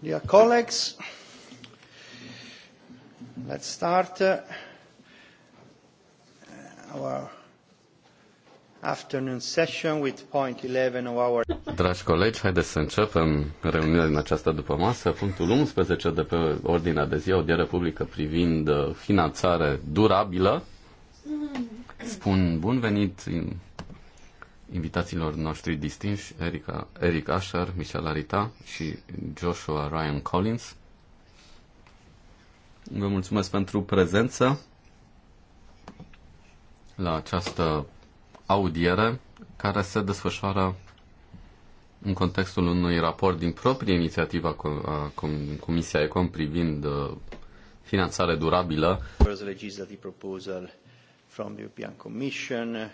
Dear colleagues, let's start uh, our afternoon session with point 11 of our... Dragi colegi, haideți să începem reuniunea din această dupămasă. Punctul 11 de pe ordinea de zi, Audia Republică privind uh, finanțare durabilă. Spun bun venit invitațiilor noștri distinși, Erica, Eric Asher, Michel Arita și Joshua Ryan Collins. Vă mulțumesc pentru prezență la această audiere care se desfășoară în contextul unui raport din proprie inițiativă a Comisia Econ privind uh, finanțare durabilă. Proposal from European Commission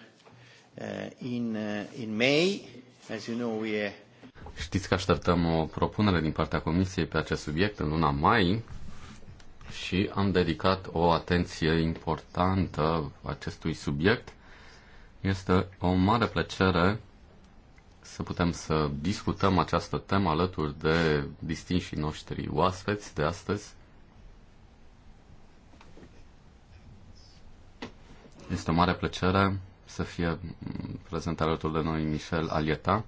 Știți că așteptăm o propunere din partea Comisiei pe acest subiect în luna mai și am dedicat o atenție importantă acestui subiect. Este o mare plăcere să putem să discutăm această temă alături de distinșii noștri oaspeți de astăzi. Este o mare plăcere să fie prezent alături de noi Michel Alieta,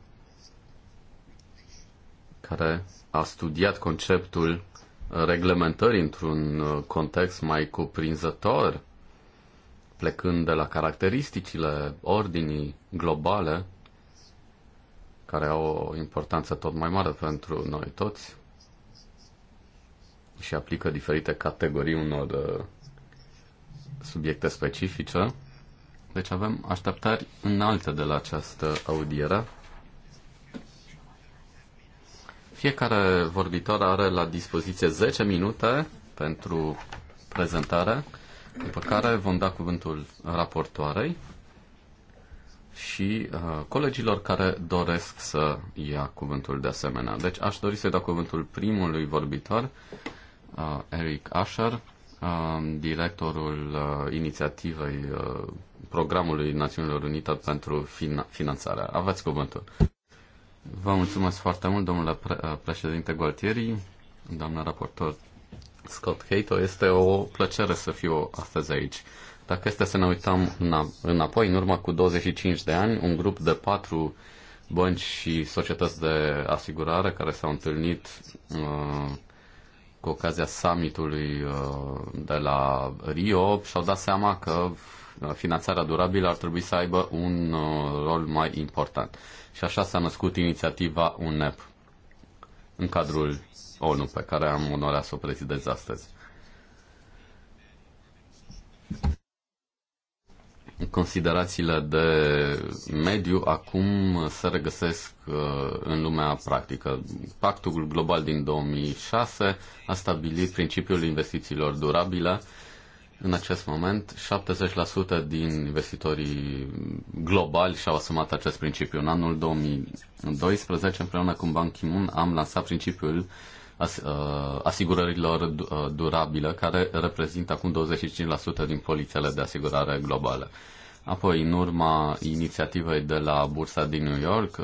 care a studiat conceptul reglementării într-un context mai cuprinzător, plecând de la caracteristicile ordinii globale, care au o importanță tot mai mare pentru noi toți, și aplică diferite categorii unor uh, subiecte specifice. Deci avem așteptări înalte de la această audiere. Fiecare vorbitor are la dispoziție 10 minute pentru prezentare, după care vom da cuvântul raportoarei și uh, colegilor care doresc să ia cuvântul de asemenea. Deci aș dori să-i dau cuvântul primului vorbitor, uh, Eric Asher, Um, directorul uh, inițiativei uh, programului Națiunilor Unite pentru finanțare. Aveți cuvântul. Vă mulțumesc foarte mult, domnule pre- uh, președinte Gualtieri, doamna raportor Scott Cato. Este o plăcere să fiu astăzi aici. Dacă este să ne uităm înapoi, în urmă cu 25 de ani, un grup de patru bănci și societăți de asigurare care s-au întâlnit uh, cu ocazia summitului uh, de la Rio și-au dat seama că finanțarea durabilă ar trebui să aibă un uh, rol mai important. Și așa s-a născut inițiativa UNEP în cadrul ONU, pe care am onoarea să o prezidez astăzi considerațiile de mediu acum se regăsesc uh, în lumea practică. Pactul global din 2006 a stabilit principiul investițiilor durabile. În acest moment, 70% din investitorii globali și-au asumat acest principiu. În anul 2012, împreună cu Ban Ki-moon, am lansat principiul uh, Uh, asigurărilor uh, durabile, care reprezintă acum 25% din polițele de asigurare globală. Apoi, în urma inițiativei de la Bursa din New York,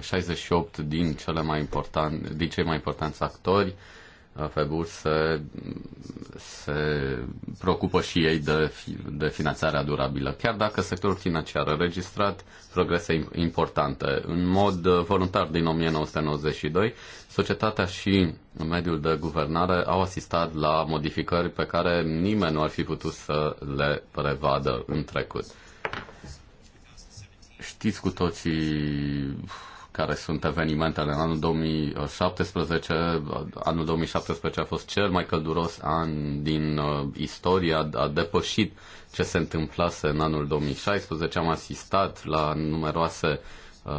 68 uh, din, cele mai importan- din cei mai importanți actori FEBUR se, se preocupă și ei de, de finanțarea durabilă, chiar dacă sectorul financiar a registrat progrese importante. În mod voluntar din 1992, societatea și mediul de guvernare au asistat la modificări pe care nimeni nu ar fi putut să le prevadă în trecut. Știți cu toții care sunt evenimentele în anul 2017. Anul 2017 a fost cel mai călduros an din uh, istoria, a depășit ce se întâmplase în anul 2016. Am asistat la numeroase uh,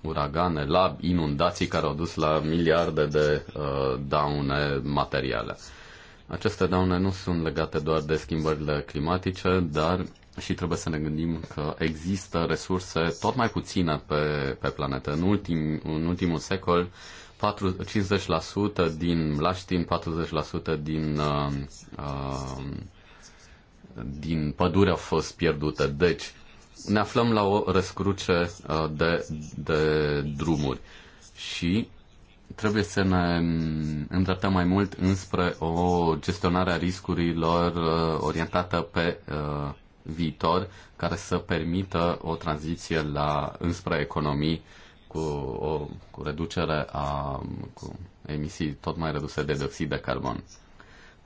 uragane, la inundații care au dus la miliarde de uh, daune materiale. Aceste daune nu sunt legate doar de schimbările climatice, dar și trebuie să ne gândim că există resurse tot mai puține pe, pe planetă. În, ultim, în ultimul secol, 4, 50% din laștin, 40% din, uh, uh, din pădure au fost pierdute. Deci, ne aflăm la o răscruce uh, de, de drumuri și trebuie să ne îndreptăm mai mult înspre o gestionare a riscurilor uh, orientată pe uh, viitor care să permită o tranziție la, înspre economii cu, o, cu reducere a cu emisii tot mai reduse de dioxid de carbon.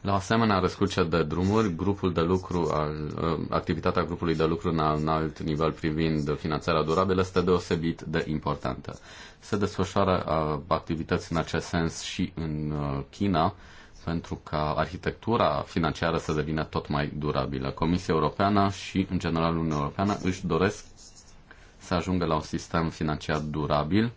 La asemenea răscruce de drumuri, grupul de lucru, ă, activitatea grupului de lucru în alt nivel privind finanțarea durabilă este deosebit de importantă. Se desfășoară ă, activități în acest sens și în ă, China, pentru ca arhitectura financiară să devină tot mai durabilă. Comisia Europeană și, în general, Uniunea Europeană își doresc să ajungă la un sistem financiar durabil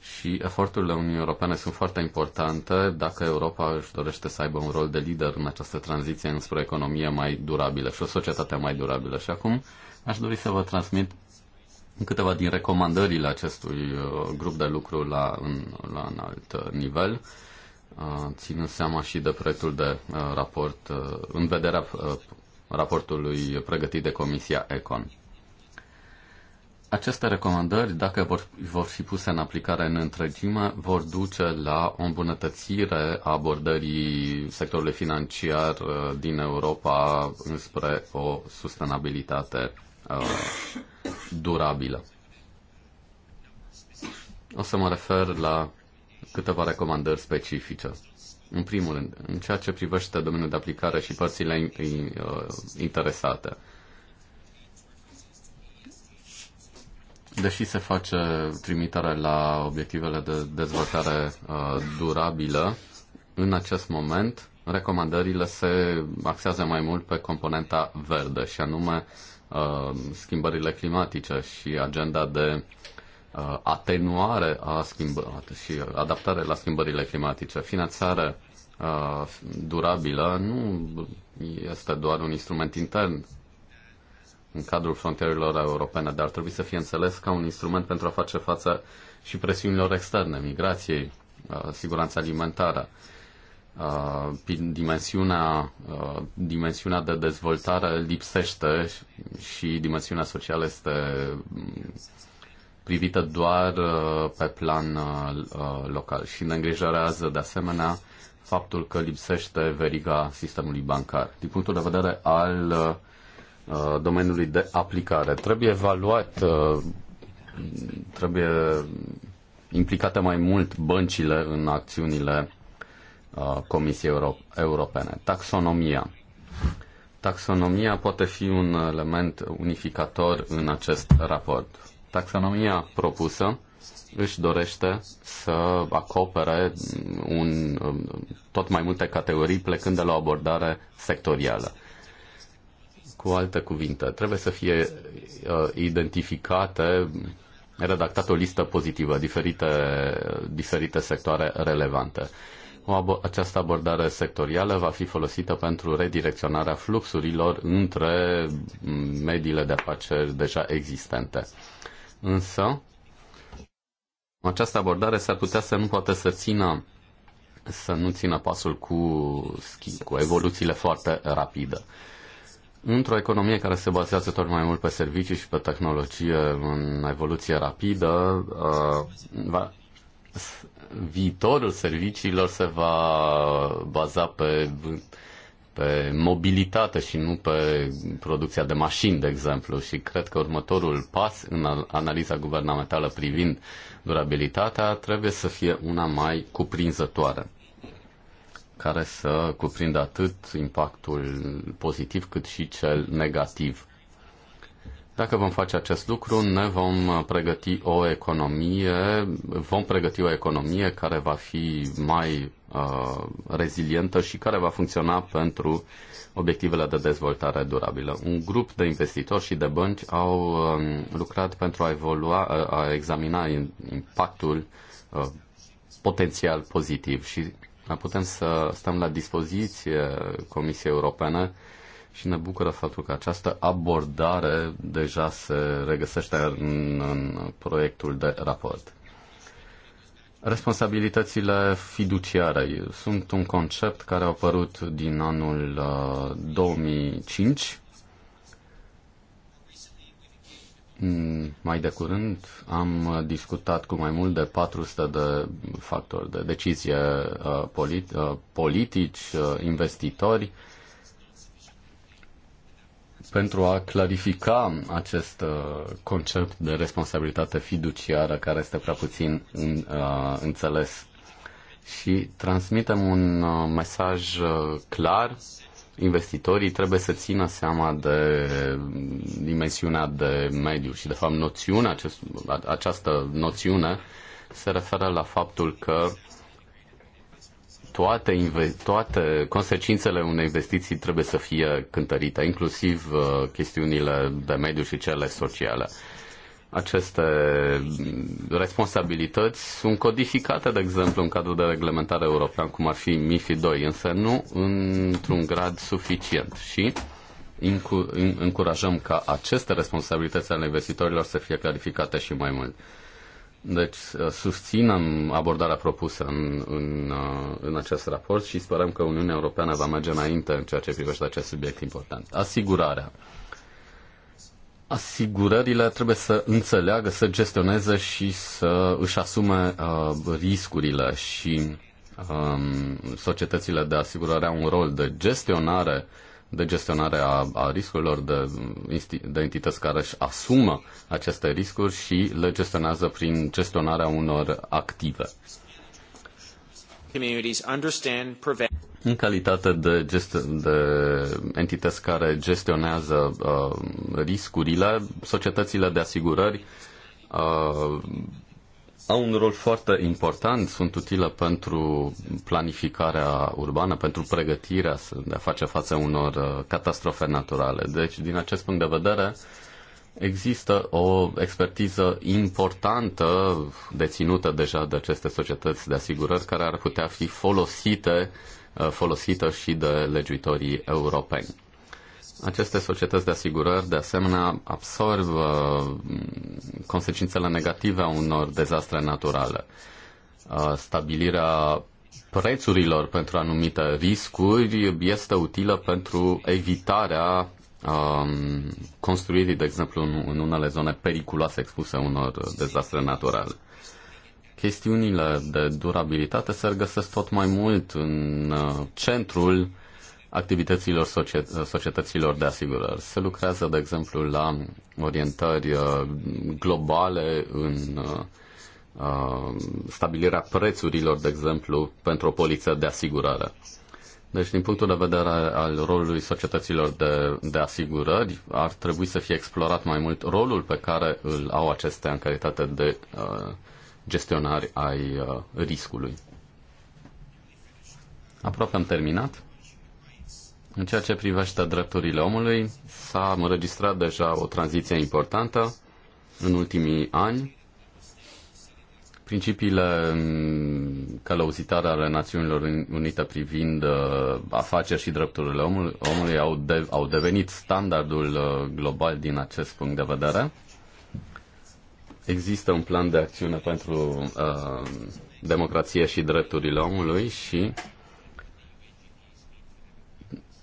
și eforturile Uniunii Europene sunt foarte importante dacă Europa își dorește să aibă un rol de lider în această tranziție înspre o economie mai durabilă și o societate mai durabilă. Și acum aș dori să vă transmit câteva din recomandările acestui uh, grup de lucru la, în, la un alt uh, nivel ținând seama și de proiectul de uh, raport uh, în vederea uh, raportului pregătit de Comisia Econ. Aceste recomandări, dacă vor, vor fi puse în aplicare în întregime, vor duce la o îmbunătățire a abordării sectorului financiar din Europa înspre o sustenabilitate uh, durabilă. O să mă refer la câteva recomandări specifice. În primul rând, în ceea ce privește domeniul de aplicare și părțile uh, interesate. Deși se face trimitere la obiectivele de dezvoltare uh, durabilă, în acest moment recomandările se axează mai mult pe componenta verde și anume uh, schimbările climatice și agenda de atenuare a schimbă, și adaptare la schimbările climatice. Finanțarea durabilă nu este doar un instrument intern în cadrul frontierelor europene, dar trebui să fie înțeles ca un instrument pentru a face față și presiunilor externe, migrației, siguranța alimentară, dimensiunea, dimensiunea de dezvoltare lipsește și dimensiunea socială este privită doar uh, pe plan uh, uh, local și ne îngrijorează de asemenea faptul că lipsește veriga sistemului bancar. Din punctul de vedere al domeniului de aplicare, trebuie evaluat, trebuie implicate mai mult băncile în acțiunile Comisiei Europene. Taxonomia. Taxonomia poate fi un element unificator în acest raport. Taxonomia propusă își dorește să acopere un, um, tot mai multe categorii plecând de la o abordare sectorială. Cu alte cuvinte, trebuie să fie uh, identificate, redactată o listă pozitivă, diferite, diferite sectoare relevante. O abo- această abordare sectorială va fi folosită pentru redirecționarea fluxurilor între mediile de afaceri deja existente. Însă, această abordare s-ar putea să nu poată să țină să nu țină pasul cu, schimb cu evoluțiile foarte rapide. Într-o economie care se bazează tot mai mult pe servicii și pe tehnologie în evoluție rapidă, uh, va, viitorul serviciilor se va baza pe pe mobilitate și nu pe producția de mașini, de exemplu. Și cred că următorul pas în analiza guvernamentală privind durabilitatea trebuie să fie una mai cuprinzătoare care să cuprindă atât impactul pozitiv cât și cel negativ. Dacă vom face acest lucru, ne vom pregăti o economie, vom pregăti o economie care va fi mai Uh, rezilientă și care va funcționa pentru obiectivele de dezvoltare durabilă. Un grup de investitori și de bănci au uh, lucrat pentru a, evolua, uh, a examina impactul uh, potențial pozitiv și putem să stăm la dispoziție Comisiei Europene și ne bucură faptul că această abordare deja se regăsește în, în proiectul de raport. Responsabilitățile fiduciare sunt un concept care a apărut din anul 2005. Uh, mm, mai de curând am discutat cu mai mult de 400 de factori de decizie uh, uh, politici, investitori, pentru a clarifica acest uh, concept de responsabilitate fiduciară care este prea puțin în, uh, înțeles și transmitem un uh, mesaj uh, clar investitorii trebuie să țină seama de dimensiunea de mediu și, de fapt, noțiunea, acest, această noțiune se referă la faptul că toate, toate consecințele unei investiții trebuie să fie cântărite, inclusiv uh, chestiunile de mediu și cele sociale. Aceste responsabilități sunt codificate, de exemplu, în cadrul de reglementare european, cum ar fi MIFI 2, însă nu într-un grad suficient și încurajăm ca aceste responsabilități ale investitorilor să fie clarificate și mai mult. Deci uh, susținem abordarea propusă în, în, uh, în acest raport și sperăm că Uniunea Europeană va merge înainte în ceea ce privește acest subiect important. Asigurarea. Asigurările trebuie să înțeleagă, să gestioneze și să își asume uh, riscurile și um, societățile de asigurare au un rol de gestionare uh, de gestionare a, a riscurilor, de, de entități care își asumă aceste riscuri și le gestionează prin gestionarea unor active. În calitate de, gest- de entități care gestionează uh, riscurile, societățile de asigurări uh, au un rol foarte important, sunt utile pentru planificarea urbană, pentru pregătirea de a face față unor uh, catastrofe naturale. Deci, din acest punct de vedere, există o expertiză importantă deținută deja de aceste societăți de asigurări care ar putea fi folosite, uh, folosită și de legiuitorii europeni. Aceste societăți de asigurări, de asemenea, absorb mm, consecințele negative a unor dezastre naturale. Stabilirea prețurilor pentru anumite riscuri este utilă pentru evitarea mm, construirii, de exemplu, în, în unele zone periculoase expuse unor dezastre naturale. Chestiunile de durabilitate se regăsesc tot mai mult în centrul uh, activităților societăților de asigurări. Se lucrează, de exemplu, la orientări uh, globale în uh, uh, stabilirea prețurilor, de exemplu, pentru o poliță de asigurare. Deci, din punctul de vedere al rolului societăților de, de asigurări, ar trebui să fie explorat mai mult rolul pe care îl au acestea în calitate de uh, gestionari ai uh, riscului. Aproape am terminat. În ceea ce privește drepturile omului, s-a înregistrat deja o tranziție importantă în ultimii ani. Principiile călăuzitare ale Națiunilor Unite privind uh, afaceri și drepturile omului, au, de, au devenit standardul uh, global din acest punct de vedere. Există un plan de acțiune pentru uh, democrație și drepturile omului și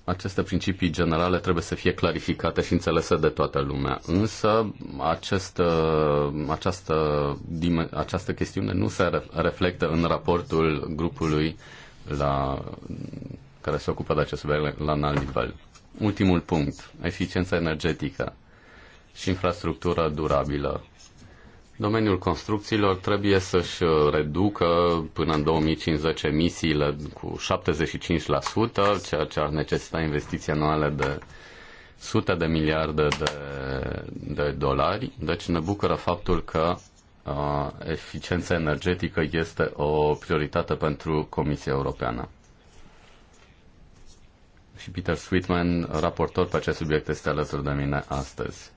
aceste principii generale trebuie să fie clarificate și înțelese de toată lumea. Însă uh, această această, această chestiune nu se reflectă în raportul grupului la, care se ocupă de acest subiect la înalt nivel. Ultimul punct, eficiența energetică și infrastructura durabilă. Domeniul construcțiilor trebuie să-și uh, reducă până în 2050 emisiile cu 75%, ceea ce ar necesita investiții anuale de sute de miliarde de, de dolari. Deci ne bucură faptul că uh, eficiența energetică este o prioritate pentru Comisia Europeană. Și Peter Sweetman, raportor pe acest subiect, este alături de mine astăzi.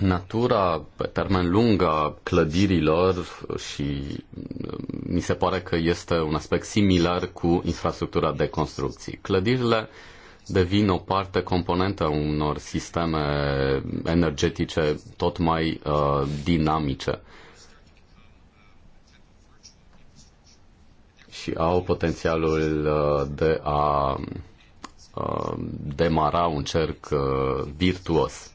natura pe termen lung a clădirilor și uh, mi se pare că este un aspect similar cu infrastructura de construcții. Clădirile devin o parte componentă a unor sisteme energetice tot mai uh, dinamice și au potențialul uh, de a uh, demara un cerc uh, virtuos.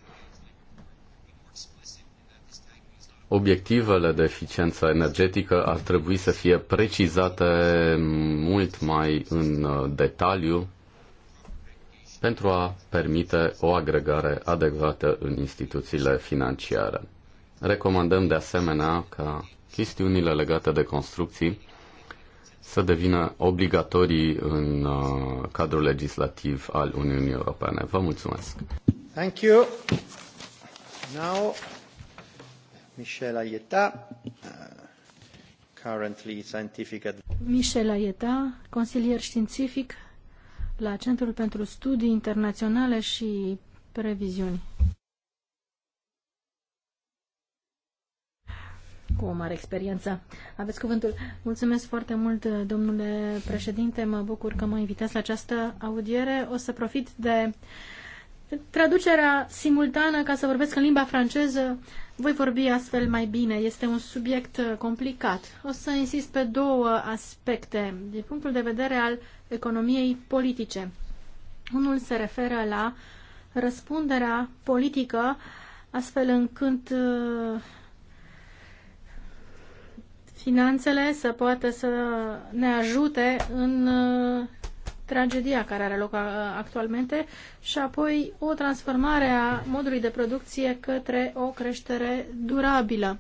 obiectivele de eficiență energetică ar trebui să fie precizate mult mai în uh, detaliu pentru a permite o agregare adecvată în instituțiile financiare. Recomandăm de asemenea ca chestiunile legate de construcții să devină obligatorii în uh, cadrul legislativ al Uniunii Europene. Vă mulțumesc! Thank you. Now... Michel Aieta, uh, currently scientific Michel Aieta, consilier științific la Centrul pentru Studii Internaționale și Previziuni. Cu o mare experiență. Aveți cuvântul. Mulțumesc foarte mult, domnule președinte. Mă bucur că mă invitați la această audiere. O să profit de traducerea simultană ca să vorbesc în limba franceză voi vorbi astfel mai bine. Este un subiect uh, complicat. O să insist pe două aspecte din punctul de vedere al economiei politice. Unul se referă la răspunderea politică, astfel încât uh, finanțele să poată să ne ajute în uh, tragedia care are loc uh, actualmente și apoi o transformare a modului de producție către o creștere durabilă.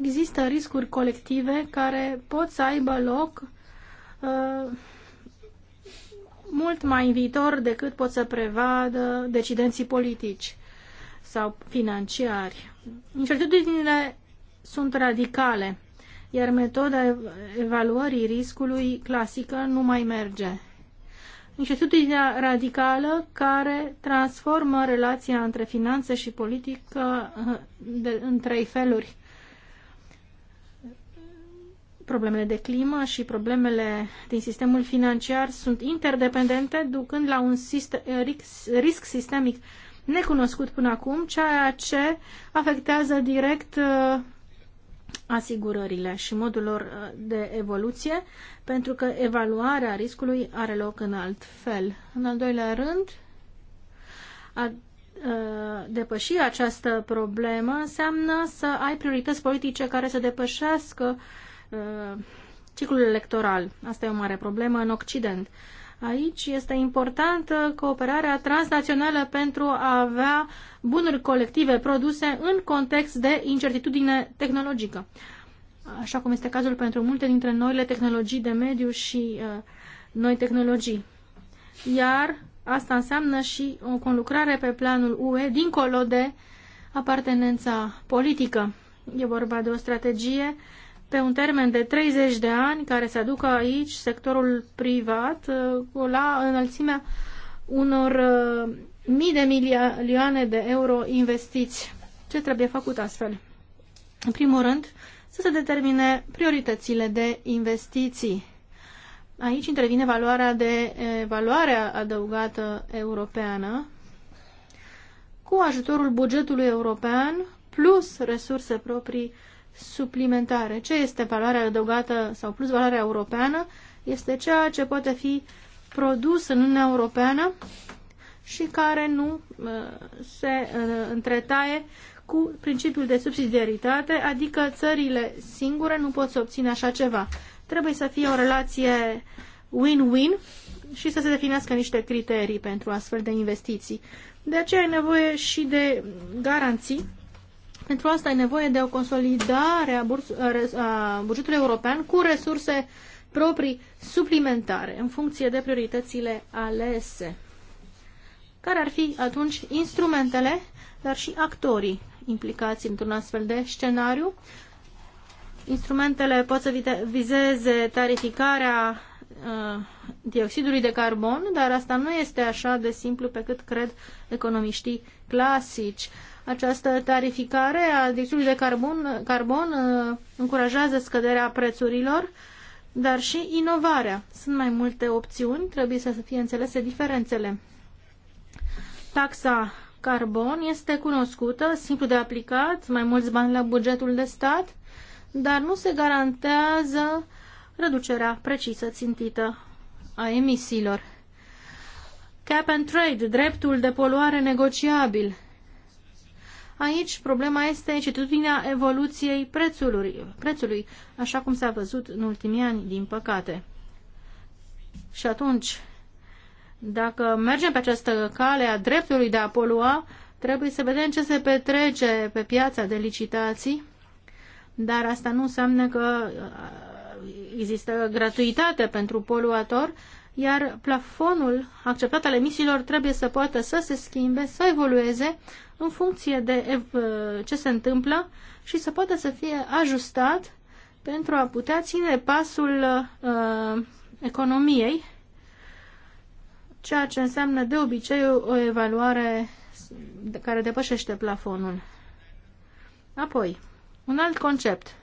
Există riscuri colective care pot să aibă loc uh, mult mai în viitor decât pot să prevadă decidenții politici sau financiari. Incertitudinile sunt radicale, iar metoda evaluării riscului clasică nu mai merge incertitudinea radicală care transformă relația între finanțe și politică uh, de, în trei feluri. Problemele de climă și problemele din sistemul financiar sunt interdependente, ducând la un sistem, risc, risc sistemic necunoscut până acum, ceea ce afectează direct uh, asigurările și modul lor uh, de evoluție, pentru că evaluarea riscului are loc în alt fel. În al doilea rând, a uh, depăși această problemă înseamnă să ai priorități politice care să depășească uh, ciclul electoral. Asta e o mare problemă în Occident. Aici este importantă cooperarea transnațională pentru a avea bunuri colective produse în context de incertitudine tehnologică, așa cum este cazul pentru multe dintre noile tehnologii de mediu și uh, noi tehnologii. Iar asta înseamnă și o conlucrare pe planul UE dincolo de apartenența politică. E vorba de o strategie uh, pe un termen de 30 de ani care se aducă aici sectorul privat uh, la înălțimea unor uh, mii de milioane de euro investiți. Ce trebuie făcut astfel? În primul rând, să se determine prioritățile de investiții. Aici intervine valoarea de valoare adăugată europeană cu ajutorul bugetului european plus resurse proprii suplimentare. Ce este valoarea adăugată sau plus valoarea europeană? Este ceea ce poate fi produs în Uniunea Europeană și care nu uh, se uh, întretaie cu principiul de subsidiaritate, adică țările singure nu pot să obțină așa ceva. Trebuie să fie o relație win-win și să se definească niște criterii pentru astfel de investiții. De aceea e nevoie și de garanții pentru asta e nevoie de o consolidare a, a bugetului european cu resurse proprii suplimentare în funcție de prioritățile alese. Care ar fi atunci instrumentele, dar și actorii implicați într-un astfel de scenariu? Instrumentele pot să vizeze tarificarea uh, dioxidului de carbon, dar asta nu este așa de simplu pe cât cred economiștii clasici. Această tarificare a dioxidului de carbon, carbon uh, încurajează scăderea prețurilor, dar și inovarea. Sunt mai multe opțiuni, trebuie să fie înțelese diferențele. Taxa carbon este cunoscută, simplu de aplicat, mai mulți bani la bugetul de stat, dar nu se garantează reducerea precisă țintită a emisiilor. Cap and trade, dreptul de poluare negociabil. Aici problema este certitudinea evoluției prețului, prețului, așa cum s-a văzut în ultimii ani, din păcate. Și atunci, dacă mergem pe această cale a dreptului de a polua, trebuie să vedem ce se petrece pe piața de licitații, dar asta nu înseamnă că uh, există gratuitate pentru poluator, iar plafonul acceptat al emisiilor trebuie să poată să se schimbe, să evolueze, în funcție de ce se întâmplă și să poată să fie ajustat pentru a putea ține pasul uh, economiei, ceea ce înseamnă de obicei o evaluare care depășește plafonul. Apoi, un alt concept.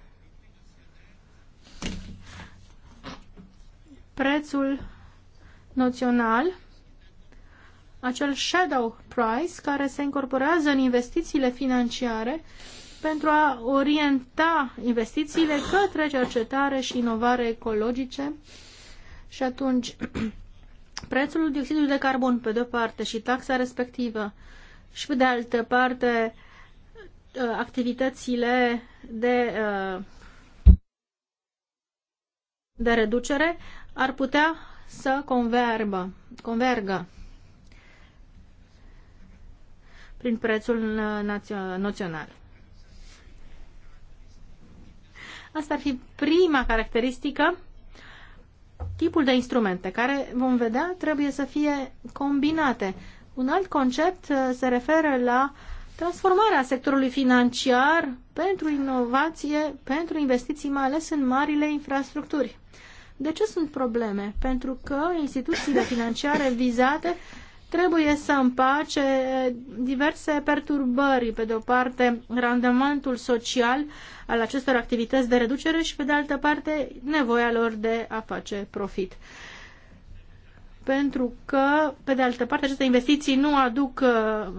Prețul noțional acel shadow price care se incorporează în investițiile financiare pentru a orienta investițiile către cercetare și inovare ecologice. Și atunci, prețul dioxidului de carbon, pe de-o parte, și taxa respectivă, și pe de altă parte, uh, activitățile de, uh, de reducere ar putea să converbă, convergă. prin prețul uh, noțional. Asta ar fi prima caracteristică. Tipul de instrumente care vom vedea trebuie să fie combinate. Un alt concept uh, se referă la transformarea sectorului financiar pentru inovație, pentru investiții, mai ales în marile infrastructuri. De ce sunt probleme? Pentru că instituțiile financiare vizate trebuie să împace eh, diverse perturbări, pe de o parte randamentul social al acestor activități de reducere și pe de altă parte nevoia lor de a face profit. Pentru că, pe de altă parte, aceste investiții nu aduc eh,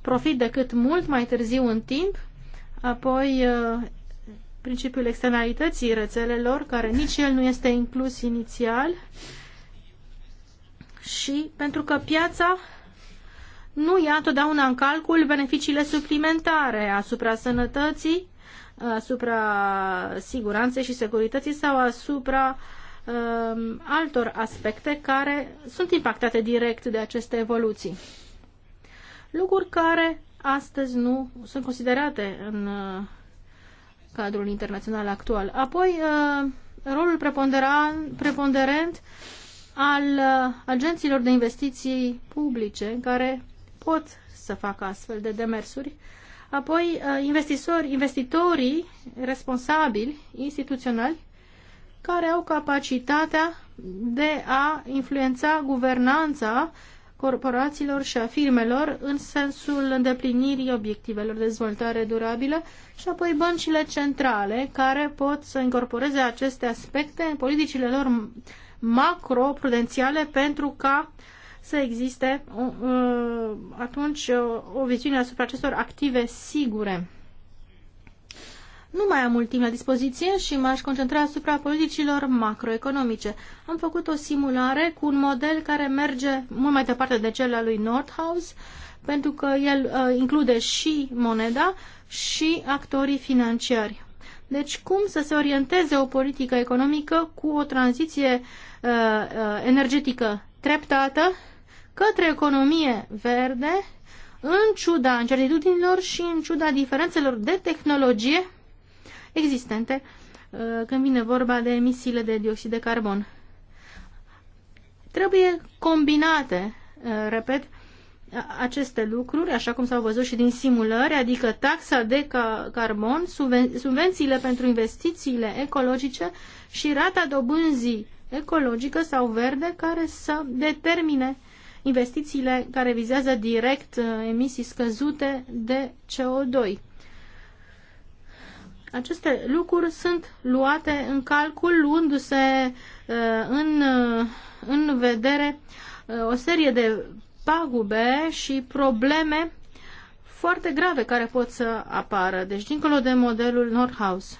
profit decât mult mai târziu în timp, apoi eh, principiul externalității rețelelor, care nici el nu este inclus inițial, și pentru că piața nu ia întotdeauna în calcul beneficiile suplimentare asupra sănătății, asupra siguranței și securității sau asupra um, altor aspecte care sunt impactate direct de aceste evoluții. Lucruri care astăzi nu sunt considerate în uh, cadrul internațional actual. Apoi, uh, rolul preponderent al uh, agenților de investiții publice care pot să facă astfel de demersuri. Apoi, uh, investitori, investitorii responsabili, instituționali, care au capacitatea de a influența guvernanța corporațiilor și a firmelor în sensul îndeplinirii obiectivelor de dezvoltare durabilă și apoi băncile centrale care pot să incorporeze aceste aspecte în politicile lor macroprudențiale pentru ca să existe atunci o viziune asupra acestor active sigure. Nu mai am mult timp la dispoziție și m-aș concentra asupra politicilor macroeconomice. Am făcut o simulare cu un model care merge mult mai departe de cel al lui Nordhaus, pentru că el uh, include și moneda și actorii financiari. Deci cum să se orienteze o politică economică cu o tranziție uh, Uh, uh, energetică treptată către economie verde, în ciuda incertitudinilor și în ciuda diferențelor de tehnologie existente uh, când vine vorba de emisiile de dioxid de carbon. Trebuie combinate, repet, aceste lucruri, așa cum s-au văzut și din simulări, adică taxa de carbon, subvențiile pentru investițiile ecologice și rata dobânzii ecologică sau verde care să determine investițiile care vizează direct uh, emisii scăzute de CO2. Aceste lucruri sunt luate în calcul luându-se uh, în, uh, în vedere o serie de pagube și probleme foarte grave care pot să apară, deci dincolo de modelul Nordhaus.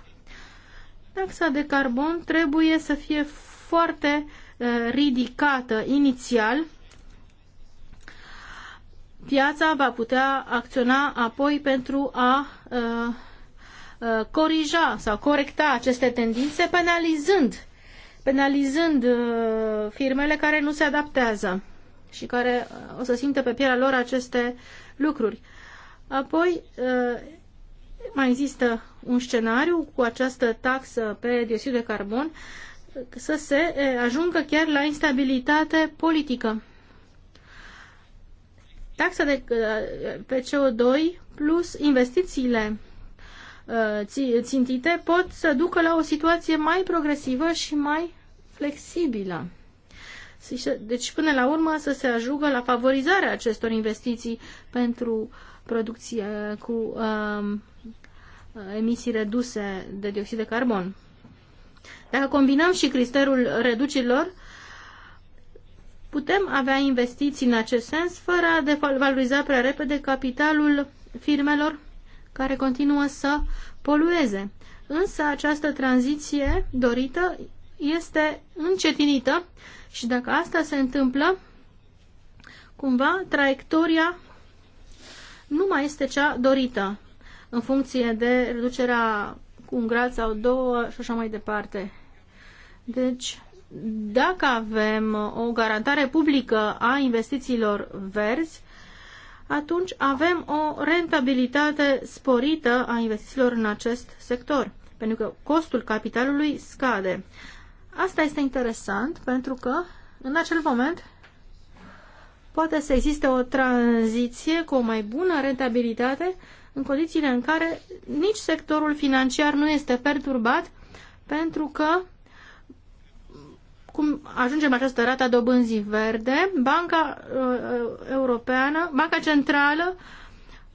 Taxa de carbon trebuie să fie foarte uh, ridicată inițial, piața va putea acționa apoi pentru a uh, uh, corija sau corecta aceste tendințe penalizând penalizând firmele care nu se adaptează și care o să simtă pe pielea lor aceste lucruri. Apoi mai există un scenariu cu această taxă pe dioxid de carbon să se ajungă chiar la instabilitate politică. Taxa de, pe CO2 plus investițiile țintite pot să ducă la o situație mai progresivă și mai flexibilă. Deci, până la urmă, să se ajungă la favorizarea acestor investiții pentru producție cu um, emisii reduse de dioxid de carbon. Dacă combinăm și criteriul reducerilor, putem avea investiții în acest sens fără a devaloriza prea repede capitalul firmelor care continuă să polueze. Însă această tranziție dorită este încetinită și dacă asta se întâmplă, cumva traiectoria nu mai este cea dorită în funcție de reducerea cu un grad sau două și așa mai departe. Deci, dacă avem o garantare publică a investițiilor verzi, atunci avem o rentabilitate sporită a investițiilor în acest sector, pentru că costul capitalului scade. Asta este interesant pentru că în acel moment poate să existe o tranziție cu o mai bună rentabilitate în condițiile în care nici sectorul financiar nu este perturbat, pentru că cum ajungem la această rata dobânzii verde, Banca uh, Europeană, Banca Centrală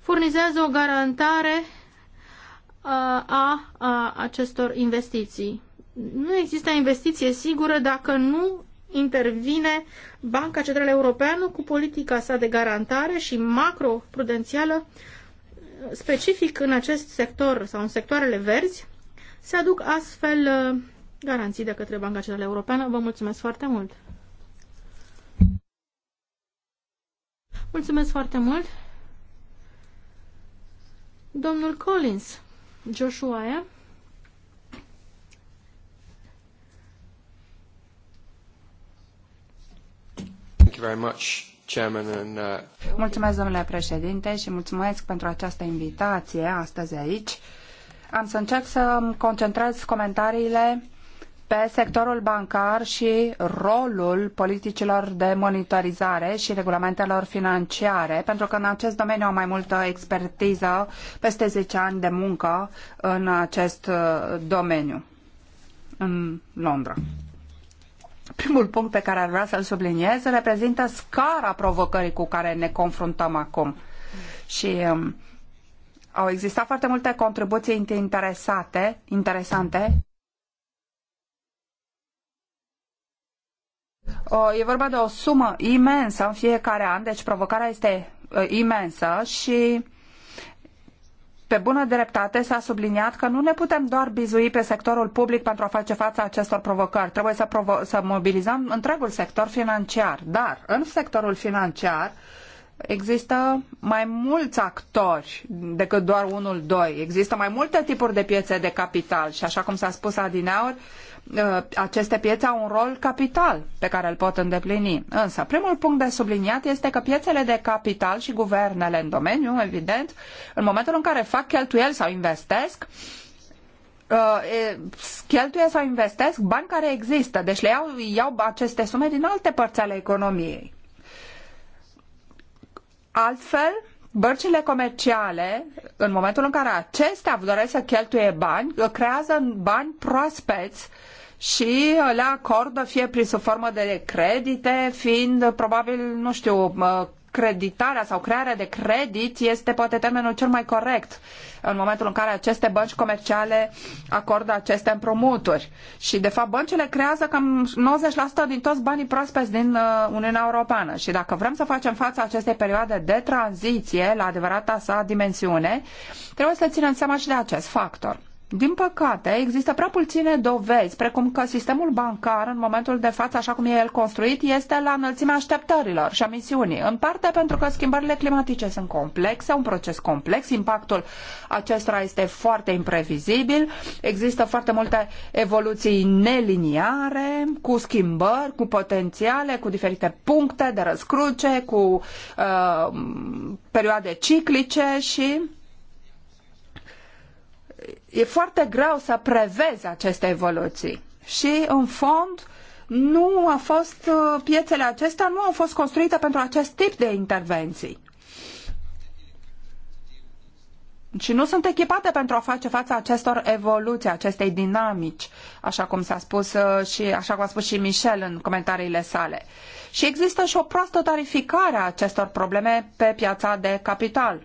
furnizează o garantare uh, a, a acestor investiții. Nu există investiție sigură dacă nu intervine Banca Centrală Europeană cu politica sa de garantare și macroprudențială specific în acest sector sau în sectoarele verzi, se aduc astfel uh, garanții de către Banca Centrală Europeană. Vă mulțumesc foarte mult! Mulțumesc foarte mult! Domnul Collins, Joshua e? Thank you very much. Uh, mulțumesc, domnule președinte, și mulțumesc pentru această invitație astăzi aici. Am să încerc să îmi concentrez comentariile pe sectorul bancar și rolul politicilor de monitorizare și regulamentelor financiare, pentru că în acest domeniu am mai multă expertiză, peste zece ani de muncă în acest uh, domeniu, în Londra. Primul punct pe care ar vrea să-l subliniez reprezintă scara provocării cu care ne confruntăm acum. Și um, au existat foarte multe contribuții interesate, interesante. O, e vorba de o sumă imensă în fiecare an, deci provocarea este uh, imensă și uh, pe bună dreptate s-a subliniat că nu ne putem doar bizui pe sectorul public pentru a face față acestor provocări. Trebuie să, provo- să mobilizăm întregul sector financiar. Dar în sectorul financiar, uh, există mai mulți actori decât doar unul, doi. Există mai multe tipuri de piețe de capital și așa cum s-a spus adineauri, uh, aceste piețe au un rol capital pe care îl pot îndeplini. Însă, primul punct de subliniat este că piețele de capital și guvernele în domeniu, evident, în momentul în care fac cheltuieli sau investesc, uh, cheltuie sau investesc bani care există, deci le iau, iau aceste sume din alte părți ale economiei. Altfel, bărcile comerciale, în momentul în care acestea doresc să cheltuie bani, creează bani proaspeți și le acordă fie prin sub formă de credite, fiind probabil, nu știu, creditarea sau crearea de credit este poate termenul cel mai corect în momentul în care aceste bănci comerciale acordă aceste împrumuturi. Și, de fapt, băncile creează cam 90% din toți banii proaspeți din uh, Uniunea Europeană. Și dacă vrem să facem față acestei perioade de tranziție la adevărata sa dimensiune, trebuie să ținem seama și de acest factor. Din păcate, există prea puține dovezi, precum că sistemul bancar, în momentul de față, așa cum e el construit, este la înălțimea așteptărilor și a misiunii. În parte pentru că schimbările climatice sunt complexe, un proces complex, impactul acestora este foarte imprevizibil, există foarte multe evoluții neliniare, cu schimbări, cu potențiale, cu diferite puncte de răscruce, cu uh, perioade ciclice și e foarte greu să prevezi aceste evoluții. Și, în fond, nu a fost, uh, piețele acestea nu au fost construite pentru acest tip de intervenții. Și nu sunt echipate pentru a face față acestor evoluții, acestei dinamici, așa cum s-a spus uh, și așa cum a spus și Michel în comentariile sale. Și există și o proastă tarificare a acestor probleme pe piața de capital.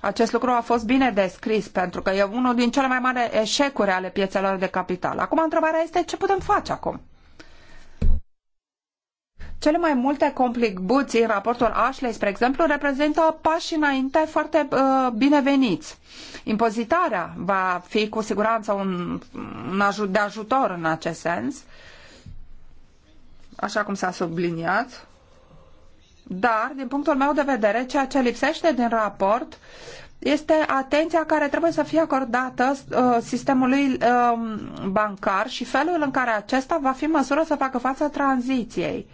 Acest lucru a fost bine descris pentru că e unul din cele mai mari eșecuri ale piețelor de capital. Acum întrebarea este ce putem face acum? Cele mai multe complicbuții în raportul Ashley, spre exemplu, reprezintă pași înainte foarte uh, bineveniți. Impozitarea va fi cu siguranță un, un de ajutor în acest sens, așa cum s-a subliniat. Dar, din punctul meu de vedere, ceea ce lipsește din raport este atenția care trebuie să fie acordată uh, sistemului um, bancar și felul în care acesta va fi măsură să facă față tranziției.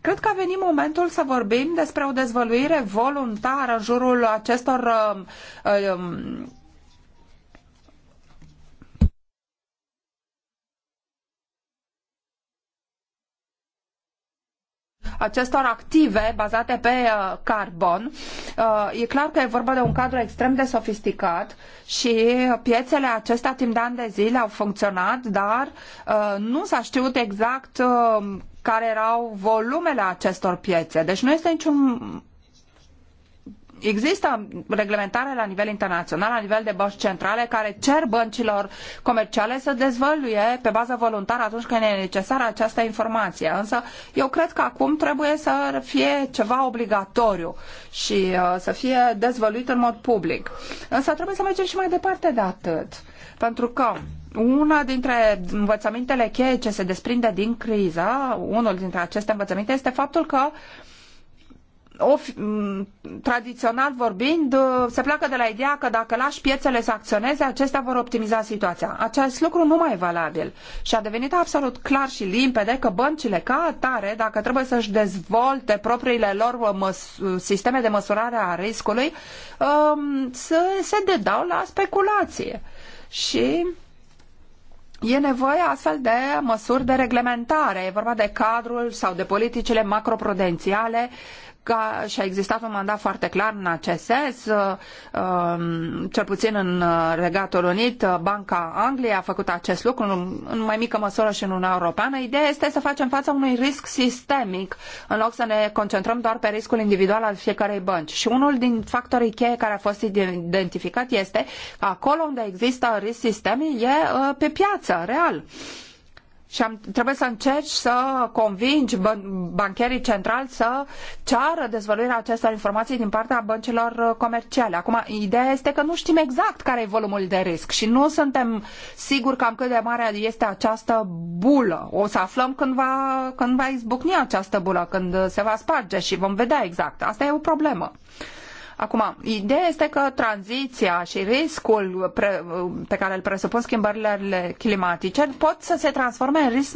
Cred că a venit momentul să vorbim despre o dezvăluire voluntară în jurul acestor uh, uh, um, acestor active bazate pe uh, carbon, uh, e clar că e vorba de un cadru extrem de sofisticat și piețele acestea timp de ani de zile au funcționat, dar uh, nu s-a știut exact care erau volumele acestor piețe. Deci nu este niciun Există reglementare la nivel internațional, la nivel de bănci centrale, care cer băncilor comerciale să dezvăluie pe bază voluntară atunci când e necesară această informație. Însă eu cred că acum trebuie să fie ceva obligatoriu și uh, să fie dezvăluit în mod public. Însă trebuie să mergem și mai departe de atât. Pentru că una dintre învățămintele cheie ce se desprinde din criză, unul dintre aceste învățăminte, este faptul că uh, of, tradițional vorbind, uh, se pleacă de la ideea că dacă lași piețele să acționeze, acestea vor optimiza situația. Acest lucru nu mai e valabil. Și a devenit absolut clar și limpede că băncile ca atare, dacă trebuie să-și dezvolte propriile lor uh, uh, sisteme de măsurare a riscului, um, se, se dedau la speculație. Și E nevoie astfel de măsuri de reglementare. E vorba de cadrul sau de politicile macroprudențiale ca și a existat un mandat foarte clar în acest sens, um, cel puțin în Regatul Unit, Banca Angliei a făcut acest lucru în mai mică măsură și în Uniunea Europeană. Ideea este să facem față unui risc sistemic în loc să ne concentrăm doar pe riscul individual al fiecarei bănci. Și unul din factorii cheie care a fost identificat este că acolo unde există risc sistemic e uh, pe piață, real și am, trebuie să încerci să convingi bancherii centrali să ceară dezvăluirea acestor informații din partea băncilor uh, comerciale. Acum, ideea este că nu știm exact care e volumul de risc și nu suntem siguri cam cât de mare este această bulă. O să aflăm când va, când va izbucni această bulă, când se va sparge și vom vedea exact. Asta e o problemă. Acum, ideea este că tranziția și riscul pe care îl presupun schimbările climatice pot să se transforme în risc,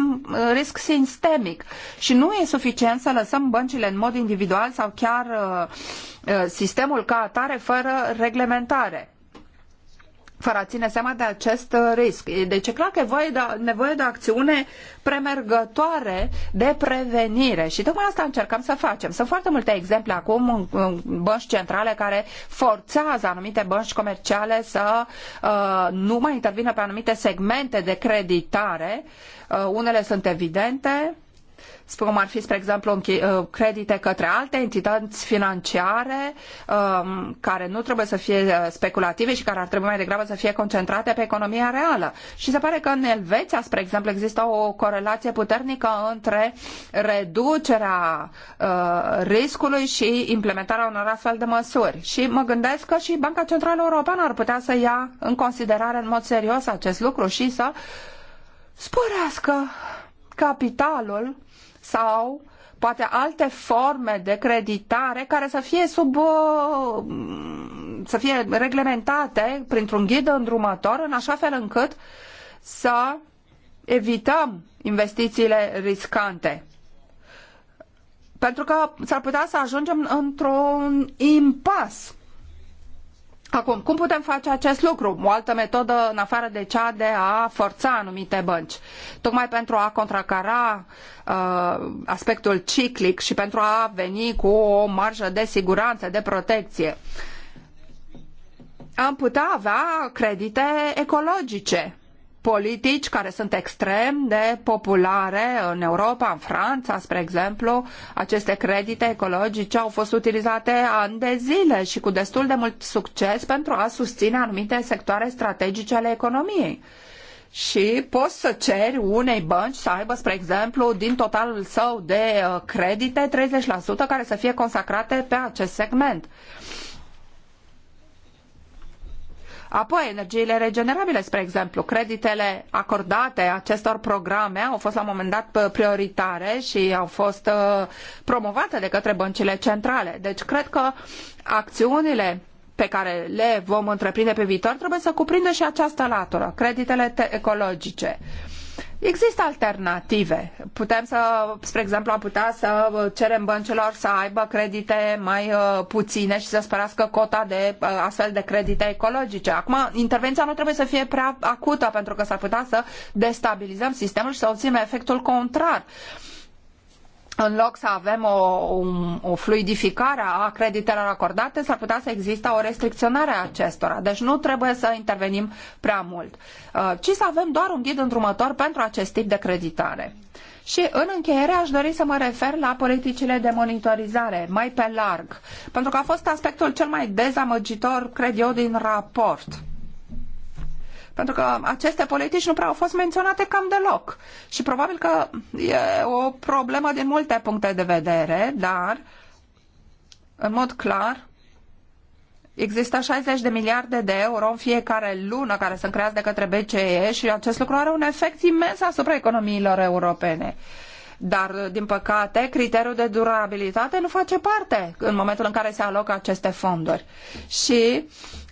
risc sistemic și nu e suficient să lăsăm băncile în mod individual sau chiar uh, uh, sistemul ca atare fără reglementare fără a ține seama de acest uh, risc. Deci e clar că e nevoie de, nevoie de acțiune premergătoare de prevenire și tocmai asta încercăm să facem. Sunt foarte multe exemple acum în, bănci centrale care forțează anumite bănci comerciale să uh, nu mai intervină pe anumite segmente de creditare. Uh, unele sunt evidente, cum ar fi, spre exemplu, uh, credite către alte entități financiare um, care nu trebuie să fie uh, speculative și care ar trebui mai degrabă să fie concentrate pe economia reală. Și se pare că în Elveția, spre exemplu, există o corelație puternică între reducerea uh, riscului și implementarea unor astfel de măsuri. Și mă gândesc că și Banca Centrală Europeană ar putea să ia în considerare în mod serios acest lucru și să sporească capitalul sau poate alte forme de creditare care să fie sub uh, să fie reglementate printr-un ghid îndrumător în așa fel încât să evităm investițiile riscante. Pentru că s-ar putea să ajungem într-un impas Acum, cum putem face acest lucru? O altă metodă în afară de cea de a forța anumite bănci, tocmai pentru a contracara uh, aspectul ciclic și pentru a veni cu o marjă de siguranță, de protecție. Am putea avea credite ecologice, politici care sunt extrem de populare în Europa, în Franța, spre exemplu, aceste credite ecologice au fost utilizate ani de zile și cu destul de mult succes pentru a susține anumite sectoare strategice ale economiei. Și poți să ceri unei bănci să aibă, spre exemplu, din totalul său de uh, credite, 30% care să fie consacrate pe acest segment. Uh, Apoi, energiile regenerabile, spre exemplu, creditele acordate acestor programe au fost la un moment dat uh, prioritare și au fost uh, promovate de către băncile centrale. Deci, cred că acțiunile pe care le vom întreprinde pe viitor trebuie să cuprindă și această latură, creditele ecologice. Uh, Există alternative. Putem să, spre exemplu, am putea să cerem băncilor să aibă credite mai uh, puține și să spărească cota de uh, astfel de credite ecologice. Acum, intervenția nu trebuie să fie prea acută pentru că s-ar putea să destabilizăm sistemul și să obținem efectul contrar. Uh, în loc să avem o, o fluidificare a creditelor acordate, s-ar putea să existe o restricționare a acestora. Deci nu trebuie să intervenim prea mult, uh, ci să avem doar un ghid îndrumător pentru acest tip de creditare. Și în încheiere aș dori să mă refer la politicile de monitorizare, mai pe larg, pentru că a fost aspectul cel mai dezamăgitor, cred eu, din raport. Pentru că aceste politici nu prea au fost menționate cam deloc. Și probabil că e o problemă din multe puncte de vedere, dar, în mod clar, Există 60 de miliarde de euro în fiecare lună care sunt creați de către BCE și acest lucru are un efect imens asupra economiilor europene. Dar, din păcate, criteriul de durabilitate nu face parte în momentul în care se alocă aceste fonduri. Și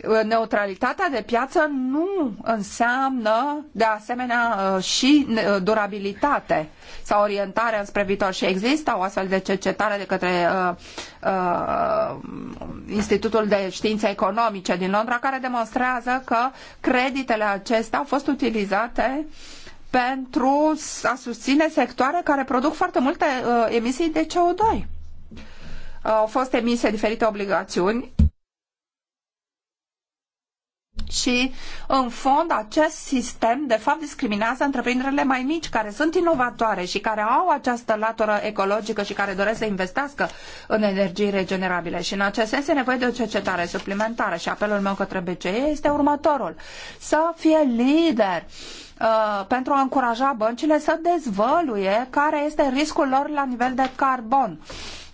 uh, neutralitatea de piață nu înseamnă, de asemenea, uh, și uh, durabilitate sau orientare spre viitor. Și există o astfel de cercetare de către uh, uh, Institutul de Științe Economice din Londra, care demonstrează că creditele acestea au fost utilizate uh, pentru a susține sectoare care produc foarte multe uh, emisii de CO2. Uh, au fost emise diferite obligațiuni și, în fond, acest sistem, de fapt, discriminează întreprinderile mai mici, care sunt inovatoare și care au această latură ecologică și care doresc să investească în energii regenerabile. Și, în acest sens, e nevoie de o cercetare suplimentară. Și apelul meu către BCE este următorul. Să fie lider uh, Uh, pentru a încuraja băncile să dezvăluie care este riscul lor la nivel de carbon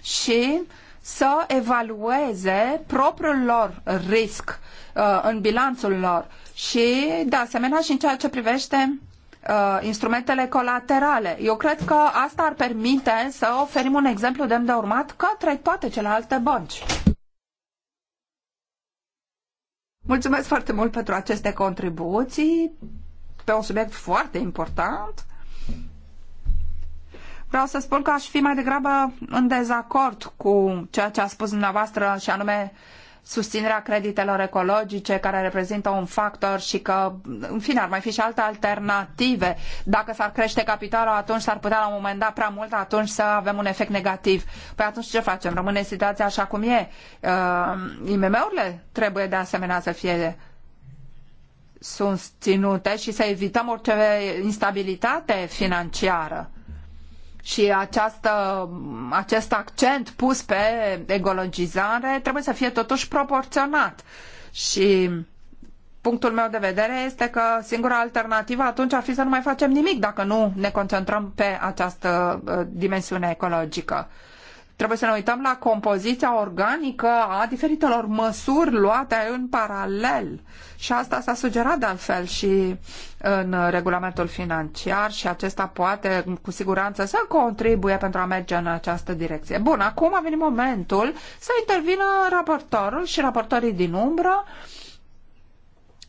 și să evalueze propriul lor risc uh, în bilanțul lor și, de asemenea, și în ceea ce privește uh, instrumentele colaterale. Eu cred că asta ar permite să oferim un exemplu demn de urmat către toate celelalte bănci. Mulțumesc foarte mult pentru aceste contribuții, pe un subiect foarte important, vreau să spun că aș fi mai degrabă în dezacord cu ceea ce a spus dumneavoastră și anume susținerea creditelor ecologice care reprezintă un factor și că, în fine, ar mai fi și alte alternative. Dacă s-ar crește capitalul, atunci s-ar putea la un moment dat prea mult, atunci să avem un efect negativ. Păi atunci ce facem? Rămâne situația așa cum e. Uh, IMM-urile trebuie de asemenea să fie susținute și să evităm orice instabilitate financiară. Și această, acest accent pus pe ecologizare trebuie să fie totuși proporționat. Și punctul meu de vedere este că singura alternativă atunci ar fi să nu mai facem nimic dacă nu ne concentrăm pe această uh, dimensiune ecologică. Trebuie să ne uităm la compoziția organică a diferitelor măsuri luate în paralel. Și asta s-a sugerat de altfel și în regulamentul financiar și acesta poate cu siguranță să contribuie pentru a merge în această direcție. Bun, acum a venit momentul să intervină raportorul și raportorii din umbră,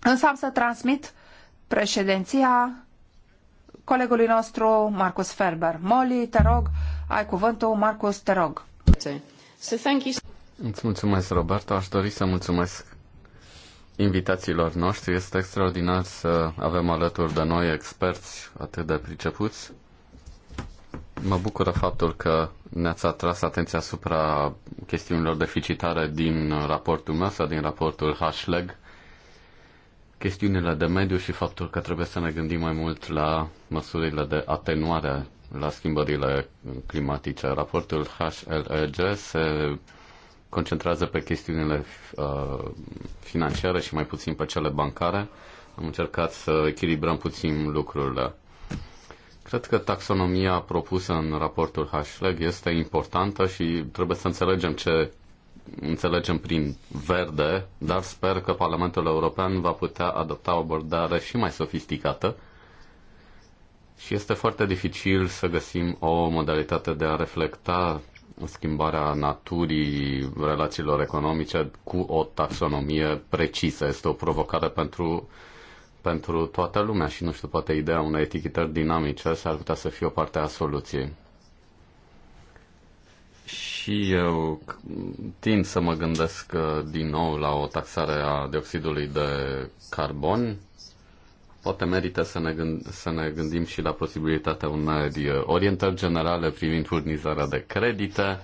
însă am să transmit președinția colegului nostru, Marcus Ferber. Moli, te rog, ai cuvântul, Marcus, te rog. thank you. Îți mulțumesc, Roberto. Aș dori să mulțumesc invitațiilor noștri. Este extraordinar să avem alături de noi experți atât de pricepuți. Mă bucură faptul că ne-ați atras atenția asupra chestiunilor deficitare din raportul meu sau din raportul Hashleg, chestiunile de mediu și faptul că trebuie să ne gândim mai mult la măsurile de atenuare la schimbările climatice. Raportul HLEG se concentrează pe chestiunile uh, financiare și mai puțin pe cele bancare. Am încercat să echilibrăm puțin lucrurile. Cred că taxonomia propusă în raportul HLEG este importantă și trebuie să înțelegem ce înțelegem prin verde, dar sper că Parlamentul European va putea adopta o abordare și mai sofisticată și este foarte dificil să găsim o modalitate de a reflecta schimbarea naturii relațiilor economice cu o taxonomie precisă. Este o provocare pentru, pentru toată lumea și, nu știu, poate ideea unei etichetări dinamice s-ar putea să fie o parte a soluției. Și eu tind să mă gândesc uh, din nou la o taxare a dioxidului de carbon Poate merită să ne, gând- să ne gândim și la posibilitatea unei uh, orientări generale privind furnizarea de credite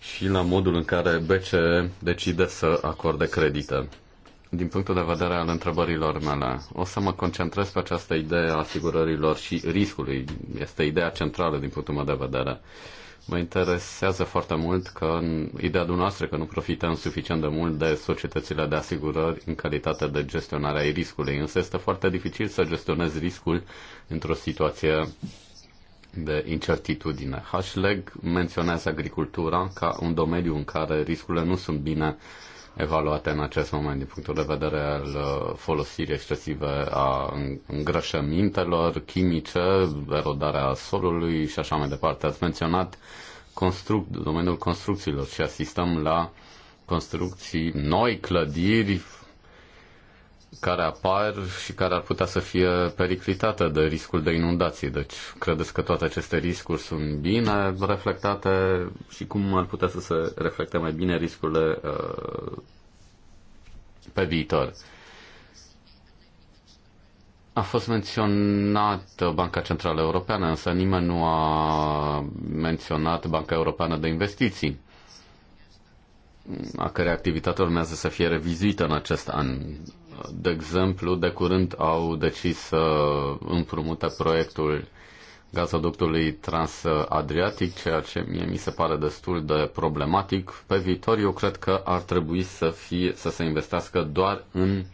și la modul în care BCE decide să acorde credite. Din punctul de vedere al întrebărilor mele, o să mă concentrez pe această idee a asigurărilor și riscului. Este ideea centrală din punctul meu de vedere. Uh, Mă interesează foarte mult că în ideea dumneavoastră că nu profităm suficient de mult de societățile de asigurări în calitate de gestionare a riscului, însă este foarte dificil să gestionezi riscul într-o situație de incertitudine. Hashleg menționează agricultura ca un domeniu în care riscurile nu sunt bine uh, evaluate în acest moment din punctul de vedere al uh, folosirii excesive a îngrășămintelor chimice, erodarea solului și așa mai departe. Ați menționat construc, domeniul construcțiilor și asistăm la construcții noi, clădiri care apar și care ar putea să fie periclitate de riscul de inundații. Deci, credeți că toate aceste riscuri sunt bine reflectate și cum ar putea să se reflecte mai bine riscurile uh, pe viitor? A fost menționat Banca Centrală Europeană, însă nimeni nu a menționat Banca Europeană de Investiții a cărei activitate urmează să fie revizuită în acest an de exemplu, de curând au decis să împrumute proiectul gazoductului transadriatic, ceea ce mie mi se pare destul de problematic. Pe viitor, eu cred că ar trebui să, fie, să se investească doar în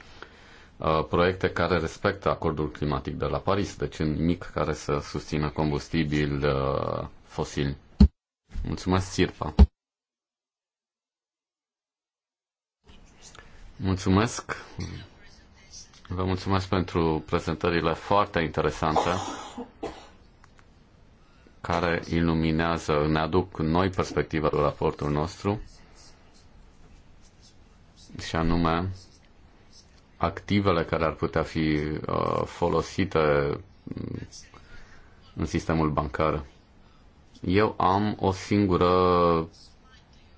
uh, proiecte care respectă acordul climatic de la Paris, deci în mic care să susțină combustibil uh, fosil. Mulțumesc, Sirpa! Mulțumesc! Vă mulțumesc pentru prezentările foarte interesante care iluminează, ne aduc noi perspectiva la raportul nostru și anume activele care ar putea fi uh, folosite în sistemul bancar. Eu am o singură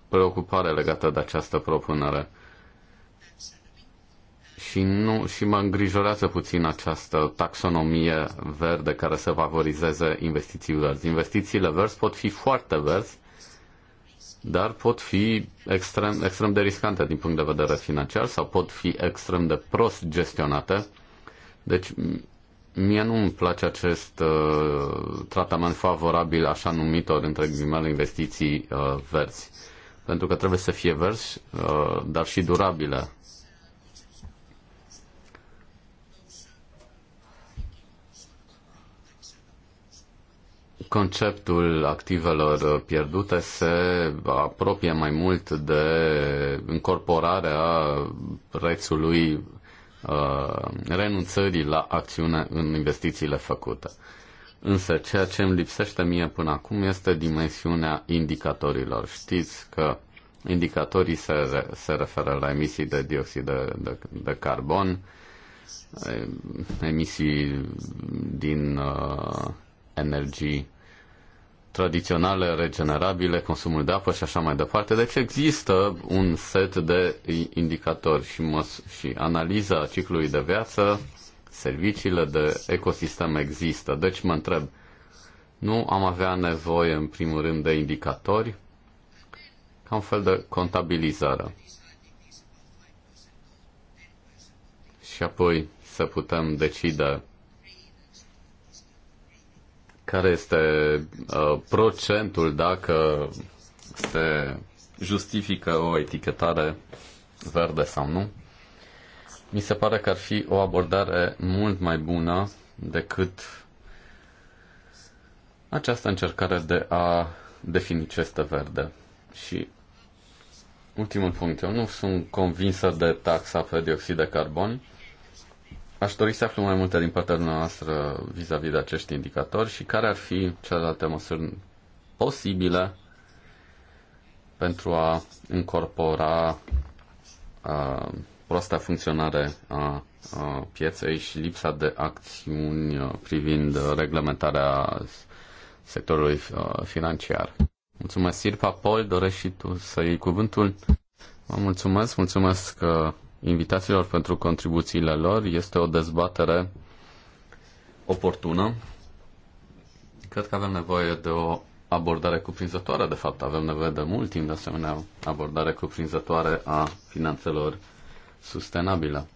preocupare legată de această propunere și, nu, și mă îngrijorează puțin această taxonomie verde care să favorizeze investiții verzi. Investițiile verzi pot fi foarte verzi, dar pot fi extrem, extrem de riscante din punct de vedere financiar sau pot fi extrem de prost gestionate. Deci, mie nu îmi place acest uh, tratament favorabil așa numitor, între ghimele investiții uh, verzi. Pentru că trebuie să fie verzi, uh, dar și durabile conceptul activelor pierdute se apropie mai mult de incorporarea prețului uh, renunțării la acțiune în investițiile făcute. Însă ceea ce îmi lipsește mie până acum este dimensiunea indicatorilor. Știți că indicatorii se, re, se referă la emisii de dioxid de, de, de carbon, eh, emisii din uh, energii tradiționale, regenerabile, consumul de apă și așa mai departe. Deci există un set de indicatori și, măs- și analiza ciclului de viață, serviciile de ecosistem există. Deci mă întreb, nu am avea nevoie în primul rând de indicatori, ca un fel de contabilizare. Și apoi să putem decide care este uh, procentul dacă se justifică o etichetare verde sau nu. Mi se pare că ar fi o abordare mult mai bună decât această încercare de a defini ce este verde. Și ultimul punct, eu nu sunt convinsă de taxa pe dioxid de carbon. Aș dori să aflu mai multe din partea noastră vis-a-vis de acești indicatori și care ar fi celelalte măsuri posibile pentru a incorpora a, proasta funcționare a pieței și lipsa de acțiuni privind reglementarea sectorului financiar. Mulțumesc, Sirpa Pol, dorești și tu să iei cuvântul. Vă mulțumesc, mulțumesc invitațiilor pentru contribuțiile lor. Este o dezbatere oportună. Cred că avem nevoie de o abordare cuprinzătoare, de fapt avem nevoie de mult timp de asemenea abordare cuprinzătoare a finanțelor sustenabile.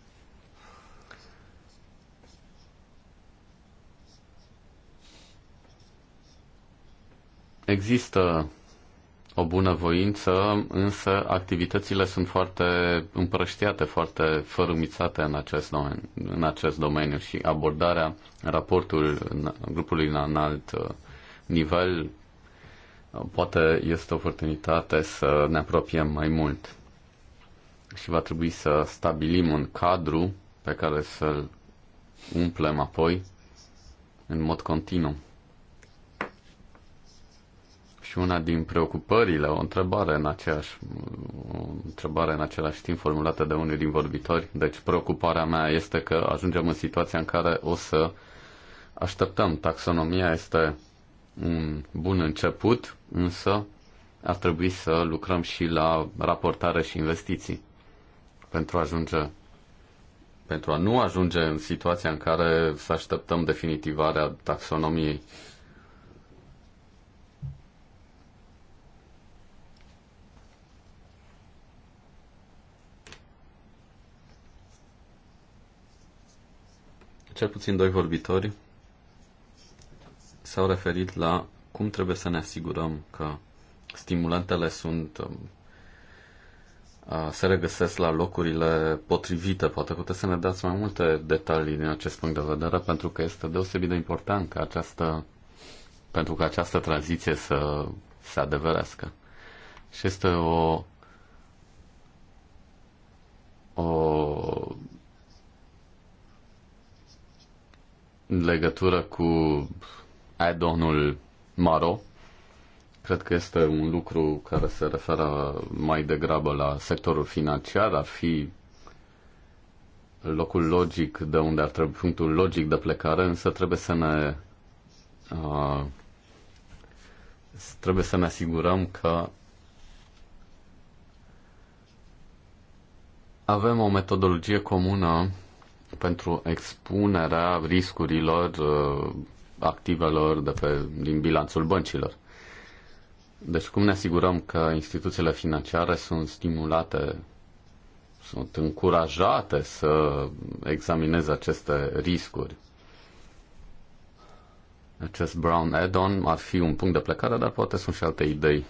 Există o bună voință, însă activitățile sunt foarte împrăștiate, foarte fărâmițate în acest domeniu, în acest domeniu și abordarea, raportul grupului în înalt uh, nivel uh, poate este o oportunitate să ne apropiem mai mult și va trebui să stabilim un cadru pe care să-l umplem apoi în mod continuu una din preocupările, o întrebare în aceeași, o întrebare în același timp formulată de unul din vorbitori. Deci preocuparea mea este că ajungem în situația în care o să așteptăm. Taxonomia este un bun început, însă ar trebui să lucrăm și la raportare și investiții pentru a ajunge pentru a nu ajunge în situația în care să așteptăm definitivarea taxonomiei Cel puțin doi vorbitori s-au referit la cum trebuie să ne asigurăm că stimulantele sunt um, se regăsesc la locurile potrivite. Poate puteți să ne dați mai multe detalii din acest punct de vedere, pentru că este deosebit de important ca această, pentru că această tranziție să se adeverească. Și este o, o în legătură cu Adonul Maro. Cred că este un lucru care se referă mai degrabă la sectorul financiar, ar fi locul logic de unde ar trebui, punctul logic de plecare, însă trebuie să ne uh, trebuie să ne asigurăm că avem o metodologie comună pentru expunerea riscurilor uh, activelor de pe, din bilanțul băncilor. Deci cum ne asigurăm că instituțiile financiare sunt stimulate, sunt încurajate să examineze aceste riscuri? Acest Brown add-on ar fi un punct de plecare, dar poate sunt și alte idei.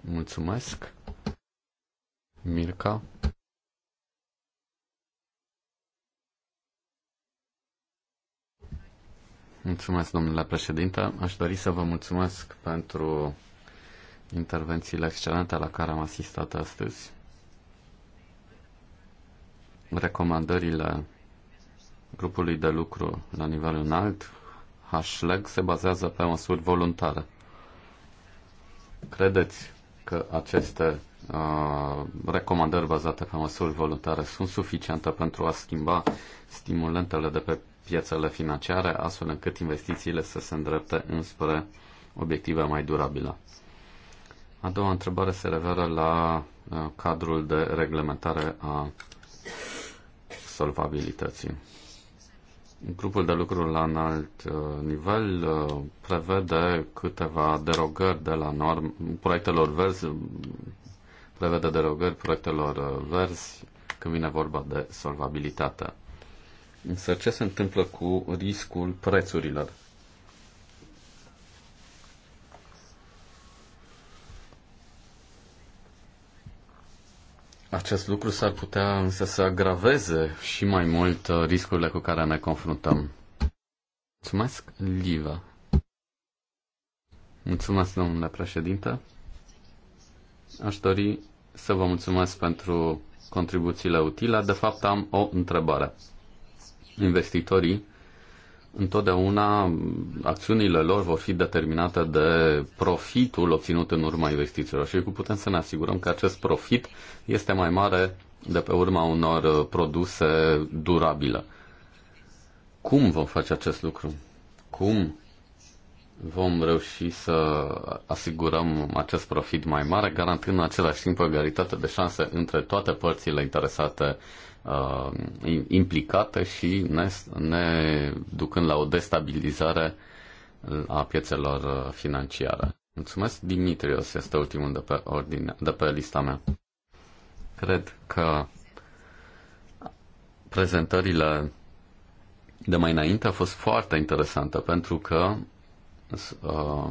Mulțumesc. Mirca. Mulțumesc, domnule președinte. Aș dori să vă mulțumesc pentru intervențiile excelente la care am asistat astăzi. Recomandările grupului de lucru la nivel înalt, HLEG, se bazează pe măsuri voluntare. Credeți că aceste uh, recomandări bazate pe măsuri voluntare sunt suficiente pentru a schimba stimulentele de pe piețele financiare, astfel încât investițiile să se îndrepte înspre obiective mai durabile. A doua întrebare se referă la uh, cadrul de reglementare a solvabilității. Grupul de lucru la înalt uh, nivel uh, prevede câteva derogări de la norm, proiectelor verzi, prevede derogări proiectelor verzi când vine vorba de solvabilitate. Însă ce se întâmplă cu riscul prețurilor? Acest lucru s-ar putea însă să agraveze și mai mult uh, riscurile cu care ne confruntăm. Mulțumesc, Liva. Mulțumesc, domnule președinte. Aș dori să vă mulțumesc pentru contribuțiile utile. De fapt, am o întrebare investitorii întotdeauna acțiunile lor vor fi determinate de profitul obținut în urma investițiilor și cu putem să ne asigurăm că acest profit este mai mare de pe urma unor produse durabile. Cum vom face acest lucru? Cum vom reuși să asigurăm acest profit mai mare, garantând în același timp egalitate de șanse între toate părțile interesate uh, implicate și ne, ne ducând la o destabilizare a piețelor uh, financiare. Mulțumesc, Dimitrios este ultimul de pe, ordine, de pe lista mea. Cred că prezentările de mai înainte a fost foarte interesantă pentru că uh,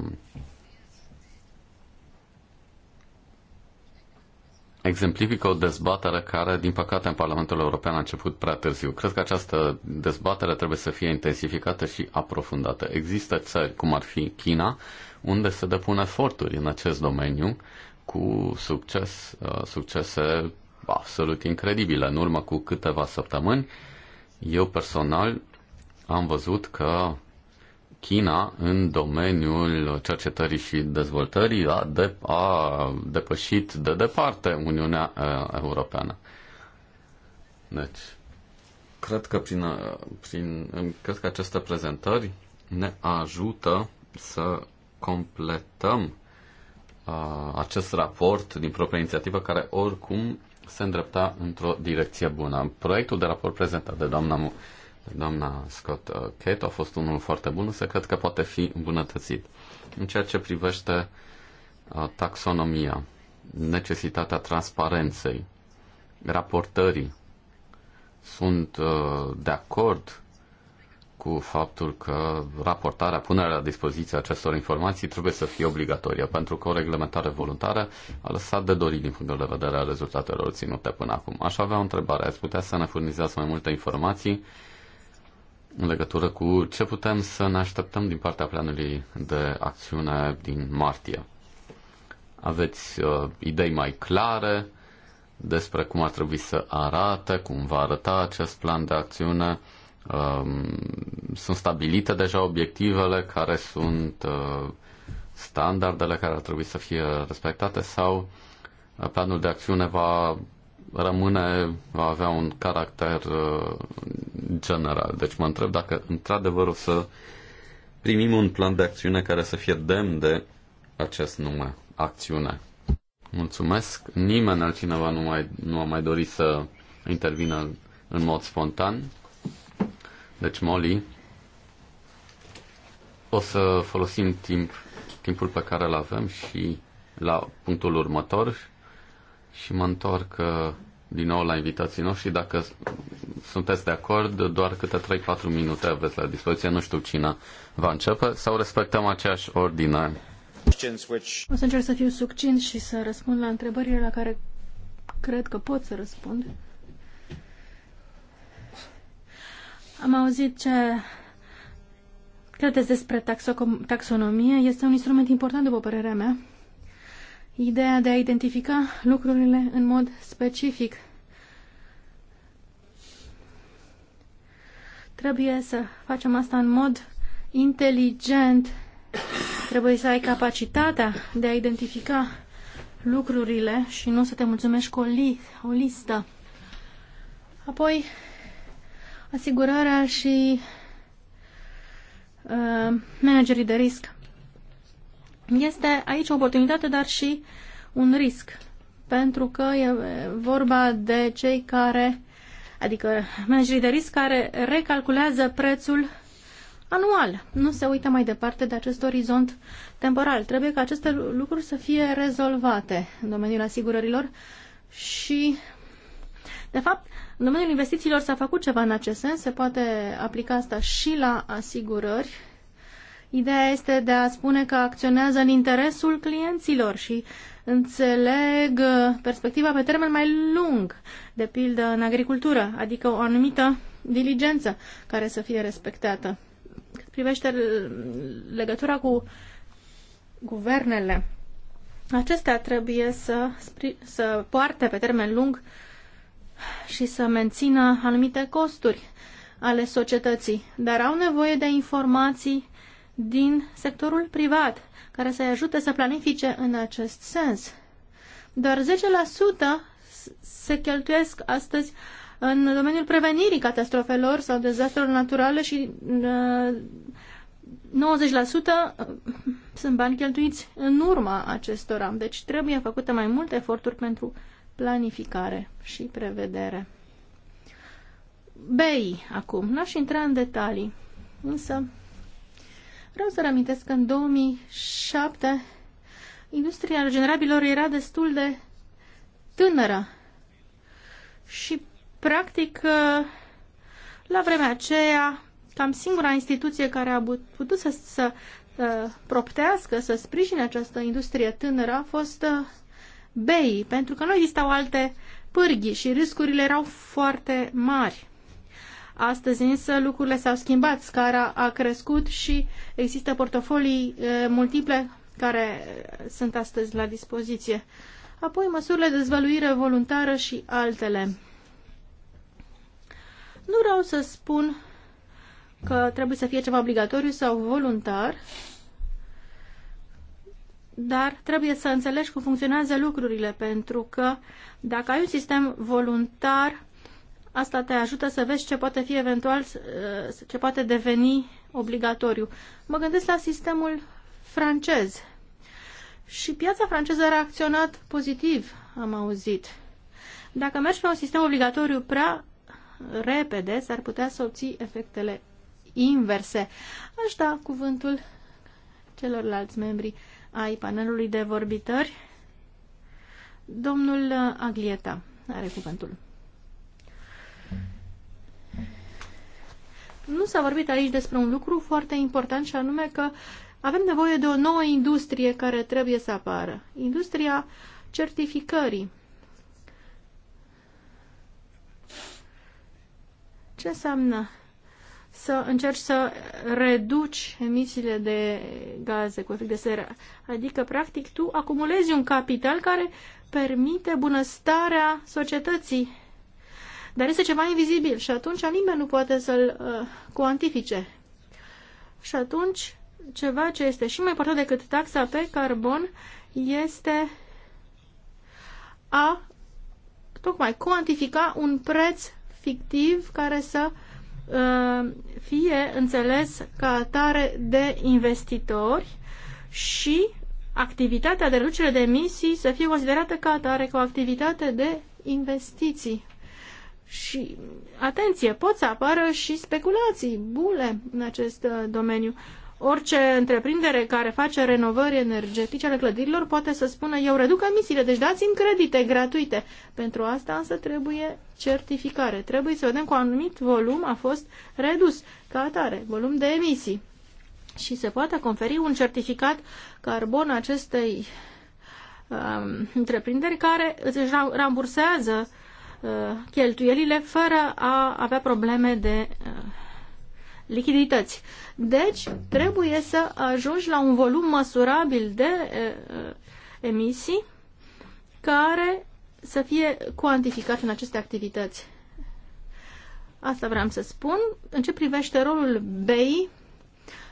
exemplifică o dezbatere care, din păcate, în Parlamentul European a început prea târziu. Cred că această dezbatere trebuie să fie intensificată și aprofundată. Există țări, cum ar fi China, unde se depun eforturi în acest domeniu cu succes, uh, succese absolut incredibile. În urmă cu câteva săptămâni, eu personal am văzut că China în domeniul cercetării și dezvoltării a, de, a depășit de departe Uniunea uh, Europeană. Deci, cred că, prin, uh, prin, cred că aceste prezentări ne ajută să completăm uh, acest raport din propria inițiativă care oricum se îndrepta într-o direcție bună. Proiectul de raport prezentat de doamna doamna Scott uh, Kate a fost unul foarte bun, însă cred că poate fi îmbunătățit. În ceea ce privește uh, taxonomia, necesitatea transparenței, raportării, sunt uh, de acord cu faptul că raportarea, punerea la dispoziție acestor informații trebuie să fie obligatorie, pentru că o reglementare voluntară a lăsat de dorit din punctul de vedere a rezultatelor ținute până acum. Aș avea o întrebare. Ați putea să ne furnizați mai multe informații în legătură cu ce putem să ne așteptăm din partea planului de acțiune din martie. Aveți uh, idei mai clare despre cum ar trebui să arate, cum va arăta acest plan de acțiune? Uh, sunt stabilite deja obiectivele care sunt uh, standardele care ar trebui să fie respectate sau uh, planul de acțiune va rămâne, va avea un caracter uh, general. Deci mă întreb dacă într-adevăr o să primim un plan de acțiune care să fie demn de acest nume, acțiune. Mulțumesc. Nimeni altcineva nu, mai, nu a mai dorit să intervină în mod spontan. Deci, Molly, o să folosim timp, timpul pe care îl avem și la punctul următor și mă întorc uh, din nou la invitații noștri. Dacă sunteți de acord, doar câte 3-4 minute aveți la dispoziție. Nu știu cine va începe. Sau respectăm aceeași ordine? O să încerc să fiu succint și să răspund la întrebările la care cred că pot să răspund. Am auzit ce credeți despre taxonomie. Este un instrument important, după părerea mea, ideea de a identifica lucrurile în mod specific. Trebuie să facem asta în mod inteligent. Trebuie să ai capacitatea de a identifica lucrurile și nu să te mulțumești cu o, li o listă. Apoi, asigurarea și uh, managerii de risc. Este aici o oportunitate, dar și un risc, pentru că e vorba de cei care, adică managerii de risc care recalculează prețul anual. Nu se uită mai departe de acest orizont temporal. Trebuie ca aceste lucruri să fie rezolvate în domeniul asigurărilor și, de fapt, în domeniul investițiilor s-a făcut ceva în acest sens. Se poate aplica asta și la asigurări Ideea este de a spune că acționează în interesul clienților și înțeleg uh, perspectiva pe termen mai lung, de pildă în agricultură, adică o anumită diligență care să fie respectată. Cât privește legătura cu guvernele, acestea trebuie să, să poarte pe termen lung și să mențină anumite costuri ale societății, dar au nevoie de informații din sectorul privat, care să-i ajute să planifice în acest sens. Doar 10% se cheltuiesc astăzi în domeniul prevenirii catastrofelor sau dezastrelor naturale și 90% uh, uh, sunt bani cheltuiți în urma acestora. Deci trebuie făcute mai multe eforturi pentru planificare și prevedere. BEI acum. N-aș intra în detalii, însă Vreau să reamintesc că în 2007 industria regenerabilor era destul de tânără și practic la vremea aceea cam singura instituție care a putut să, să uh, proptească, să sprijine această industrie tânără a fost uh, BEI, pentru că nu existau alte pârghii și riscurile erau foarte mari. Astăzi însă lucrurile s-au schimbat, scara a crescut și există portofolii eh, multiple care eh, sunt astăzi la dispoziție. Apoi măsurile de dezvăluire voluntară și altele. Nu vreau să spun că trebuie să fie ceva obligatoriu sau voluntar, dar trebuie să înțelegi cum funcționează lucrurile, pentru că dacă ai un sistem voluntar, Asta te ajută să vezi ce poate fi eventual, uh, ce poate deveni obligatoriu. Mă gândesc la sistemul francez. Și piața franceză a reacționat pozitiv, am auzit. Dacă mergi pe un sistem obligatoriu prea repede, s-ar putea să obții efectele inverse. Aș da cuvântul celorlalți membri ai panelului de vorbitări. Domnul Aglieta are cuvântul. nu s-a vorbit aici despre un lucru foarte important și anume că avem nevoie de o nouă industrie care trebuie să apară. Industria certificării. Ce înseamnă să încerci să reduci emisiile de gaze cu efect de seră? Adică, practic, tu acumulezi un capital care permite bunăstarea societății dar este ceva invizibil și atunci nimeni nu poate să-l uh, cuantifice. Și atunci, ceva ce este și mai important decât taxa pe carbon este a tocmai cuantifica un preț fictiv care să uh, fie înțeles ca atare de investitori și activitatea de reducere de emisii să fie considerată ca atare ca o activitate de investiții. Și, atenție, pot să apară și speculații bule în acest uh, domeniu. Orice întreprindere care face renovări energetice ale clădirilor poate să spună eu reduc emisiile, deci dați-mi credite gratuite. Pentru asta însă trebuie certificare. Trebuie să vedem cu anumit volum a fost redus ca atare, volum de emisii. Și se poate conferi un certificat carbon acestei um, întreprinderi care îți rambursează uh, Uh, cheltuielile fără a avea probleme de uh, lichidități. Deci, trebuie să ajungi la un volum măsurabil de uh, emisii care să fie cuantificat în aceste activități. Asta vreau să spun. În ce privește rolul BEI,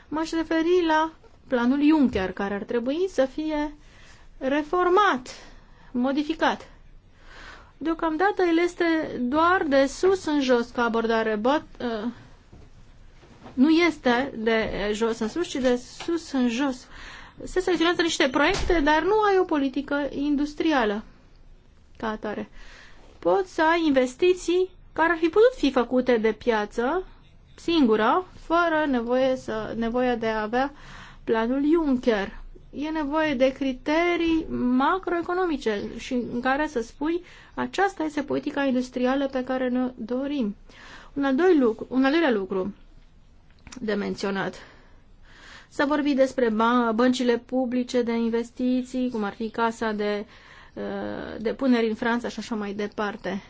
m-aș referi la planul Juncker, care ar trebui să fie reformat, modificat. Deocamdată el este doar de sus în jos ca abordare, but, uh, nu este de jos în sus, ci de sus în jos. Se selecționează niște proiecte, dar nu ai o politică industrială ca atare. Poți să ai investiții care ar fi putut fi făcute de piață singură, fără nevoie să, nevoia de a avea planul Juncker e nevoie de criterii macroeconomice și în care să spui aceasta este politica industrială pe care ne dorim. Un al, doi lucru, un al doilea lucru de menționat. S-a vorbit despre băncile publice de investiții, cum ar fi Casa de, uh, de Puneri în Franța și așa mai departe.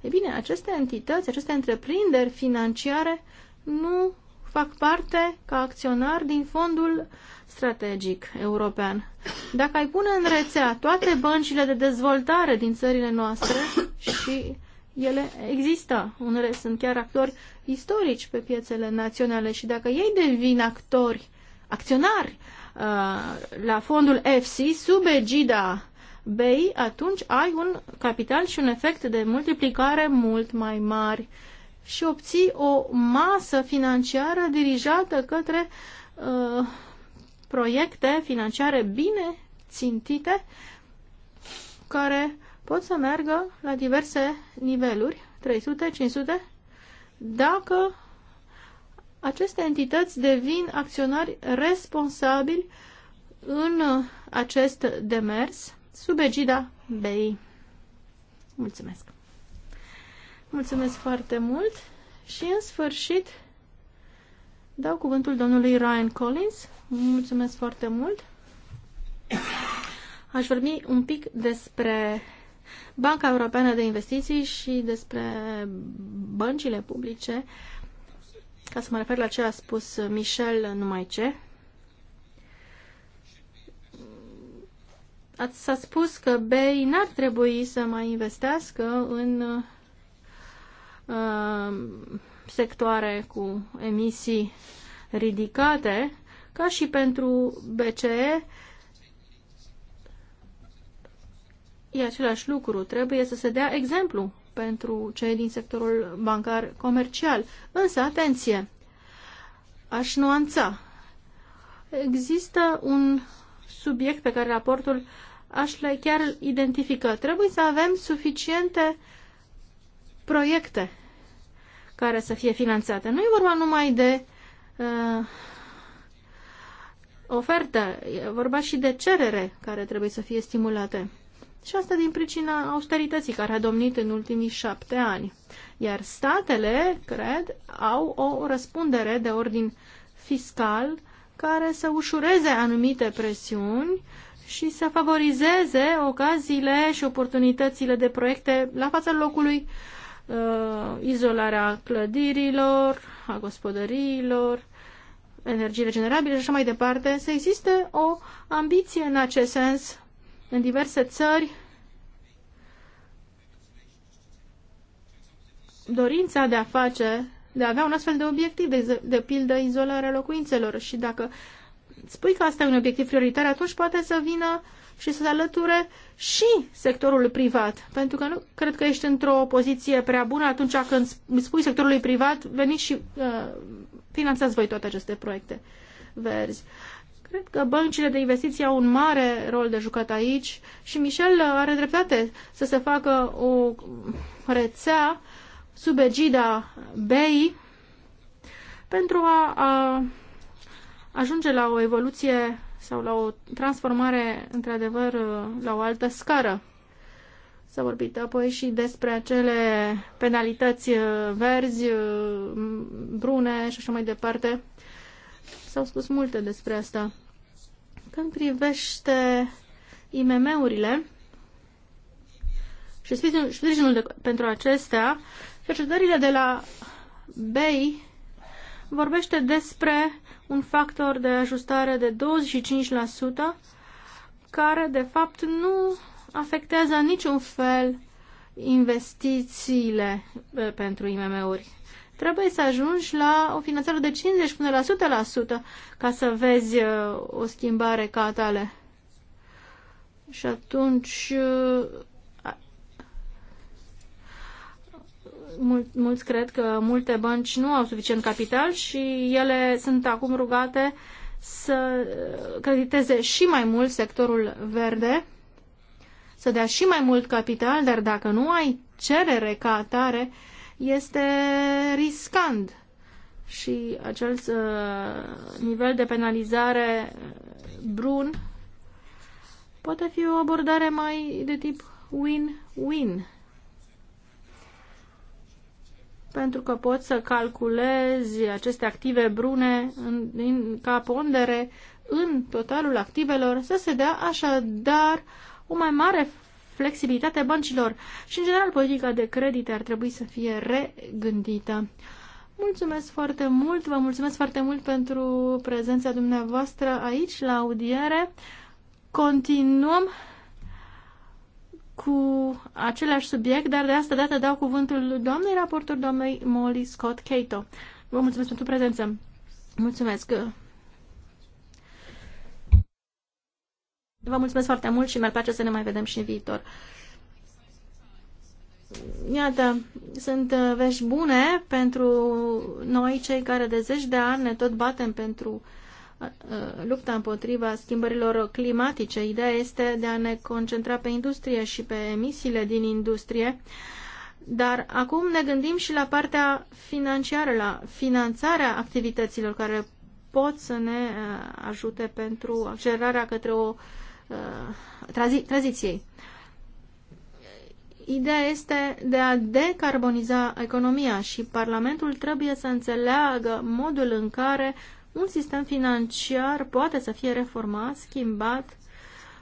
Ei bine, aceste entități, aceste întreprinderi financiare nu fac parte ca acționar din fondul uh, strategic european. Dacă ai pune în rețea toate băncile de dezvoltare din țările noastre și ele există, unele sunt chiar actori istorici pe piețele naționale și dacă ei devin actori, acționari uh, la fondul FC sub egida bei, atunci ai un capital și un efect de multiplicare mult mai mari și obții o masă financiară dirijată către uh, proiecte financiare bine țintite care pot să meargă la diverse niveluri, 300, 500, dacă aceste entități devin acționari responsabili în acest demers sub egida BI. Mulțumesc! Mulțumesc foarte mult și în sfârșit dau cuvântul domnului Ryan Collins Mulțumesc foarte mult. Aș vorbi un pic despre Banca Europeană de Investiții și despre băncile publice, ca să mă refer la ce a spus Michel numai ce. s-a spus că BEI n-ar trebui să mai investească în uh, sectoare cu emisii ridicate, ca și pentru BCE, e același lucru. Trebuie să se dea exemplu pentru cei din sectorul bancar comercial. Însă, atenție! Aș nuanța. Există un subiect pe care raportul aș le- chiar identifică. Trebuie să avem suficiente proiecte care să fie finanțate. Nu e vorba numai de uh, ofertă, e vorba și de cerere care trebuie să fie stimulate. Și asta din pricina austerității care a domnit în ultimii șapte ani. Iar statele, cred, au o răspundere de ordin fiscal care să ușureze anumite presiuni și să favorizeze ocaziile și oportunitățile de proiecte la fața locului, uh, izolarea clădirilor, a gospodăriilor, energie regenerabile și așa mai departe, să existe o ambiție în acest sens în diverse țări. Dorința de a face, de a avea un astfel de obiectiv, de, de pildă izolarea locuințelor și dacă spui că asta e un obiectiv prioritar, atunci poate să vină și să se alăture și sectorul privat. Pentru că nu cred că ești într-o poziție prea bună atunci când spui sectorului privat, veniți și uh, finanțați voi toate aceste proiecte verzi. Cred că băncile de investiții au un mare rol de jucat aici și Michel are dreptate să se facă o rețea sub egida BEI pentru a, a ajunge la o evoluție sau la o transformare, într-adevăr, la o altă scară. S-a vorbit apoi și despre acele penalități uh, verzi, uh, brune și așa mai departe. S-au spus multe despre asta. Când privește IMM-urile și sprijinul de, pentru acestea, cercetările de la BEI vorbește despre un factor de ajustare de 25% care de fapt nu afectează în niciun fel investițiile eh, pentru IMM-uri. Trebuie să ajungi la o finanțare de 50 până la 100% ca să vezi eh, o schimbare ca tale. Și atunci eh, mul, mulți cred că multe bănci nu au suficient capital și ele sunt acum rugate să crediteze și mai mult sectorul verde să dea și mai mult capital, dar dacă nu ai cerere ca atare, este riscant. Și acel uh, nivel de penalizare uh, brun poate fi o abordare mai de tip win-win. Pentru că poți să calculezi aceste active brune în, în, ca pondere în totalul activelor, să se dea așadar o mai mare flexibilitate băncilor și, în general, politica de credite ar trebui să fie regândită. Mulțumesc foarte mult, vă mulțumesc foarte mult pentru prezența dumneavoastră aici la audiere. Continuăm cu același subiect, dar de asta dată dau cuvântul doamnei raportor, doamnei Molly Scott Cato. Vă mulțumesc pentru prezență. Mulțumesc. Vă mulțumesc foarte mult și mi-ar place să ne mai vedem și în viitor. Iată, sunt uh, vești bune pentru noi, cei care de zeci de ani ne tot batem pentru uh, uh, lupta împotriva schimbărilor climatice. Ideea este de a ne concentra pe industrie și pe emisiile din industrie. Dar acum ne gândim și la partea financiară, la finanțarea activităților care pot să ne ajute pentru accelerarea către o uh, Uh, tranzi tranziției. Ideea este de a decarboniza economia și Parlamentul trebuie să înțeleagă modul în care un sistem financiar poate să fie reformat, schimbat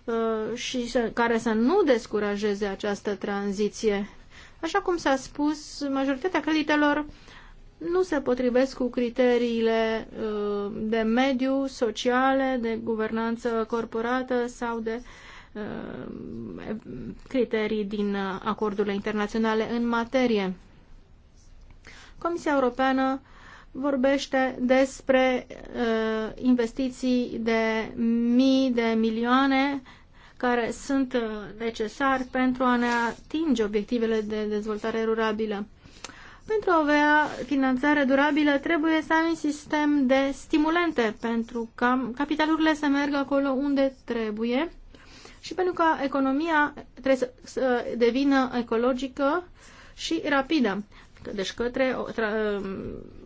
uh, și să, care să nu descurajeze această tranziție. Așa cum s-a spus, majoritatea creditelor uh, nu se potrivesc cu criteriile uh, de mediu, sociale, de guvernanță corporată sau de uh, criterii din uh, acordurile internaționale în materie. Comisia Europeană vorbește despre investiții de mii de milioane care sunt necesari pentru a ne atinge obiectivele de dezvoltare rurabilă pentru a avea finanțare durabilă trebuie să ai un sistem de stimulente pentru ca capitalurile să meargă acolo unde trebuie și pentru ca economia trebuie să devină ecologică și rapidă. Deci către, um,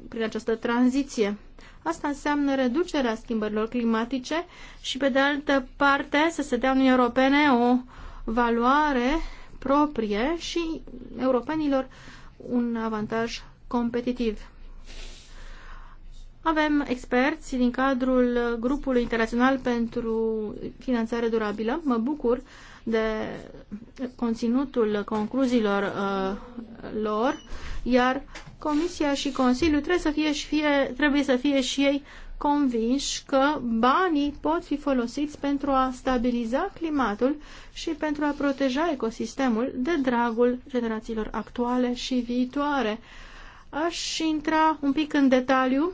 prin această tranziție. Asta înseamnă reducerea schimbărilor climatice și, pe de altă parte, să se dea Uniunii Europene o valoare proprie și europenilor un avantaj competitiv. Avem experți din cadrul grupului internațional pentru finanțare durabilă. Mă bucur de conținutul concluziilor uh, lor, iar Comisia și Consiliul trebuie să fie și fie, trebuie să fie și ei convinși că banii pot fi folosiți pentru a stabiliza climatul și pentru a proteja ecosistemul de dragul generațiilor actuale și viitoare. Aș intra un pic în detaliu,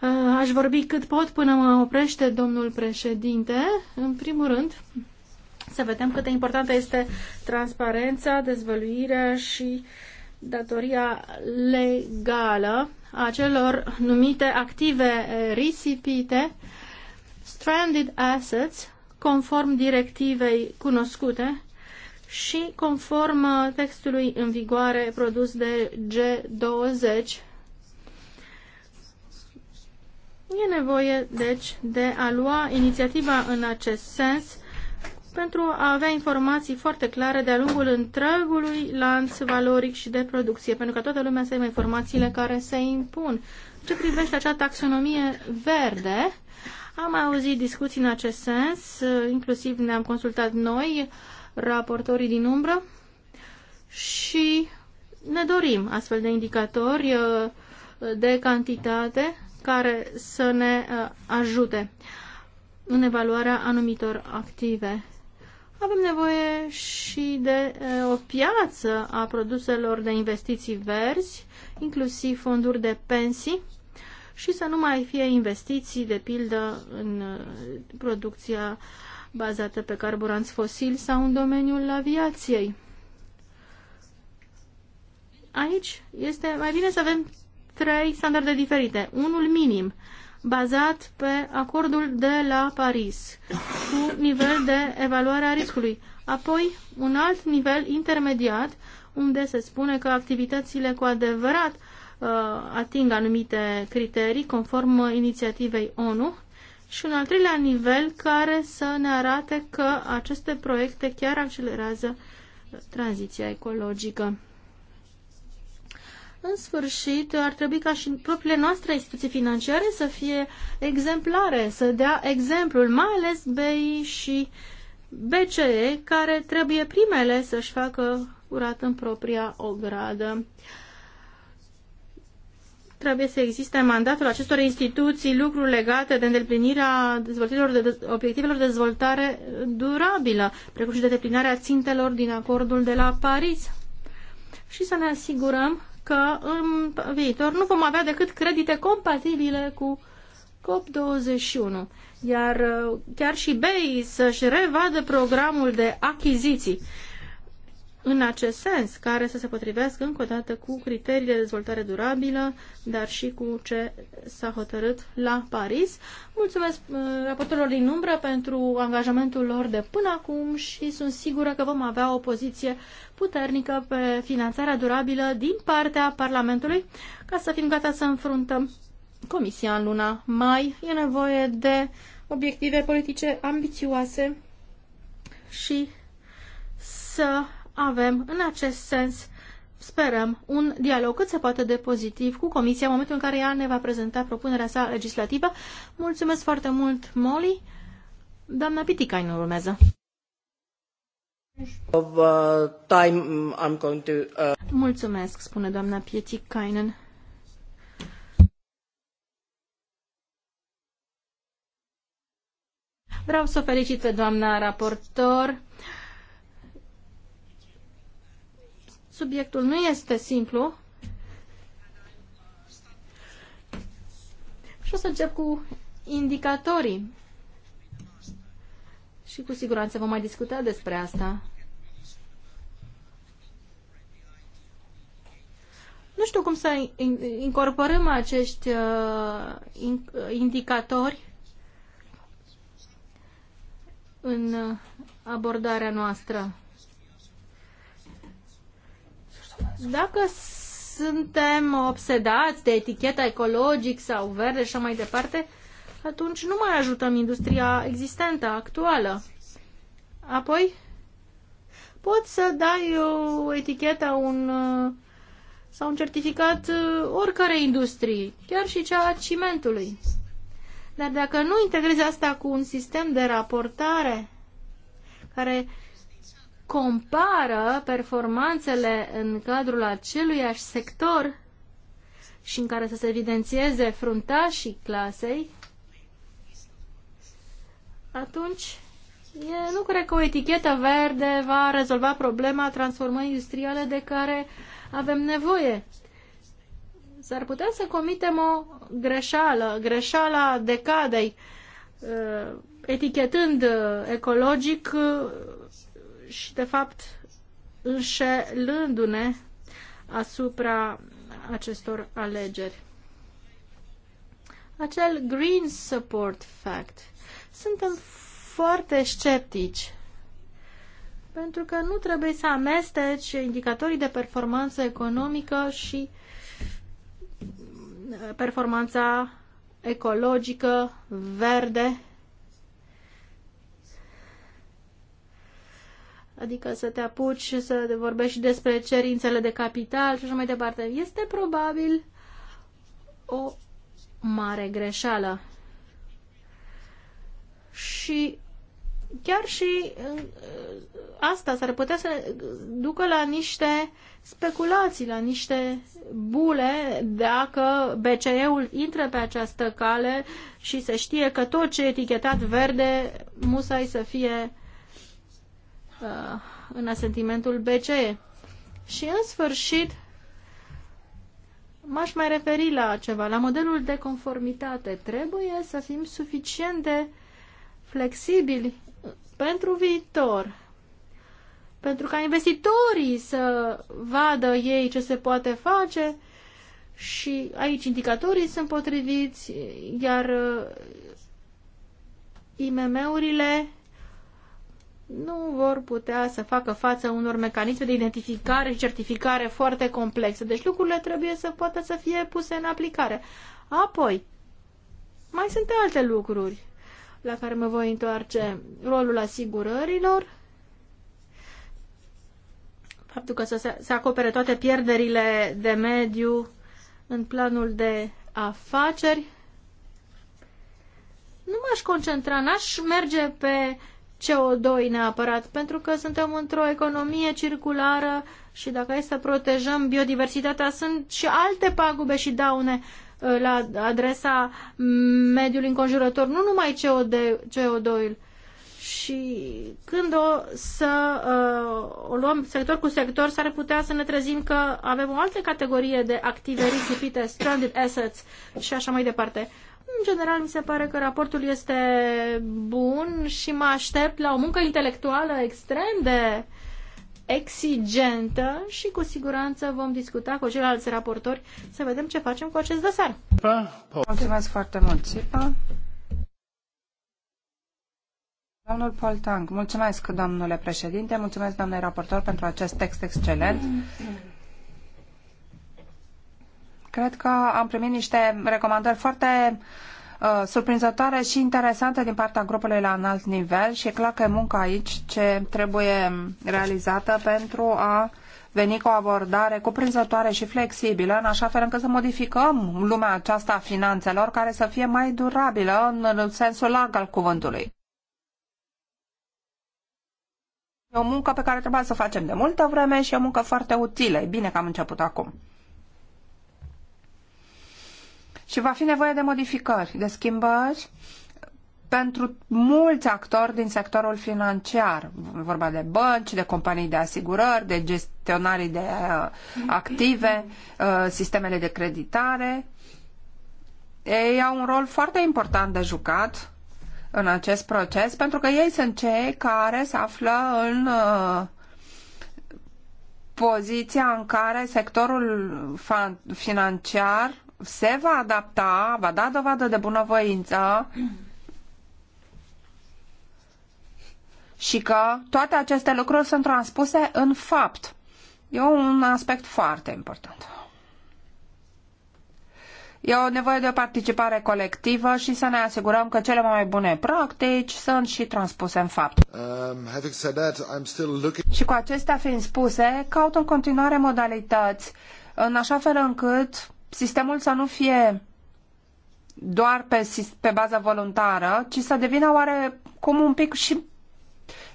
uh, aș vorbi cât pot până mă oprește domnul președinte. În primul rând, să vedem cât de importantă este transparența, dezvăluirea și datoria legală acelor numite active risipite, stranded assets, conform directivei cunoscute și conform uh, textului în vigoare produs de G20. E nevoie, deci, de a lua inițiativa în acest sens pentru a avea informații foarte clare de-a lungul întregului lanț valoric și de producție, pentru că toată lumea să aibă informațiile care se impun. Ce privește acea taxonomie verde, am mai auzit discuții în acest sens, inclusiv ne-am consultat noi, raportorii din umbră, și ne dorim astfel de indicatori uh, de cantitate care să ne uh, ajute în evaluarea anumitor active. Avem nevoie și de o piață a produselor de investiții verzi, inclusiv fonduri de pensii și să nu mai fie investiții, de pildă, în producția bazată pe carburanți fosili sau în domeniul aviației. Aici este mai bine să avem trei standarde diferite. Unul minim, bazat pe acordul de la Paris, cu nivel de evaluare a riscului. Apoi, un alt nivel intermediat, unde se spune că activitățile cu adevărat uh, ating anumite criterii conform inițiativei ONU și un al treilea nivel care să ne arate că aceste proiecte chiar accelerează uh, tranziția ecologică. În sfârșit, ar trebui ca și propriile noastre instituții financiare să fie exemplare, să dea exemplul, mai ales BI și BCE, care trebuie primele să-și facă curat în propria ogradă. Trebuie să existe în mandatul acestor instituții lucruri legate de îndeplinirea dezvoltărilor de, obiectivelor de dezvoltare durabilă, precum și de deplinarea țintelor din acordul de la Paris. Și să ne asigurăm că în viitor nu vom avea decât credite compatibile cu COP21, iar uh, chiar și BEI să-și revadă programul de achiziții în acest sens, care să se potrivească încă o dată cu criteriile de dezvoltare durabilă, dar și cu ce s-a hotărât la Paris. Mulțumesc uh, raportorilor din umbră pentru angajamentul lor de până acum și sunt sigură că vom avea o poziție puternică pe finanțarea durabilă din partea Parlamentului ca să fim gata să înfruntăm Comisia în luna mai. E nevoie de obiective politice ambițioase și să avem în acest sens, sperăm, un dialog cât se poate de pozitiv cu Comisia în momentul în care ea ne va prezenta propunerea sa legislativă. Mulțumesc foarte mult, Molly. Doamna Piticainen urmează. Of, uh, time mm, I'm going to, uh... Mulțumesc, spune doamna Pietikainen. Vreau să o felicit pe doamna raportor. Subiectul nu este simplu. Și o să încep cu indicatorii. Și cu siguranță vom mai discuta despre asta. Nu știu cum să incorporăm acești uh, uh, indicatori în uh, abordarea noastră. Dacă suntem obsedați de eticheta ecologic sau verde și mai departe, atunci nu mai ajutăm industria existentă, actuală. Apoi, poți să dai o etichetă, un sau un certificat oricare industrie, chiar și cea a cimentului. Dar dacă nu integrezi asta cu un sistem de raportare care compară performanțele în cadrul aceluiași sector și în care să se evidențieze fruntașii clasei, atunci e, nu cred că o etichetă verde va rezolva problema transformării industriale de care avem nevoie. S-ar putea să comitem o greșeală, greșeala decadei, uh, etichetând uh, ecologic uh, și, de fapt, înșelându-ne asupra acestor alegeri. Acel Green Support Fact. Suntem foarte sceptici pentru că nu trebuie să amesteci indicatorii de performanță economică și uh, performanța ecologică, verde adică să te apuci să vorbești despre cerințele de capital și așa mai departe. Este probabil o mare greșeală. Și chiar și ă, asta s-ar putea să ducă la niște speculații, la niște bule dacă BCE-ul intră pe această cale și se știe că tot ce e etichetat verde musai să fie Uh, în asentimentul BCE. Și în sfârșit, m-aș mai referi la ceva, la modelul de conformitate. Trebuie să fim suficient de flexibili pentru viitor, pentru ca investitorii să vadă ei ce se poate face și aici indicatorii sunt potriviți, iar uh, IMM-urile nu vor putea să facă față unor mecanisme de identificare și certificare foarte complexe. Deci lucrurile trebuie să poată să fie puse în aplicare. Apoi, mai sunt alte lucruri la care mă voi întoarce. Rolul asigurărilor, faptul că să se acopere toate pierderile de mediu în planul de afaceri. Nu m-aș concentra, n-aș merge pe CO2 neapărat, pentru că suntem într-o economie circulară și dacă e să protejăm biodiversitatea, sunt și alte pagube și daune uh, la adresa mediului înconjurător, nu numai CO2-ul. Și când o să uh, o luăm sector cu sector, s-ar putea să ne trezim că avem o altă categorie de active risipite, stranded assets și așa mai departe. În general, mi se pare că raportul este bun și mă aștept la o muncă intelectuală extrem de exigentă și cu siguranță vom discuta cu ceilalți raportori să vedem ce facem cu acest dosar. Mulțumesc foarte mult, Sipa. Domnul Tang, mulțumesc, domnule președinte, mulțumesc, domnule raportor, pentru acest text excelent. Cred că am primit niște recomandări foarte uh, surprinzătoare și interesante din partea grupului la înalt nivel și e clar că e munca aici ce trebuie realizată pentru a veni cu o abordare cuprinzătoare și flexibilă, în așa fel încât să modificăm lumea aceasta a finanțelor care să fie mai durabilă în sensul larg al cuvântului. E o muncă pe care trebuia să o facem de multă vreme și e o muncă foarte utilă. E bine că am început acum și va fi nevoie de modificări, de schimbări pentru mulți actori din sectorul financiar. Vorba de bănci, de companii de asigurări, de gestionarii de uh, active, uh, sistemele de creditare. Ei au un rol foarte important de jucat în acest proces pentru că ei sunt cei care se află în uh, poziția în care sectorul financiar se va adapta, va da dovadă de bunăvoință și că toate aceste lucruri sunt transpuse în fapt. E un aspect foarte important. E o nevoie de o participare colectivă și să ne asigurăm că cele mai bune practici sunt și transpuse în fapt. Um, that, looking... Și cu acestea fiind spuse, caut în continuare modalități în așa fel încât sistemul să nu fie doar pe, pe bază voluntară, ci să devină oare cum un pic și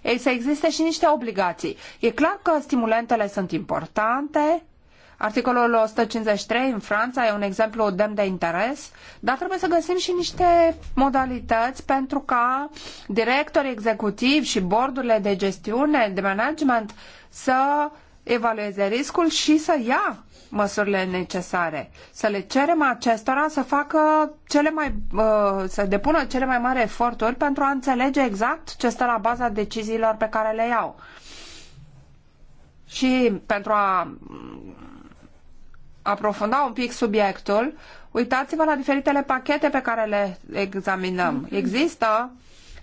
ei, să existe și niște obligații. E clar că stimulentele sunt importante, Articolul 153 în Franța e un exemplu demn de interes, dar trebuie să găsim și niște modalități pentru ca directorii executivi și bordurile de gestiune, de management să evalueze riscul și să ia măsurile necesare. Să le cerem acestora să facă cele mai, uh, să depună cele mai mari eforturi pentru a înțelege exact ce stă la baza deciziilor pe care le iau. Și pentru a aprofunda un pic subiectul, uitați-vă la diferitele pachete pe care le examinăm. Există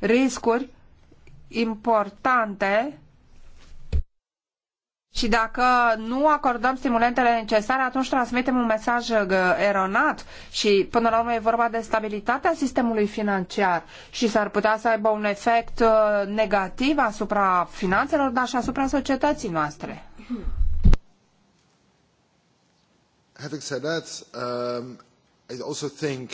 riscuri importante și dacă nu acordăm stimulentele necesare, atunci transmitem un mesaj uh, eronat și până la urmă e vorba de stabilitatea sistemului financiar și s-ar putea să aibă un efect uh, negativ asupra finanțelor, dar și asupra societății noastre. Having said that, um, I also think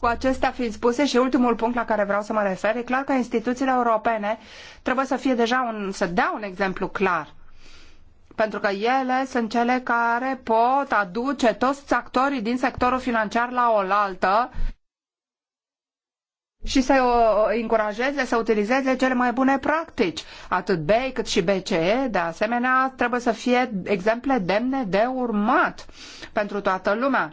cu acestea fiind spuse și ultimul punct la care vreau să mă refer, e clar că instituțiile europene trebuie să fie deja un, să dea un exemplu clar. Pentru că ele sunt cele care pot aduce toți actorii din sectorul financiar la oaltă și să uh, încurajeze să utilizeze cele mai bune practici. Atât BEI cât și BCE, de asemenea, trebuie să fie exemple demne de urmat pentru toată lumea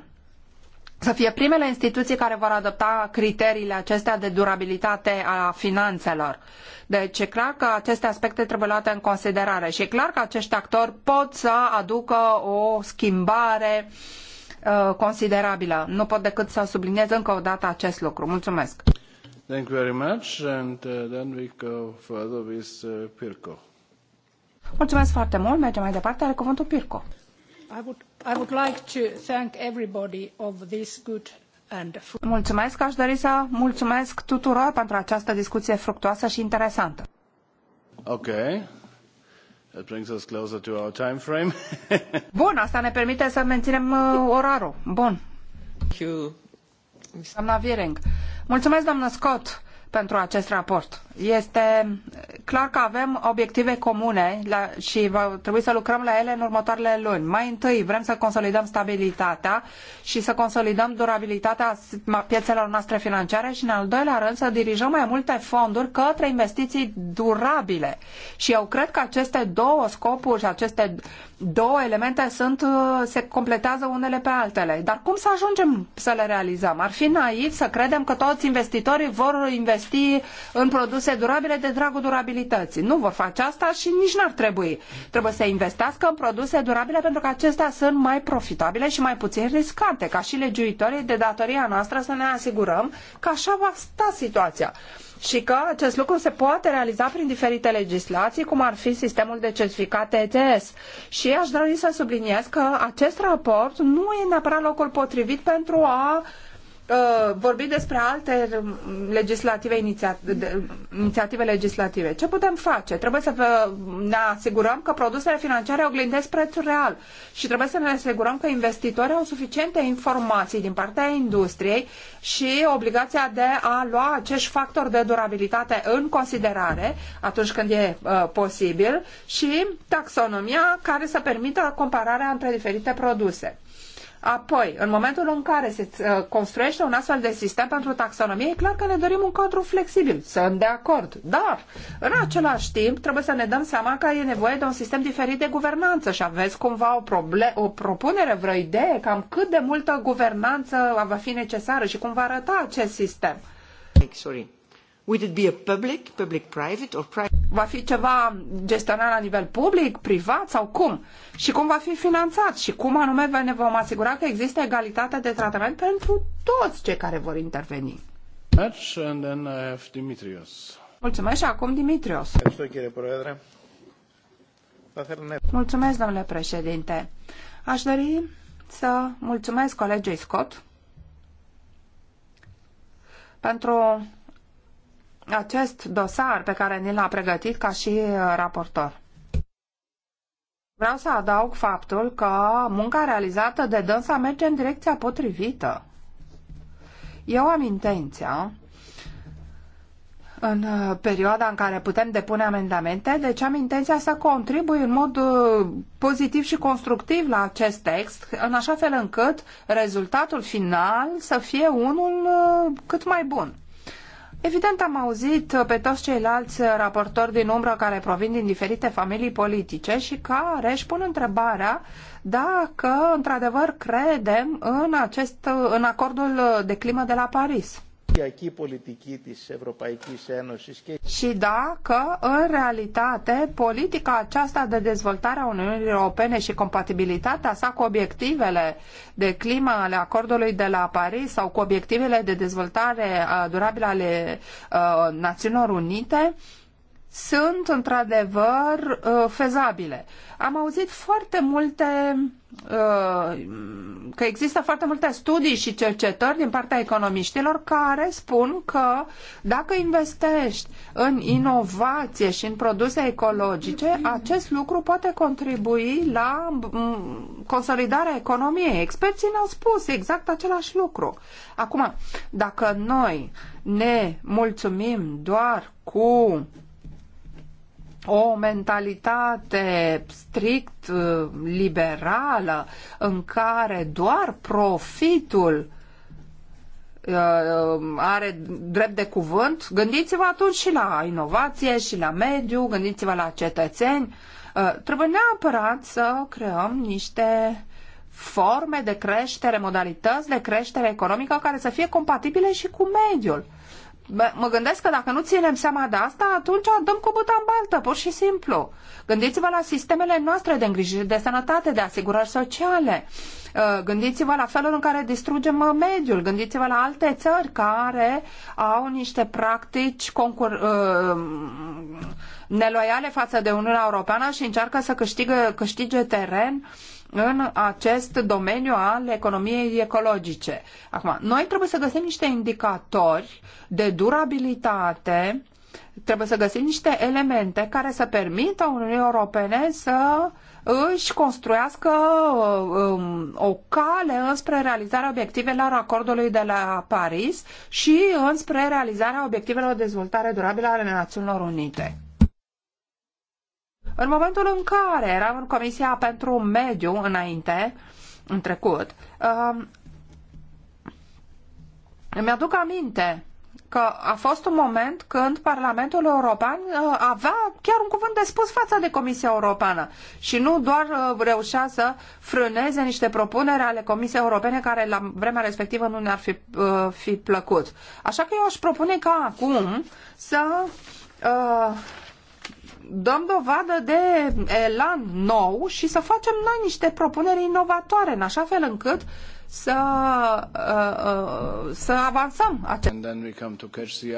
să fie primele instituții care vor adopta criteriile acestea de durabilitate a finanțelor. Deci e clar că aceste aspecte trebuie luate în considerare și e clar că acești actori pot să aducă o schimbare uh, considerabilă. Nu pot decât să subliniez încă o dată acest lucru. Mulțumesc. Thank you very much and uh, then we go further with uh, Pirco. Mulțumesc foarte mult. Mergem mai departe. Are cuvântul Pirco. I would, like to thank everybody of this good and Mulțumesc, aș dori să mulțumesc tuturor pentru această discuție fructuoasă și interesantă. Ok, That brings us closer to our time frame. Bun, asta ne permite să menținem uh, orarul. Bun. Thank you. Doamna Viering. Mulțumesc, doamnă Scott pentru acest raport. Este clar că avem obiective comune și va trebui să lucrăm la ele în următoarele luni. Mai întâi vrem să consolidăm stabilitatea și să consolidăm durabilitatea piețelor noastre financiare și în al doilea rând să dirijăm mai multe fonduri către investiții durabile. Și eu cred că aceste două scopuri și aceste uh, două elemente sunt, uh, se completează unele pe altele. Dar cum să ajungem să le realizăm? Ar fi naiv să credem că toți investitorii vor investi în produse durabile de dragul durabilității. Nu vor face asta și nici n-ar trebui. Trebuie să investească în produse durabile pentru că acestea sunt mai profitabile și mai puțin riscante. Ca și legiuitorii de datoria noastră să ne asigurăm că așa va sta situația și că acest lucru se poate realiza prin diferite legislații, cum ar fi sistemul de certificate ETS. Și aș dori să subliniez că acest raport nu e neapărat locul potrivit pentru a uh, uh, vorbi despre alte legislative, iniția, de, inițiative legislative. Ce putem face? Trebuie să ne asigurăm că produsele financiare oglindesc prețul real și trebuie să ne asigurăm că investitorii au suficiente informații din partea industriei și obligația de a lua acești factori de durabilitate în considerare atunci când e uh, posibil și taxonomia care să permită compararea între diferite produse. Apoi, în momentul în care se uh, construiește un astfel de sistem pentru taxonomie, e clar că ne dorim un cadru flexibil. Sunt de acord. Dar, în același timp, trebuie să ne dăm seama că e nevoie de un sistem diferit de guvernanță și aveți cumva o, problem, o propunere, vreo idee, cam cât de multă guvernanță va fi necesară și cum va arăta acest sistem. Sorry. Would it be a public, public-private or private? Va fi ceva gestionat la nivel public, privat sau cum? Și cum va fi finanțat? Și cum anume ne vom asigura că există egalitate de tratament pentru toți cei care vor interveni? And then I have Dimitrios. Mulțumesc și acum Dimitrios. Mulțumesc, domnule președinte. Aș dori să mulțumesc colegii Scott pentru acest dosar pe care ni l-a pregătit ca și uh, raportor. Vreau să adaug faptul că munca realizată de dânsa merge în direcția potrivită. Eu am intenția, în uh, perioada în care putem depune amendamente, deci am intenția să contribui în mod uh, pozitiv și constructiv la acest text, în așa fel încât rezultatul final să fie unul cât mai bun. Evident, am auzit uh, pe toți ceilalți uh, raportori din umbră care provin din diferite familii politice și care își pun întrebarea dacă într-adevăr credem în, acest, uh, în acordul de climă de la Paris. Și dacă, în realitate, politica aceasta de dezvoltare a Uniunii Europene și compatibilitatea sa cu obiectivele de climă ale acordului de la Paris sau cu obiectivele de dezvoltare uh, durabilă ale uh, Națiunilor Unite, uh, sunt într-adevăr uh, fezabile. Am auzit foarte multe uh, că există foarte multe studii și cercetări din partea economiștilor care spun că dacă investești în inovație și în produse ecologice, acest lucru poate contribui la mm, consolidarea economiei. Experții ne-au spus exact același lucru. Acum, dacă noi ne mulțumim doar cu o mentalitate strict uh, liberală în care doar profitul uh, uh, are drept de cuvânt, gândiți-vă atunci și la inovație și la mediu, gândiți-vă la cetățeni. Trebuie neapărat să creăm niște forme de creștere, modalități de creștere economică care să fie compatibile și cu mediul. Bă, mă gândesc că dacă nu ținem seama de asta, atunci dăm cu buta în baltă, pur și simplu. Gândiți-vă la sistemele noastre de îngrijire de sănătate, de asigurări sociale. Uh, gândiți-vă la felul în care distrugem uh, mediul. Gândiți-vă la alte țări care au niște practici concur- uh, neloiale față de Uniunea Europeană și încearcă să câștigă, câștige teren uh, în acest domeniu al economiei ecologice. Acum, noi trebuie să găsim niște indicatori de durabilitate, trebuie să găsim niște elemente care să permită Uniunii Europene să își construiască um, o cale înspre realizarea obiectivelor acordului de la Paris și înspre realizarea obiectivelor de dezvoltare durabilă ale Națiunilor Unite. În momentul în care eram în Comisia pentru Mediu înainte, în trecut, uh, îmi aduc aminte că a fost un moment când Parlamentul European uh, avea chiar un cuvânt de spus față de Comisia Europeană și nu doar uh, reușea să frâneze niște propuneri ale Comisiei Europene care la vremea respectivă nu ne-ar fi, uh, fi plăcut. Așa că eu aș propune ca acum să uh, dăm dovadă de elan nou și să facem noi niște propuneri inovatoare, în așa fel încât să, uh, uh, să avansăm acest. Uh,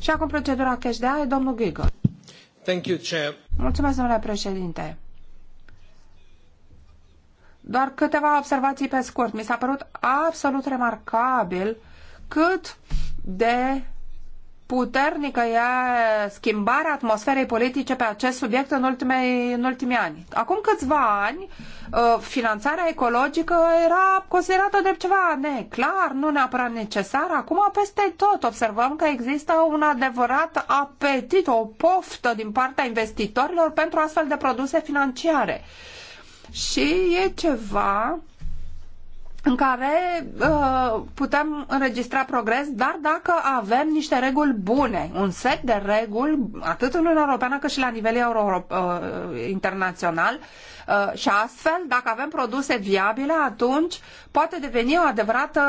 și acum procedura Cash the domnul Giggle. Thank you, Chair. Mulțumesc, domnule președinte. Doar câteva observații pe scurt. Mi s-a părut absolut remarcabil cât de puternică e schimbarea atmosferei politice pe acest subiect în, ultimei, în ultimii ani. Acum câțiva ani, ă, finanțarea ecologică era considerată de ceva neclar, nu neapărat necesar. Acum, peste tot, observăm că există un adevărat apetit, o poftă din partea investitorilor pentru astfel de produse financiare. Și e ceva în care uh, putem înregistra progres, dar dacă avem niște reguli bune, un set de reguli, atât în Uniunea Europeană cât și la nivel euro, uh, internațional, uh, și astfel, dacă avem produse viabile, atunci poate deveni o adevărată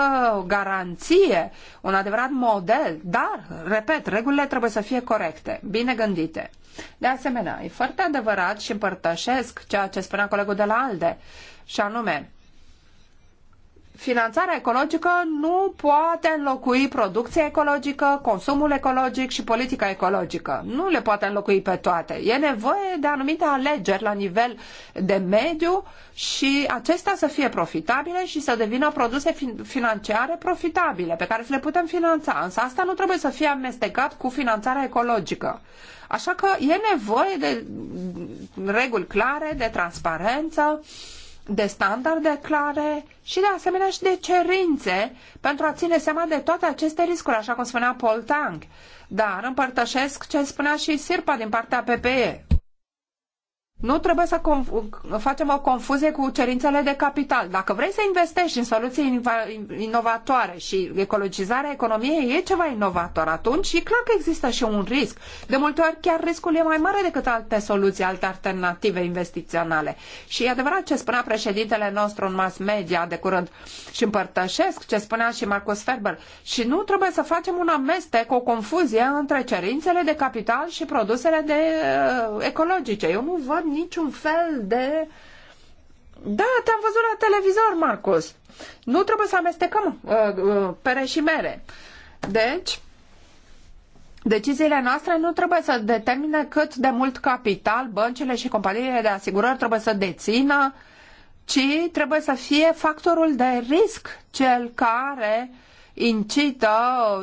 garanție, un adevărat model, dar, repet, regulile trebuie să fie corecte, bine gândite. De asemenea, e foarte adevărat și împărtășesc ceea ce spunea colegul de la ALDE, și anume, Finanțarea ecologică nu poate înlocui producția ecologică, consumul ecologic și politica ecologică. Nu le poate înlocui pe toate. E nevoie de anumite alegeri la nivel de mediu și acestea să fie profitabile și să devină produse financiare profitabile pe care să le putem finanța. Însă asta nu trebuie să fie amestecat cu finanțarea ecologică. Așa că e nevoie de reguli clare, de transparență, uh, de standarde clare și de asemenea și de cerințe pentru a ține seama de toate aceste riscuri, așa cum spunea Paul Tang. Dar împărtășesc ce spunea și Sirpa din partea PPE. Nu trebuie să facem o confuzie cu cerințele de capital. Dacă vrei să investești în soluții inovatoare și ecologizarea economiei e ceva inovator, atunci e clar că există și un risc. De multe ori chiar riscul e mai mare decât alte soluții, alte alternative investiționale. Și e adevărat ce spunea președintele nostru în mass media de curând și împărtășesc ce spunea și Marcus Ferber. Și nu trebuie să facem un amestec, o confuzie între cerințele de capital și produsele de, uh, ecologice. Eu nu văd niciun fel de... Da, te-am văzut la televizor, Marcus. Nu trebuie să amestecăm uh, uh, pere și mere. Deci, Deciziile noastre nu trebuie să determine cât de mult capital băncile și companiile de asigurări trebuie să dețină, ci trebuie să fie factorul de risc cel care incită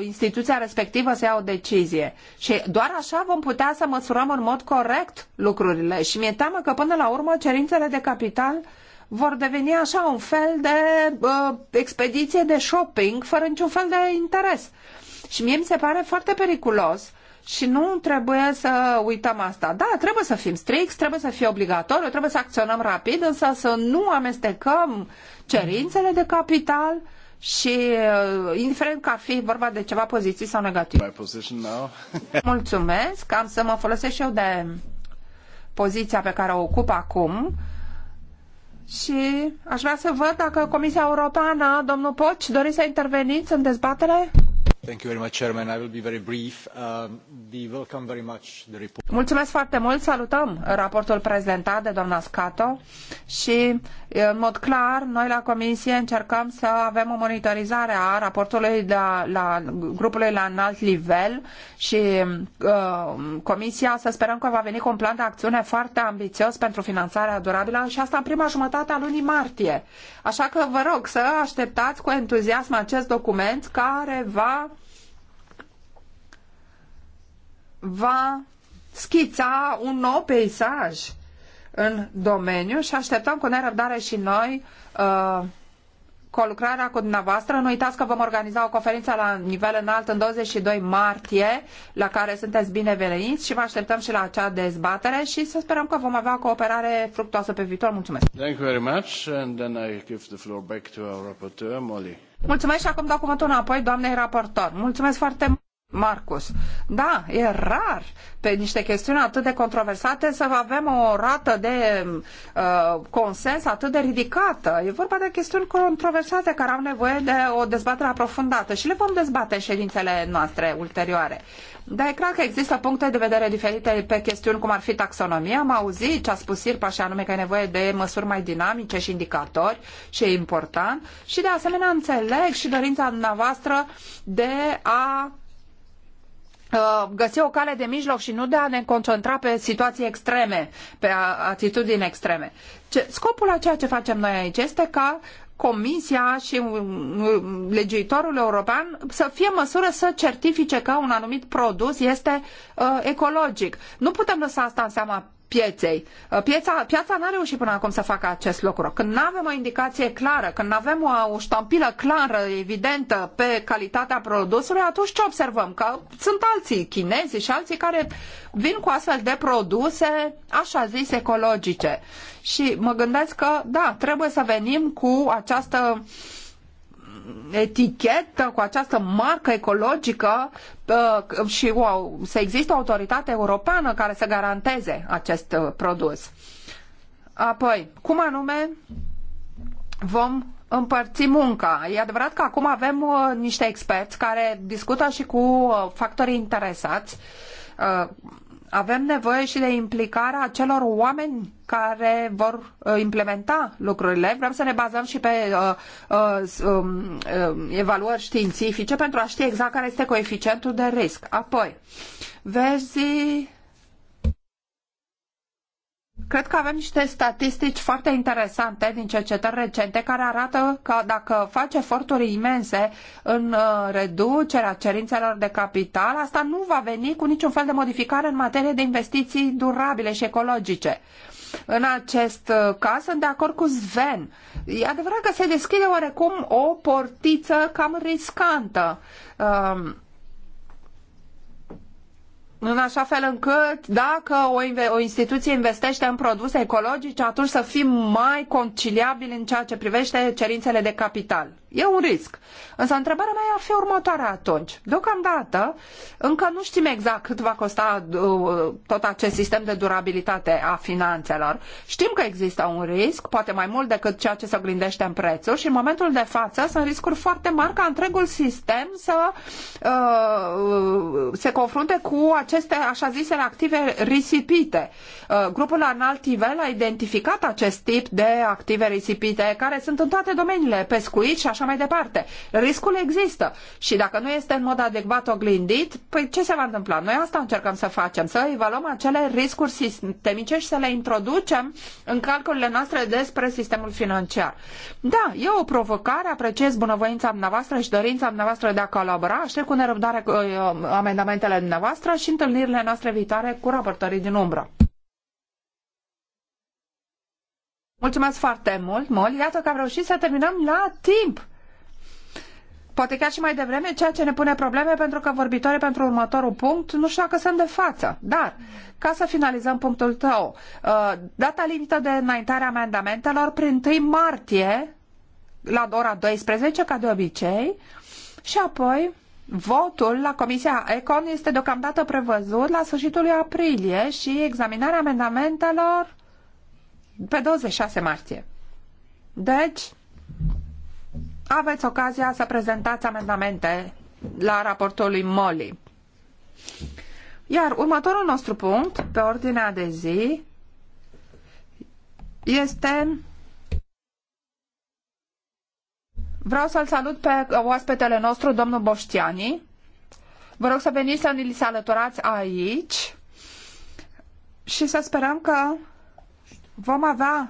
instituția respectivă să ia o decizie. Și doar așa vom putea să măsurăm în mod corect lucrurile. Și mi-e teamă că până la urmă cerințele de capital vor deveni așa un fel de uh, expediție de shopping fără niciun fel de interes. Și mie mi se pare foarte periculos și nu trebuie să uităm asta. Da, trebuie să fim strict trebuie să fie obligatoriu, trebuie să acționăm rapid, însă să nu amestecăm cerințele de capital uh, și uh, indiferent că ar fi vorba de ceva pozitiv sau negativ. Mulțumesc, am să mă folosesc și eu de poziția pe care o ocup acum și aș vrea să văd dacă Comisia Europeană, domnul Poci, doriți să interveniți în dezbatere? Um, Mulțumesc foarte mult, salutăm raportul prezentat de doamna Scato și în mod clar, noi la Comisie încercăm să avem o monitorizare a raportului de la, la grupului la înalt nivel și uh, Comisia să sperăm că va veni cu un plan de acțiune foarte ambițios pentru finanțarea durabilă și asta în prima jumătate a lunii martie. Așa că vă rog să așteptați cu entuziasm acest document care va va schița un nou peisaj în domeniu și așteptăm cu nerăbdare și noi uh, colucrarea cu dumneavoastră. Nu uitați că vom organiza o conferință la nivel înalt în 22 martie, la care sunteți bineveniți și vă așteptăm și la acea dezbatere și să sperăm că vom avea o cooperare fructoasă pe viitor. Mulțumesc! Thank you very much and then I give the floor back to our rapporteur, Molly. Mulțumesc și acum dau cuvântul înapoi doamnei raportor. Mulțumesc foarte mult! Marcus. Da, e rar pe niște chestiuni atât de controversate să avem o rată de uh, consens atât de ridicată. E vorba de chestiuni controversate care au nevoie de o dezbatere aprofundată și le vom dezbate în ședințele noastre ulterioare. Da, e clar că există puncte de vedere diferite pe chestiuni cum ar fi taxonomia. Am auzit ce a spus Sirpa și anume că e nevoie de măsuri mai dinamice și indicatori și e important. Și de asemenea înțeleg și dorința dumneavoastră de a Uh, găsi o cale de mijloc și nu de a ne concentra pe situații extreme, pe atitudini extreme. Ce, scopul a ceea ce facem noi aici este ca Comisia și um, um, legiuitorul european să fie măsură să certifice că un anumit produs este uh, ecologic. Nu putem lăsa asta în seama pieței. Uh, piața, piața n-a reușit până acum să facă acest lucru. Când nu avem o indicație clară, când nu avem o, o ștampilă clară, evidentă pe calitatea produsului, atunci ce observăm? Că sunt alții chinezi și alții care vin cu astfel de produse așa zis ecologice. Și mă gândesc că, da, trebuie să venim cu această uh, etichetă, cu această marcă ecologică uh, și wow, să existe o autoritate europeană care să garanteze acest uh, produs. Apoi, cum anume vom împărți munca. E adevărat că acum avem uh, niște experți care discută și cu factorii interesați avem nevoie și de implicarea acelor oameni care vor uh, implementa lucrurile. Vrem să ne bazăm și pe uh, uh, um, uh, evaluări științifice pentru a ști exact care este coeficientul de risc. Apoi, verzii Cred că avem niște statistici foarte interesante din cercetări recente care arată că dacă faci eforturi imense în uh, reducerea cerințelor de capital, asta nu va veni cu niciun fel de modificare în materie de investiții durabile și ecologice. În acest uh, caz sunt de acord cu Sven. E adevărat că se deschide oarecum o portiță cam riscantă. Um, în așa fel încât dacă o, o instituție investește în produse ecologice, atunci să fim mai conciliabili în ceea ce privește cerințele de capital. E un risc. Însă întrebarea mea ar fi următoarea atunci. Deocamdată, încă nu știm exact cât va costa uh, tot acest sistem de durabilitate a finanțelor. Știm că există un risc, poate mai mult decât ceea ce se oglindește în prețuri și în momentul de față sunt riscuri foarte mari ca întregul sistem să uh, se confrunte cu aceste așa zise active risipite. Uh, grupul la înalt nivel a identificat acest tip de active risipite care sunt în toate domeniile, pescuit și așa așa mai departe. Riscul există și dacă nu este în mod adecvat oglindit, păi ce se va întâmpla? Noi asta încercăm să facem, să evaluăm acele riscuri sistemice și să le introducem în calculele noastre despre sistemul financiar. Da, e o provocare, apreciez bunăvoința dumneavoastră și dorința dumneavoastră de a colabora, aștept cu nerăbdare uh, uh, amendamentele dumneavoastră și întâlnirile noastre viitoare cu raportorii din umbră. Mulțumesc foarte mult, Mol. Iată că am reușit să terminăm la timp. Poate chiar și mai devreme, ceea ce ne pune probleme pentru că vorbitorii pentru următorul punct nu știu că sunt de față. Dar, ca să finalizăm punctul tău, uh, data limită de înaintare a amendamentelor prin 1 martie la ora 12, ca de obicei, și apoi Votul la Comisia Econ este deocamdată prevăzut la sfârșitul lui aprilie și examinarea amendamentelor pe 26 martie. Deci, aveți ocazia să prezentați amendamente la raportul lui Molly. Iar următorul nostru punct pe ordinea de zi este Vreau să-l salut pe oaspetele nostru, domnul Boștiani. Vă rog să veniți să ni se alăturați aici și să sperăm că vom avea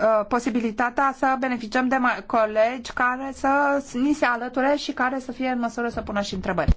uh, posibilitatea să beneficiem de colegi care să ni se alăture și care să fie în măsură să pună și întrebări.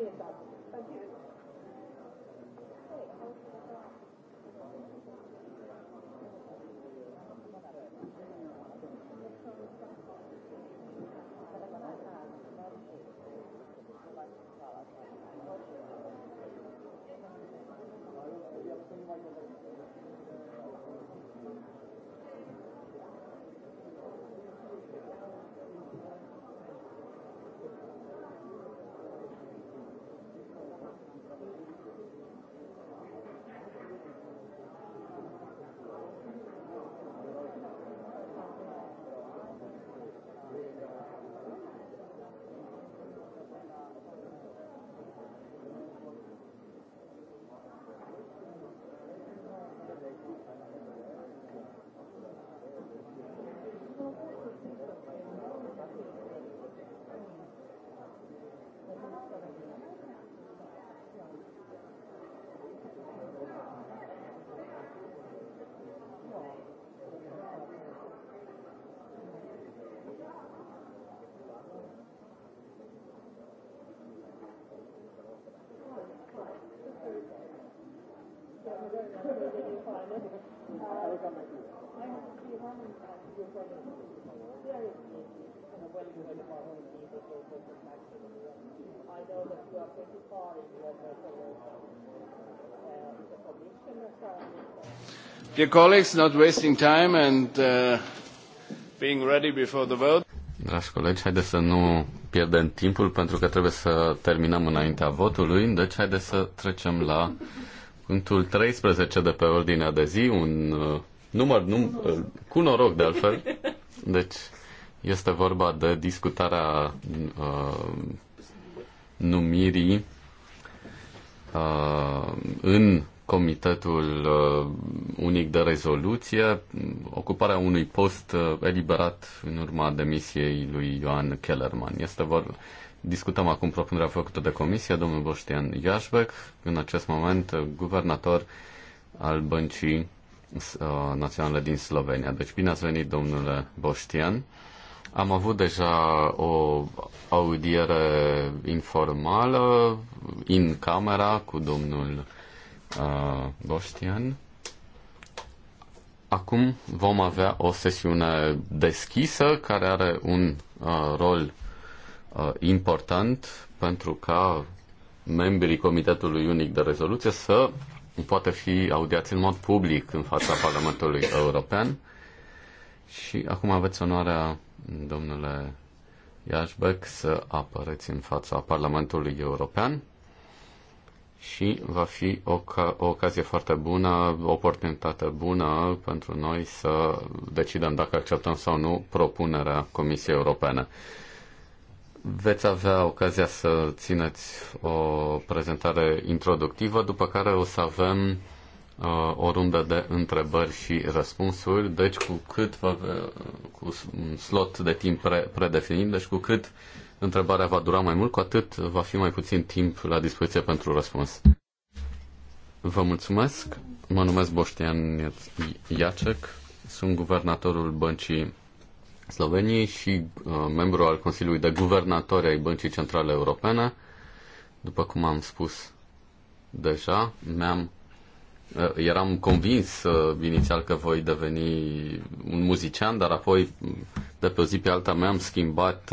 orientate. Păi, Dear colleagues, not wasting time and uh, being ready before the vote. Dragi colegi, haideți să nu pierdem timpul pentru că trebuie să terminăm înaintea votului, deci haideți să trecem la punctul 13 de pe ordinea de zi, un uh, număr, num, cu noroc de altfel. Deci este vorba de discutarea uh, numirii uh, în Comitetul uh, Unic de Rezoluție, ocuparea unui post uh, eliberat în urma demisiei lui Ioan Kellerman. Este vor... Discutăm acum propunerea făcută de comisie, domnul Boștian Iașbec, în acest moment uh, guvernator al băncii Uh, națională din Slovenia. Deci bine ați venit, domnule Boștian. Am avut deja o audiere informală, în camera, cu domnul uh, Boștian. Acum vom avea o sesiune deschisă care are un uh, rol uh, important pentru ca membrii Comitetului Unic de Rezoluție să poate fi audiat în mod public în fața Parlamentului European. Și acum aveți onoarea, domnule Iașbec, să apăreți în fața Parlamentului European și va fi o, o ocazie foarte bună, o oportunitate bună pentru noi să decidem dacă acceptăm sau nu propunerea Comisiei Europene. Veți avea ocazia să țineți o prezentare introductivă, după care o să avem uh, o rundă de întrebări și răspunsuri, deci cu cât va, uh, cu un slot de timp pre, predefinit, deci cu cât întrebarea va dura mai mult, cu atât va fi mai puțin timp la dispoziție pentru răspuns. Vă mulțumesc. Mă numesc Boștian Iacek, sunt guvernatorul Băncii Sloveniei și uh, membru al Consiliului de Guvernatori ai Băncii Centrale Europene. După cum am spus deja, mi-am, uh, eram convins uh, inițial că voi deveni un muzician, dar apoi de pe o zi pe alta mi-am schimbat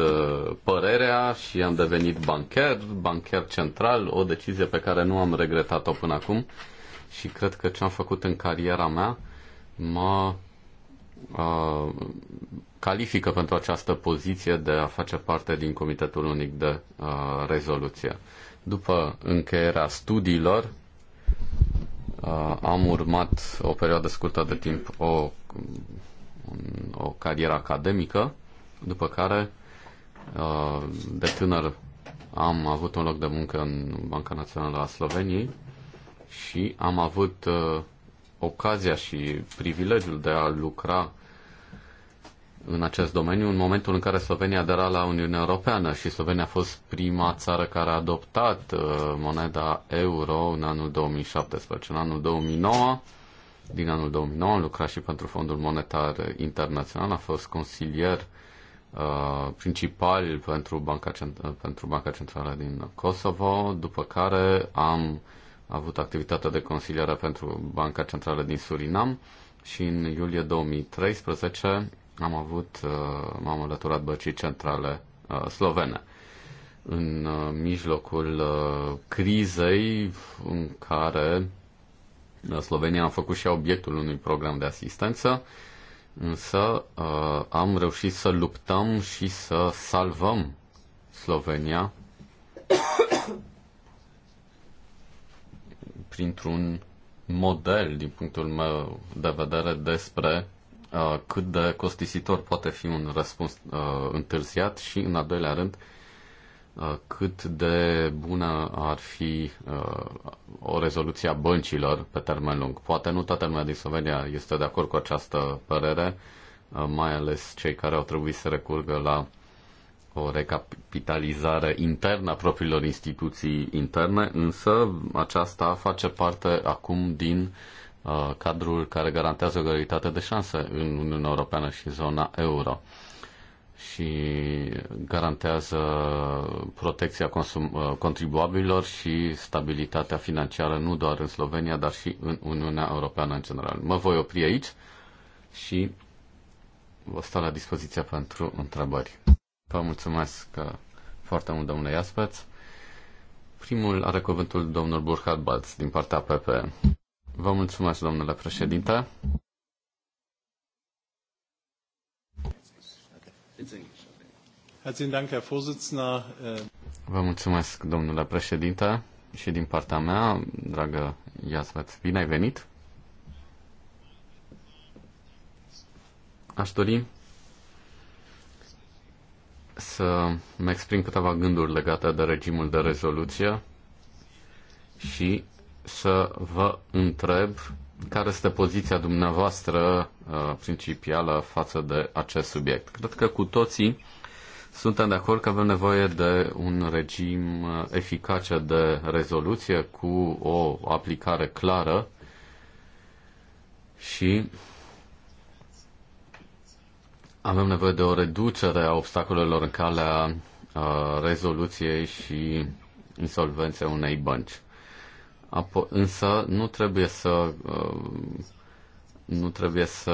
părerea și am devenit bancher, bancher central, o decizie pe care nu am regretat-o până acum și cred că ce am făcut în cariera mea mă a califică pentru această poziție de a face parte din Comitetul Unic de uh, Rezoluție. După încheierea studiilor, uh, am urmat o perioadă scurtă de timp o, o carieră academică, după care uh, de tânăr am avut un loc de muncă în Banca Națională a Sloveniei și am avut uh, ocazia și privilegiul de a lucra în acest domeniu în momentul în care Slovenia adera la Uniunea Europeană și Slovenia a fost prima țară care a adoptat uh, moneda euro în anul 2017. În anul 2009, din anul 2009 lucra și pentru Fondul Monetar Internațional, a fost consilier uh, principal pentru Banca, Cent- pentru Banca Centrală din Kosovo, după care am avut activitatea de consiliere pentru Banca Centrală din Surinam și în iulie 2013 am avut, uh, m-am alăturat băcii centrale uh, slovene. În uh, mijlocul crizei în care Slovenia a făcut și obiectul unui program de asistență, însă am reușit să luptăm și să salvăm Slovenia printr-un model, din punctul meu de vedere, despre Uh, cât de costisitor poate fi un răspuns uh, întârziat și, în al doilea rând, uh, cât de bună ar fi o rezoluție a băncilor pe termen lung. Poate nu toată lumea din Slovenia este de acord cu această părere, mai ales cei care au trebuit să recurgă la o recapitalizare internă a propriilor instituții interne, însă aceasta face parte acum din uh, Uh, cadrul care garantează o egalitate de șanse în Uniunea Europeană și zona euro și garantează protecția consum- uh, contribuabililor și stabilitatea financiară nu doar în Slovenia, dar și în Uniunea Europeană în general. Mă voi opri aici și vă stau la dispoziția pentru întrebări. Vă mulțumesc uh, foarte mult, domnule Iaspeț. Primul are cuvântul domnul Burhard Balz din partea PP. Vă mulțumesc, domnule președinte. Vă mulțumesc, domnule președinte, și din partea mea, dragă Iasvet, bine ai venit. Aș dori să mă exprim câteva gânduri legate de regimul de rezoluție și să vă întreb care este poziția dumneavoastră uh, principială față de acest subiect. Cred că cu toții suntem de acord că avem nevoie de un regim uh, eficace de rezoluție cu o aplicare clară și avem nevoie de o reducere a obstacolelor în calea uh, rezoluției și insolvenței unei bănci. Apo- însă nu trebuie să uh, nu trebuie să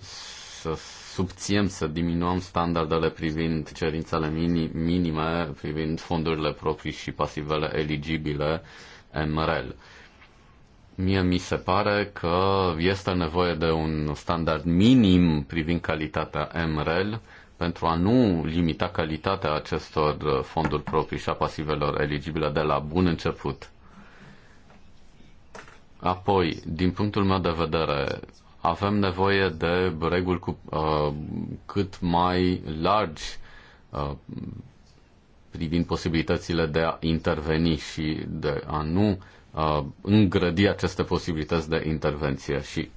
să subțiem, să diminuăm standardele privind cerințele minime, privind fondurile proprii și pasivele eligibile MRL. Mie mi se pare că este nevoie de un standard minim privind calitatea MREL pentru a nu limita calitatea acestor uh, fonduri proprii și a pasivelor eligibile de la bun început. Apoi, din punctul meu de vedere, avem nevoie de reguli cu, uh, cât mai largi uh, privind posibilitățile de a interveni și de a nu uh, îngrădi aceste posibilități de intervenție. Și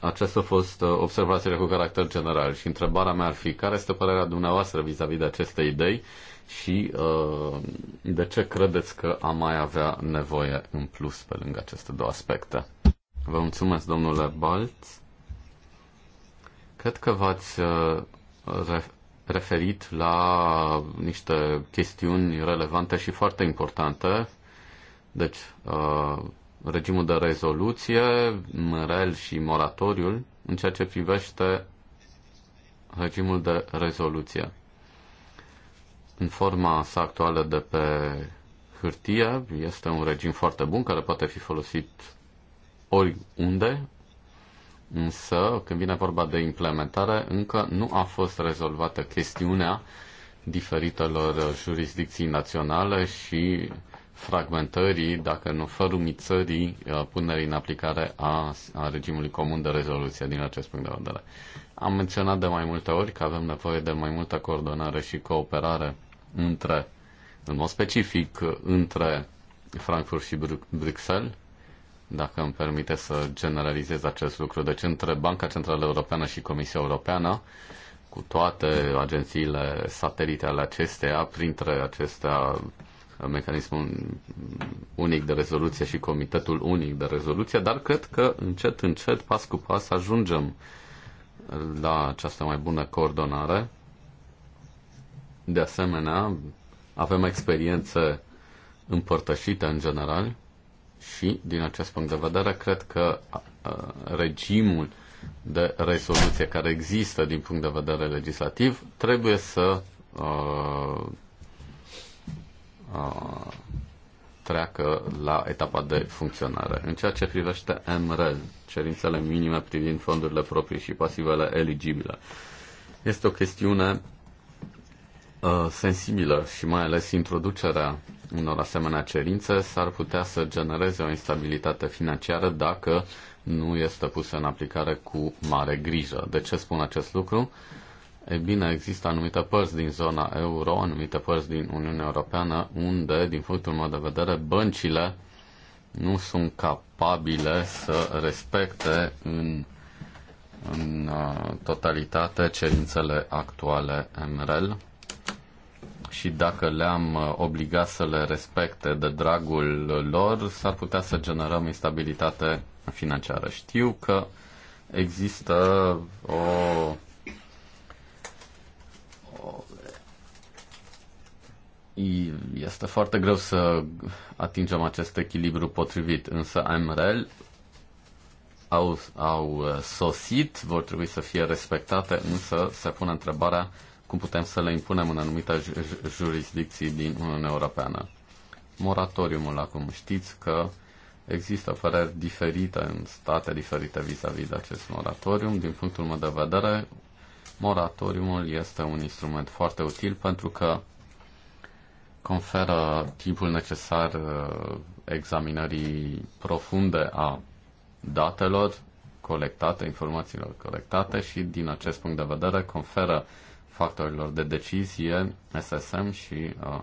aceasta a fost uh, observațiile cu caracter general și întrebarea mea ar fi care este părerea dumneavoastră vis-a-vis -vis de aceste idei și uh, de ce credeți că am mai avea nevoie în plus pe lângă aceste două aspecte. Vă mulțumesc, domnule Balț. Cred că v-ați uh, referit la niște chestiuni relevante și foarte importante. Deci, regimul de rezoluție, MREL și moratoriul, în ceea ce privește regimul de rezoluție. În forma sa actuală de pe hârtie, este un regim foarte bun care poate fi folosit oriunde, însă când vine vorba de implementare, încă nu a fost rezolvată chestiunea diferitelor jurisdicții naționale și fragmentării, dacă nu fărumițării, uh, punerii în aplicare a, a regimului comun de rezoluție din acest punct de vedere. Am menționat de mai multe ori că avem nevoie de mai multă coordonare și cooperare între, în mod specific, între Frankfurt și Bru- Bruxelles, dacă îmi permite să generalizez acest lucru. Deci între Banca Centrală Europeană și Comisia Europeană, cu toate agențiile satelite ale acesteia, printre acestea mecanismul unic de rezoluție și comitetul unic de rezoluție, dar cred că încet, încet, pas cu pas, ajungem la această mai bună coordonare. De asemenea, avem experiențe împărtășite în general și, din acest punct de vedere, cred că regimul de rezoluție care există din punct de vedere legislativ trebuie să treacă la etapa de funcționare. În ceea ce privește MREL, cerințele minime privind fondurile proprii și pasivele eligibile, este o chestiune uh, sensibilă și mai ales introducerea unor asemenea cerințe s-ar putea să genereze o instabilitate financiară dacă nu este pusă în aplicare cu mare grijă. De ce spun acest lucru? Uh, E bine, există anumite părți din zona euro, anumite părți din Uniunea Europeană, unde, din punctul meu de vedere, băncile nu sunt capabile să respecte în, în uh, totalitate cerințele actuale MREL și dacă le-am uh, obligat să le respecte de dragul lor, s-ar putea să generăm instabilitate financiară. Știu că există o este foarte greu să atingem acest echilibru potrivit, însă AMRL au, au uh, sosit, vor trebui să fie respectate, însă se pune întrebarea cum putem să le impunem în anumite jurisdicții din Uniunea Europeană. Moratoriumul acum știți că există păreri diferite în state diferite vis-a-vis -vis de acest moratorium. Din punctul meu de vedere, moratoriumul este un instrument foarte util pentru că conferă timpul necesar uh, examinării profunde a datelor colectate, informațiilor colectate și din acest punct de vedere conferă factorilor de decizie, SSM și uh,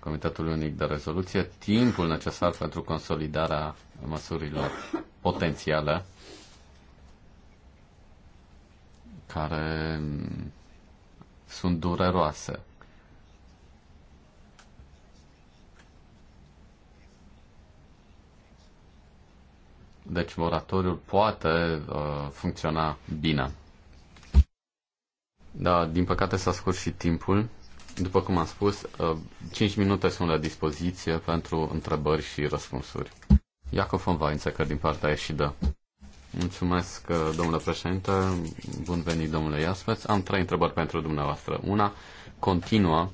Comitetul Unic de Rezoluție, timpul necesar pentru consolidarea măsurilor potențiale care mm, sunt dureroase. Deci moratoriul poate uh, funcționa bine. Da, din păcate s-a scurs și timpul. După cum am spus, uh, 5 minute sunt la dispoziție pentru întrebări și răspunsuri. Iacov von că din partea Eșidă. Mulțumesc, uh, domnule președinte. Bun venit, domnule Iaspeț. Am trei întrebări pentru dumneavoastră. Una continuă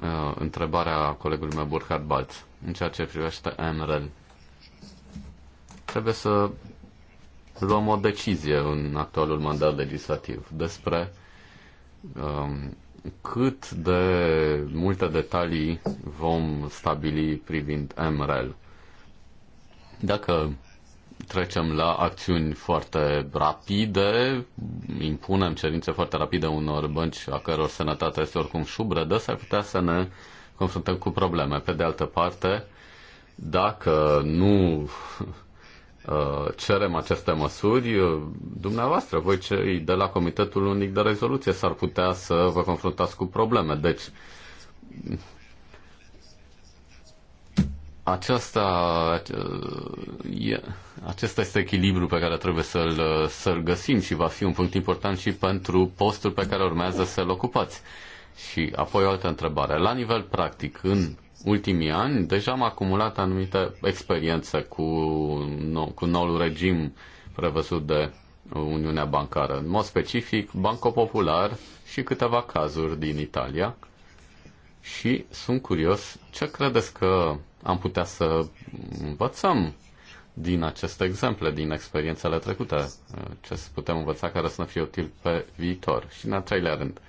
uh, întrebarea colegului meu, Burkhard Balț, în ceea ce privește MRL trebuie să luăm o decizie în actualul mandat legislativ despre um, cât de multe detalii vom stabili privind MREL. Dacă trecem la acțiuni foarte rapide, impunem cerințe foarte rapide unor bănci a căror sănătate este oricum șubredă, s-ar putea să ne confruntăm cu probleme. Pe de altă parte, dacă nu Uh, cerem aceste măsuri, uh, dumneavoastră, voi cei de la Comitetul Unic de Rezoluție s-ar putea să vă confruntați cu probleme. Deci, aceasta, uh, acesta este echilibru pe care trebuie să-l, să-l găsim și va fi un punct important și pentru postul pe care urmează să-l ocupați. Și apoi o altă întrebare. La nivel practic, în ultimii ani deja am acumulat anumite experiențe cu, no, cu noul regim prevăzut de Uniunea Bancară. În mod specific, Banco Popular și câteva cazuri din Italia. Și sunt curios ce credeți că am putea să învățăm din aceste exemple, din experiențele trecute, ce putem învăța care să ne fie util pe viitor. Și în al treilea rând,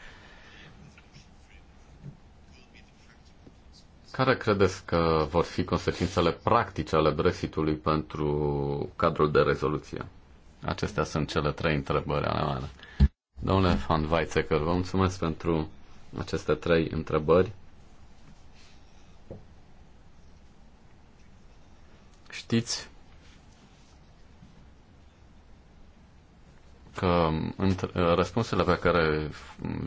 Care credeți că vor fi consecințele practice ale Brexitului pentru cadrul de rezoluție? Acestea sunt cele trei întrebări ale mele. Domnule Van Weizsäcker, vă mulțumesc pentru aceste trei întrebări. Știți că răspunsurile pe care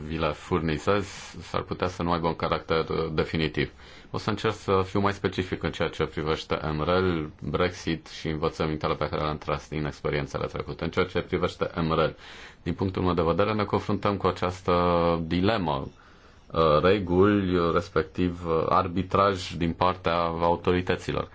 vi le furnizez s-ar putea să nu aibă un caracter definitiv. O să încerc să fiu mai specific în ceea ce privește MREL, Brexit și învățămintele pe care le-am tras din experiențele trecute. În ceea ce privește MREL, din punctul meu de vedere, ne confruntăm cu această dilemă uh, reguli, uh, respectiv uh, arbitraj din partea autorităților.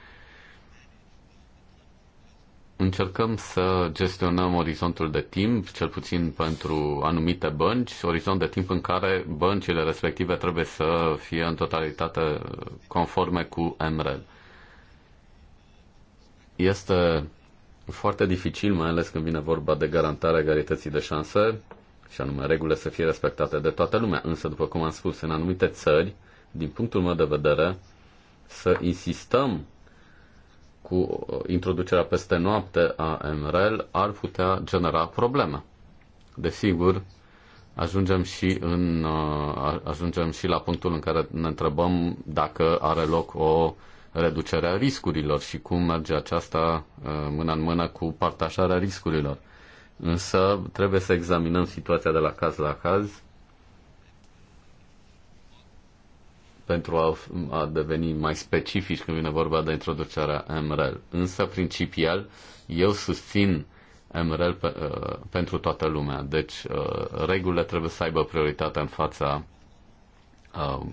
Încercăm să gestionăm orizontul de timp, cel puțin pentru anumite bănci, orizont de timp în care băncile respective trebuie să fie în totalitate conforme cu MREL. Este foarte dificil, mai ales când vine vorba de garantarea egalității de șanse, și anume regulile să fie respectate de toată lumea. Însă, după cum am spus, în anumite țări, din punctul meu de vedere, să insistăm cu uh, introducerea peste noapte a MRL ar putea genera probleme. Desigur, ajungem și, în, uh, ajungem și la punctul în care ne întrebăm dacă are loc o reducere a riscurilor și cum merge aceasta uh, mână în mână cu partajarea riscurilor. Însă trebuie să examinăm situația de la caz la caz pentru a, a deveni mai specifici când vine vorba de introducerea MREL. Însă, principial, eu susțin MREL pe, uh, pentru toată lumea. Deci, uh, regulile trebuie să aibă prioritate în fața uh,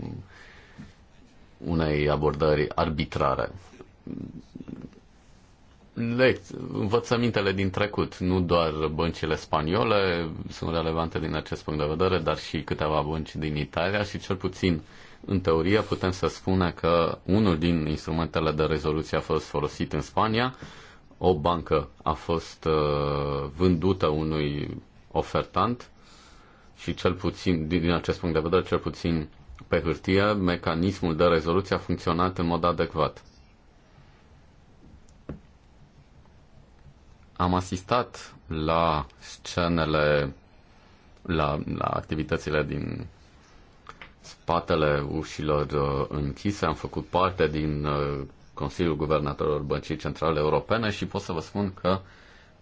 unei abordări arbitrare. Lect, învățămintele din trecut, nu doar băncile spaniole sunt relevante din acest punct de vedere, dar și câteva bănci din Italia și cel puțin uh, în teorie putem să spune că unul din instrumentele de rezoluție a fost folosit în Spania, o bancă a fost uh, vândută unui ofertant și cel puțin, din acest punct de vedere, cel puțin pe hârtie, mecanismul de rezoluție a funcționat în mod adecvat. Am asistat la scenele, la, la activitățile din spatele ușilor uh, închise. Am făcut parte din uh, Consiliul Guvernatorilor Băncii Centrale Europene și pot să vă spun că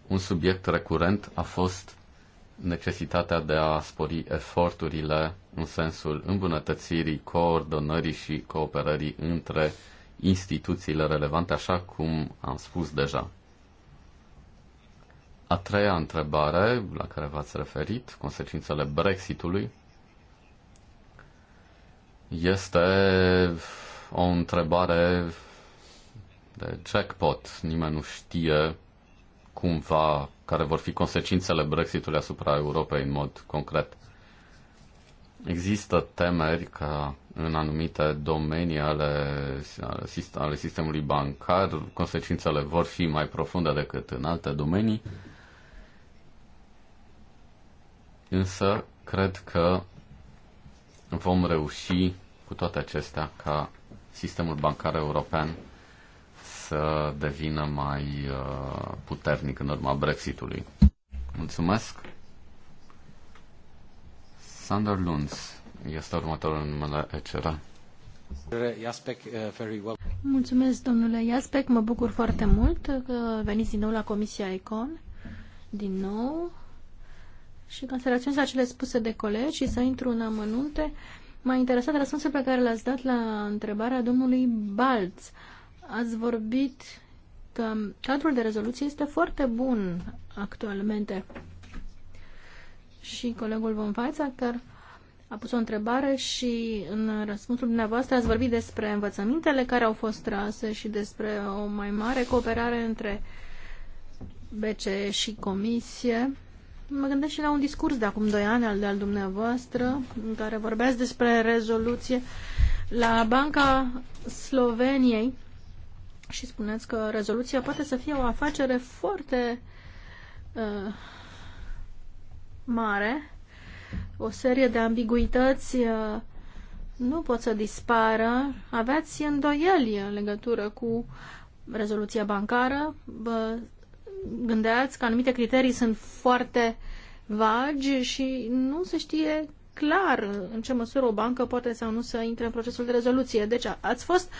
un subiect recurent a fost necesitatea de a spori eforturile în sensul îmbunătățirii, coordonării și cooperării între instituțiile relevante, așa cum am spus deja. A treia întrebare la care v-ați referit, consecințele Brexitului, este o întrebare de jackpot. Nimeni nu știe cumva care vor fi consecințele Brexitului asupra Europei în mod concret. Există temeri că în anumite domenii ale, ale sistemului bancar consecințele vor fi mai profunde decât în alte domenii, însă cred că vom reuși cu toate acestea ca sistemul bancar european să devină mai uh, puternic în urma Brexitului. Mulțumesc. Sander Lunds este următorul numele ECR. Mulțumesc, domnule Iaspec. Mă bucur foarte mult că veniți din nou la Comisia Econ. Din nou. Și ca să reacționez la cele spuse de colegi și să intru în amănunte, M-a interesat răspunsul pe care l-ați dat la întrebarea domnului Balț. Ați vorbit că cadrul de rezoluție este foarte bun actualmente. Și colegul von Weizsäcker a pus o întrebare și în răspunsul dumneavoastră ați vorbit despre învățămintele care au fost trase și despre o mai mare cooperare între BCE și Comisie Mă gândesc și la un discurs de acum doi ani al de-al dumneavoastră, în care vorbeați despre rezoluție la Banca Sloveniei și spuneți că rezoluția poate să fie o afacere foarte uh, mare, o serie de ambiguități uh, nu pot să dispară. Aveați îndoieli în legătură cu rezoluția bancară gândeați că anumite criterii sunt foarte vagi și nu se știe clar în ce măsură o bancă poate sau nu să intre în procesul de rezoluție. Deci ați fost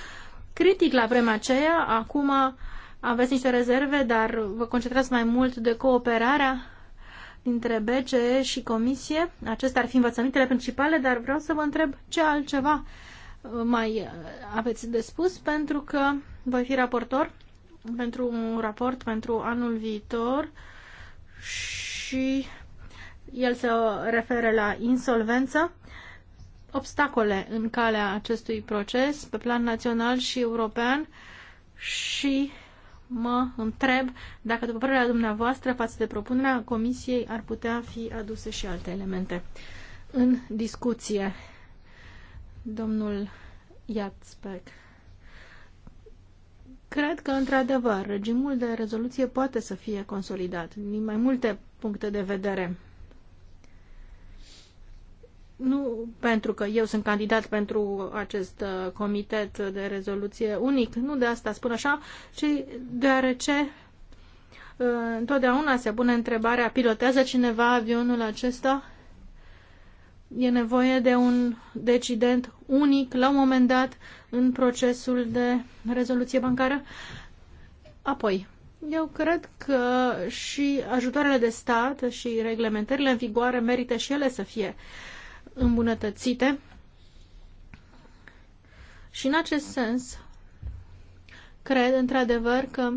critic la vremea aceea, acum aveți niște rezerve, dar vă concentrați mai mult de cooperarea dintre BCE și Comisie. Acestea ar fi învățămintele principale, dar vreau să vă întreb ce altceva mai aveți de spus, pentru că voi fi raportor pentru un raport pentru anul viitor și el se referă la insolvență, obstacole în calea acestui proces pe plan național și european și mă întreb dacă, după părerea dumneavoastră, față de propunerea Comisiei, ar putea fi aduse și alte elemente în discuție. Domnul Iațbec. Cred că, într-adevăr, regimul de rezoluție poate să fie consolidat din mai multe puncte de vedere. Nu pentru că eu sunt candidat pentru acest uh, comitet de rezoluție unic, nu de asta spun așa, ci deoarece uh, întotdeauna se pune întrebarea, pilotează cineva avionul acesta? E nevoie de un decident unic la un moment dat în procesul de rezoluție bancară. Apoi, eu cred că și ajutoarele de stat și reglementările în vigoare merită și ele să fie îmbunătățite. Și în acest sens, cred într-adevăr că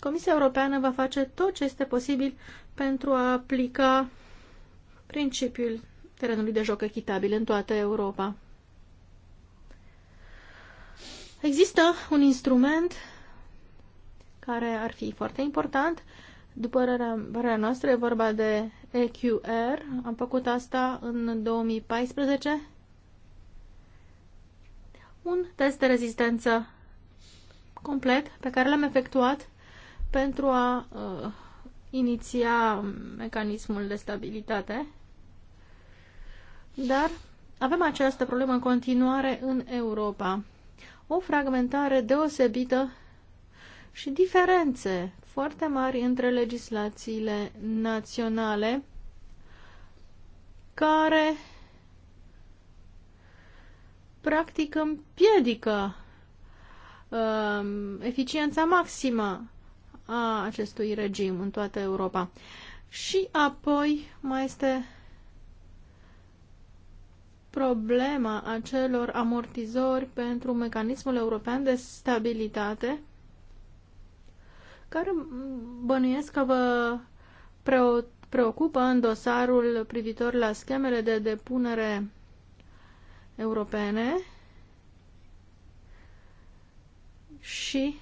Comisia Europeană va face tot ce este posibil pentru a aplica principiul terenului de joc echitabil în toată Europa. Există un instrument care ar fi foarte important. După părerea noastră, e vorba de EQR. Am făcut asta în 2014. Un test de rezistență complet pe care l-am efectuat pentru a uh, iniția mecanismul de stabilitate. Dar avem această problemă în continuare în Europa o fragmentare deosebită și diferențe foarte mari între legislațiile naționale care practic împiedică uh, eficiența maximă a acestui regim în toată Europa. Și apoi mai este problema acelor amortizori pentru mecanismul european de stabilitate, care bănuiesc că vă preocupă în dosarul privitor la schemele de depunere europene și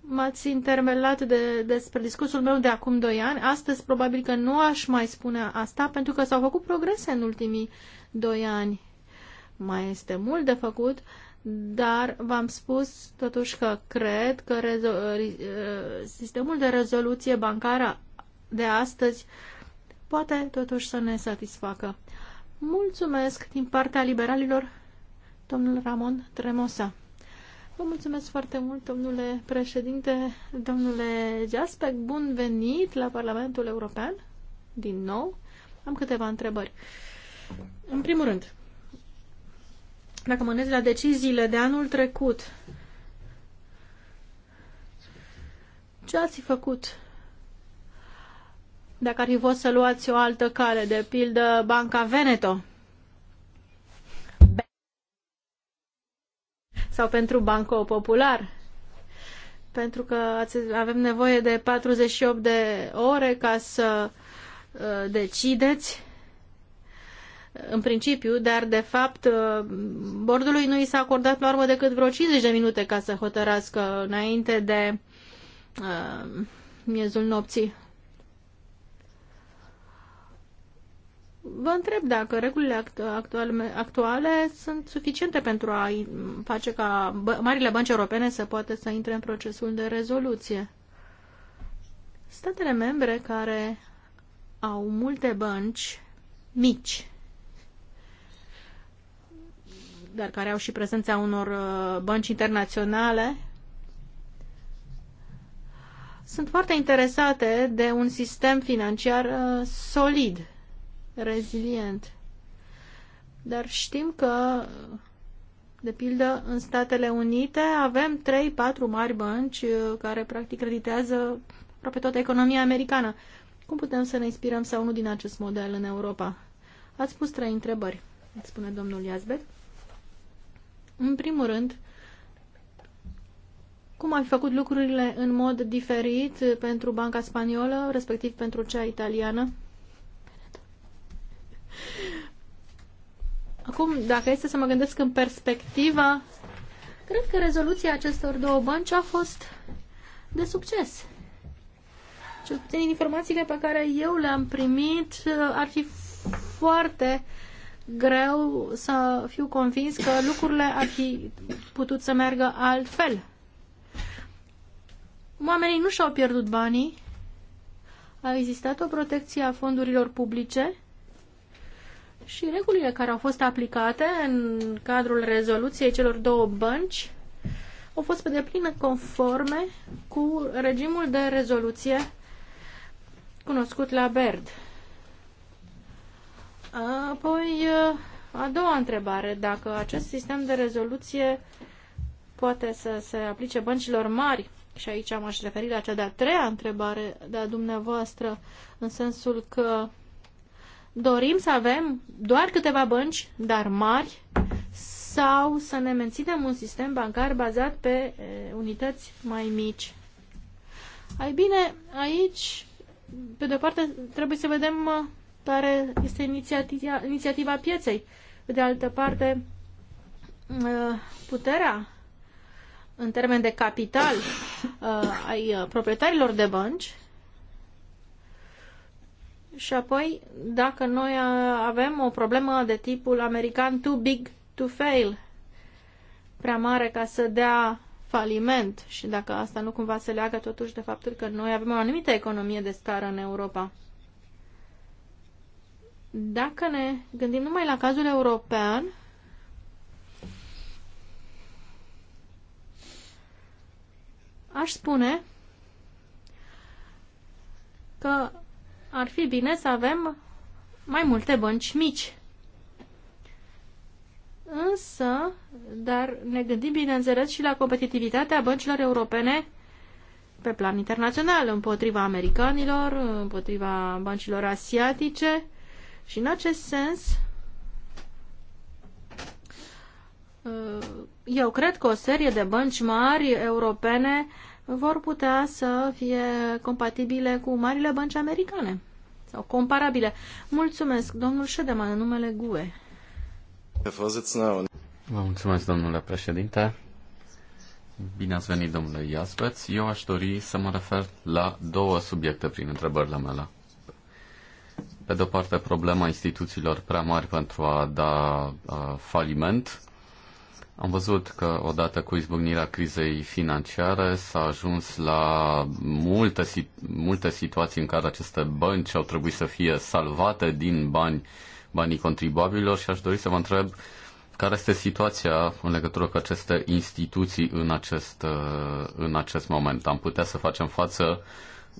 m-ați intermelat de, despre discursul meu de acum 2 ani. Astăzi probabil că nu aș mai spune asta pentru că s-au făcut progrese în ultimii Doi ani mai este mult de făcut, dar v-am spus totuși că cred că ă, sistemul de rezoluție bancară de astăzi poate totuși să ne satisfacă. Mulțumesc din partea liberalilor, domnul Ramon Tremosa. Vă mulțumesc foarte mult, domnule președinte, domnule Jaspec, bun venit la Parlamentul European, din nou. Am câteva întrebări. Uh, în primul rând, dacă mă la deciziile de anul trecut, ce ați făcut? Dacă ar fi fost să luați o altă cale, de pildă Banca Veneto, sau pentru Banco Popular. Pentru că avem nevoie de 48 de ore ca să uh, decideți în principiu, dar de fapt uh, bordului nu i s-a acordat la urmă decât vreo 50 de minute ca să hotărască înainte de uh, miezul nopții. Vă întreb dacă regulile actuale, actuale sunt suficiente pentru a face ca marile bănci europene să poată să intre în procesul de rezoluție. Statele membre care au multe bănci mici dar care au și prezența unor uh, bănci internaționale, sunt foarte interesate de un sistem financiar uh, solid, rezilient. Dar știm că, de pildă, în Statele Unite avem 3-4 mari bănci uh, care, practic, creditează aproape toată economia americană. Cum putem să ne inspirăm sau nu din acest model în Europa? Ați pus trei întrebări, îți spune domnul Iazbet. În primul rând, cum ai făcut lucrurile în mod diferit pentru banca spaniolă, respectiv pentru cea italiană? Acum, dacă este să mă gândesc în perspectiva, cred că rezoluția acestor două bănci a fost de succes. Cel puțin informațiile pe care eu le-am primit uh, ar fi foarte uh, greu să fiu convins că lucrurile ar fi putut să meargă altfel. Oamenii nu și-au pierdut banii, a existat o protecție a fondurilor publice și regulile care au fost aplicate în cadrul rezoluției celor două bănci au fost pe deplin conforme cu regimul de rezoluție cunoscut la BERD. Apoi, a doua întrebare, dacă acest sistem de rezoluție poate să se aplice băncilor mari, și aici m-aș referi la cea de-a treia întrebare de a dumneavoastră, în sensul că dorim să avem doar câteva bănci, dar mari, sau să ne menținem un sistem bancar bazat pe unități mai mici. Ai bine, aici, pe de-o parte, trebuie să vedem care este inițiativa, inițiativa pieței. Pe de altă parte, puterea în termen de capital uh, ai uh, proprietarilor de bănci și apoi dacă noi uh, avem o problemă de tipul american too big to fail, prea mare ca să dea faliment și dacă asta nu cumva se leagă totuși de faptul că noi avem o anumită economie de scară în Europa. Dacă ne gândim numai la cazul european, aș spune că ar fi bine să avem mai multe bănci mici. Însă, dar ne gândim bineînțeles și la competitivitatea băncilor europene pe plan internațional, împotriva americanilor, împotriva băncilor asiatice și în acest sens, uh, eu cred că o serie de bănci mari europene vor putea să fie compatibile cu marile bănci americane sau comparabile. Mulțumesc, domnul Ședeman, în numele GUE. Vă mulțumesc, domnule președinte. Bine ați venit, domnule Iasbeț. Eu aș dori să mă refer la două subiecte prin întrebările mele pe de-o parte, problema instituțiilor prea mari pentru a da uh, faliment. Am văzut că odată cu izbucnirea crizei financiare s-a ajuns la multe, multe situații în care aceste bănci au trebuit să fie salvate din bani, banii contribuabililor și aș dori să vă întreb care este situația în legătură cu aceste instituții în acest, în acest moment. Am putea să facem față uh,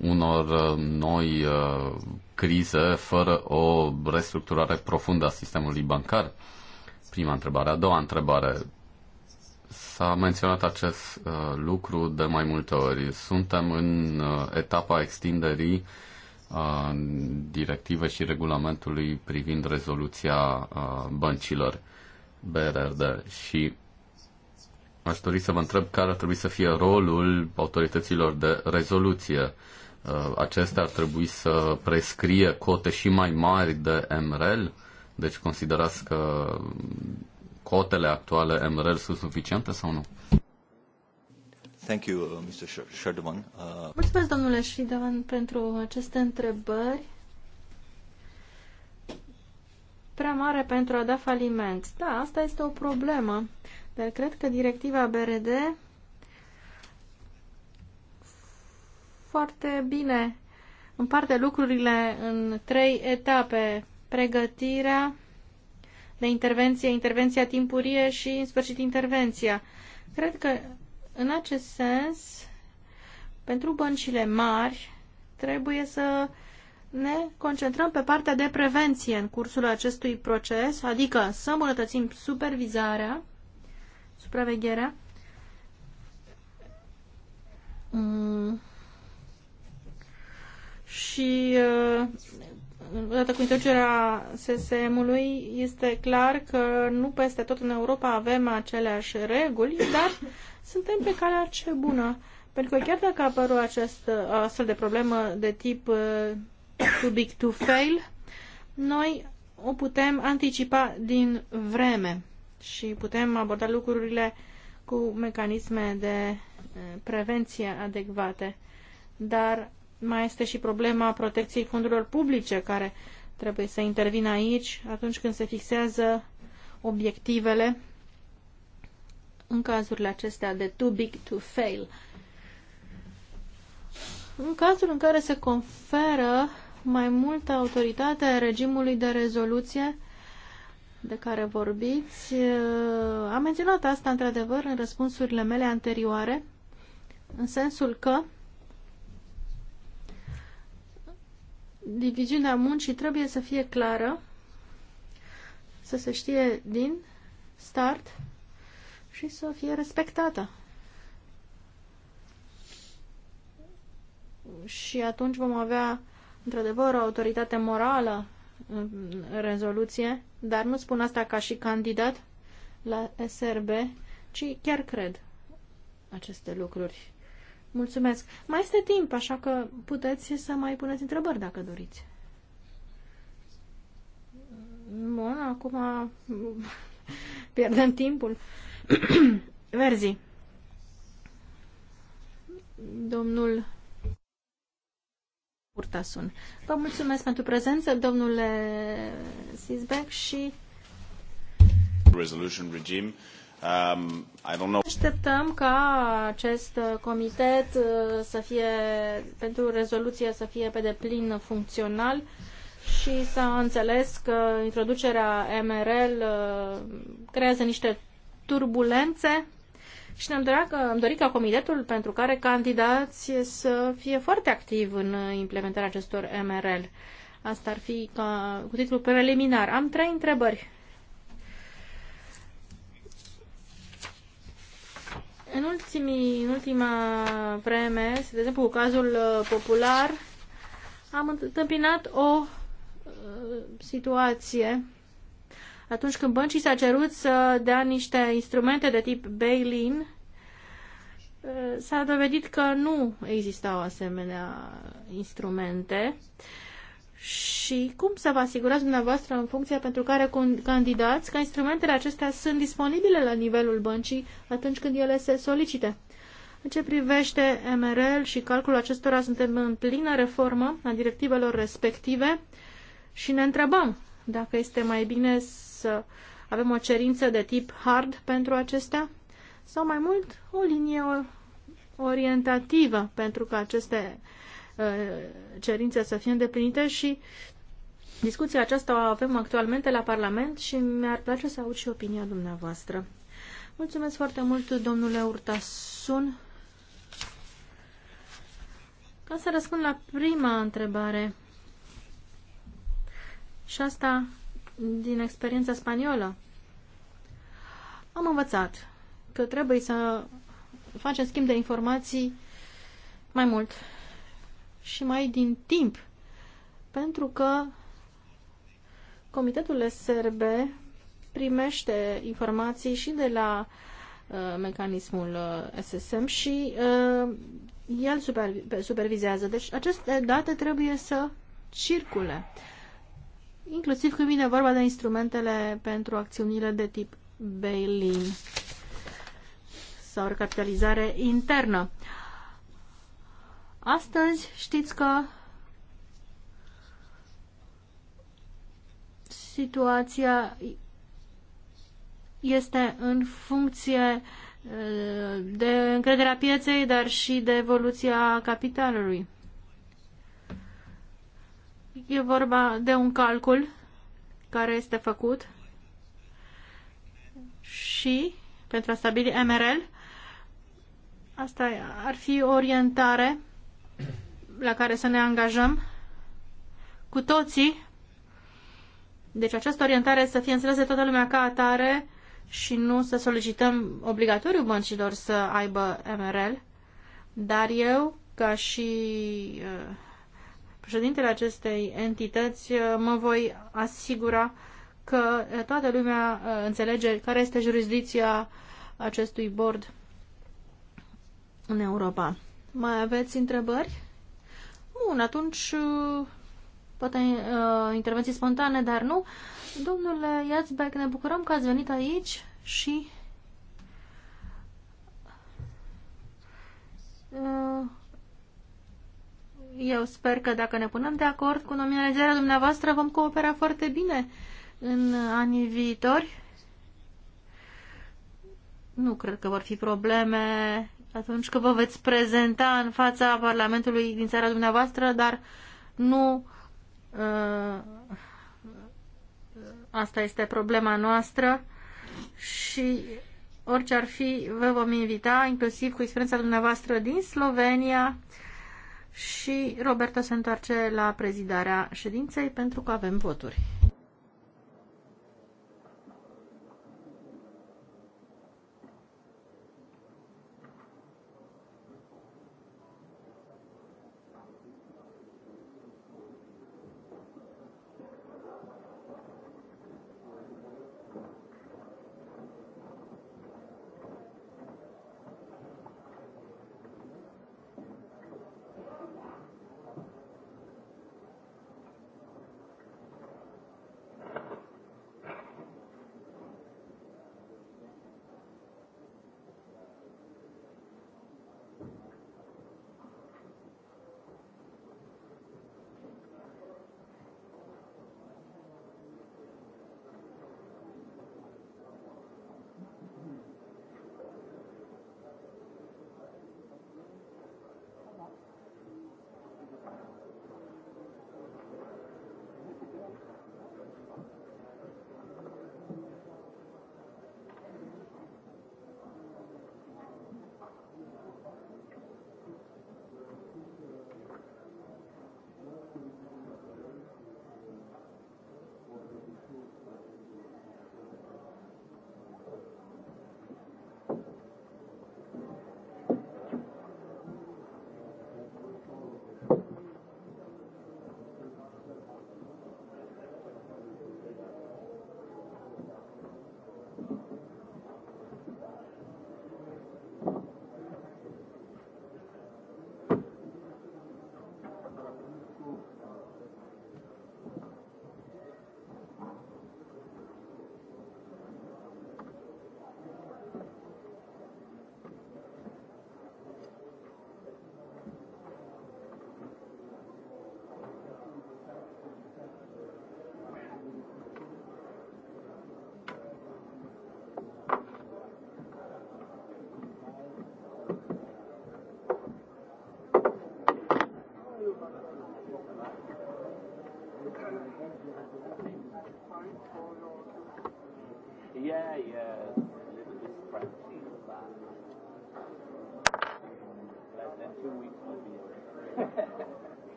unor uh, noi uh, crize fără o restructurare profundă a sistemului bancar? Prima întrebare. A doua întrebare. S-a menționat acest uh, lucru de mai multe ori. Suntem în uh, etapa extinderii uh, directive și regulamentului privind rezoluția uh, băncilor BRRD și aș dori să vă întreb care ar trebui să fie rolul autorităților de rezoluție Uh, acestea ar trebui să prescrie cote și mai mari de MREL? Deci considerați că cotele actuale MREL sunt suficiente sau nu? Thank you, uh, Mr. Sh- Uh... Mulțumesc, domnule Sherdeman, pentru aceste întrebări. Prea mare pentru a da faliment. Da, asta este o problemă. Dar cred că directiva BRD foarte bine împarte lucrurile în trei etape. Pregătirea de intervenție, intervenția timpurie și, în sfârșit, intervenția. Cred că, în acest sens, pentru băncile mari, trebuie să ne concentrăm pe partea de prevenție în cursul acestui proces, adică să îmbunătățim supervizarea, supravegherea, mm și uh, odată cu introducerea SSM-ului este clar că nu peste tot în Europa avem aceleași reguli, dar suntem pe calea ce bună. Pentru că chiar dacă apără acest uh, astfel de problemă de tip uh, too big to fail, noi o putem anticipa din vreme și putem aborda lucrurile cu mecanisme de prevenție adecvate. Dar mai este și problema protecției fondurilor publice care trebuie să intervină aici atunci când se fixează obiectivele în cazurile acestea de too big to fail. În cazul în care se conferă mai multă autoritate regimului de rezoluție de care vorbiți, am menționat asta într-adevăr în răspunsurile mele anterioare, în sensul că diviziunea muncii trebuie să fie clară, să se știe din start și să fie respectată. Și atunci vom avea, într-adevăr, o autoritate morală în rezoluție, dar nu spun asta ca și candidat la SRB, ci chiar cred aceste lucruri. Mulțumesc. Mai este timp, așa că puteți să mai puneți întrebări dacă doriți. Bun, acum pierdem timpul. Verzi. Domnul Urtasun. Vă mulțumesc pentru prezență, domnule Sisbeck, și resolution regime Um, Așteptăm ca acest comitet uh, să fie, pentru rezoluție să fie pe deplin funcțional și s-a înțeles că introducerea MRL uh, creează niște turbulențe și ne-am dorit, că, am dorit ca comitetul pentru care candidați să fie foarte activ în implementarea acestor MRL. Asta ar fi ca, cu titlul preliminar. Am trei întrebări În, ultimii, în ultima vreme, de exemplu, cu cazul uh, popular, am întâmpinat o uh, situație atunci când băncii s-a cerut să dea niște instrumente de tip bail-in, uh, s-a dovedit că nu existau asemenea instrumente și cum să vă asigurați dumneavoastră în funcția pentru care candidați că instrumentele acestea sunt disponibile la nivelul băncii atunci când ele se solicită? În ce privește MRL și calculul acestora, suntem în plină reformă a directivelor respective și ne întrebăm dacă este mai bine să avem o cerință de tip hard pentru acestea sau mai mult o linie orientativă pentru că aceste Uh, cerințe să fie îndeplinite și discuția aceasta o avem actualmente la Parlament și mi-ar place să aud și opinia dumneavoastră. Mulțumesc foarte mult, domnule Urtasun. Ca să răspund la prima întrebare, și asta din experiența spaniolă, am învățat că trebuie să facem schimb de informații mai mult și mai din timp, pentru că Comitetul SRB primește informații și de la uh, mecanismul uh, SSM și uh, el supervi supervizează. Deci aceste date trebuie să circule, inclusiv când vine vorba de instrumentele pentru acțiunile de tip bail-in sau recapitalizare internă. Uh, Astăzi știți că situația este în funcție de încrederea pieței, dar și de evoluția capitalului. E vorba de un calcul care este făcut și pentru a stabili MRL. Asta ar fi orientare la care să ne angajăm cu toții. Deci această orientare să fie înțeleasă de toată lumea ca atare și nu să solicităm obligatoriu băncilor să aibă MRL. Dar eu, ca și uh, președintele acestei entități, uh, mă voi asigura că uh, toată lumea înțelege care este jurisdicția acestui board în Europa. Mai aveți întrebări? Bun, atunci uh, poate uh, intervenții spontane, dar nu. Domnule Iațbec, ne bucurăm că ați venit aici și uh, eu sper că dacă ne punem de acord cu nominalizarea dumneavoastră, vom coopera foarte bine în anii viitori. Nu cred că vor fi probleme atunci când vă veți prezenta în fața Parlamentului din țara dumneavoastră, dar nu uh, asta este problema noastră și orice ar fi, vă vom invita, inclusiv cu experiența dumneavoastră din Slovenia și Roberto se întoarce la prezidarea ședinței pentru că avem voturi.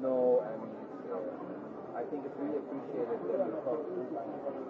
No, I mean, uh, I think it's really appreciated that it.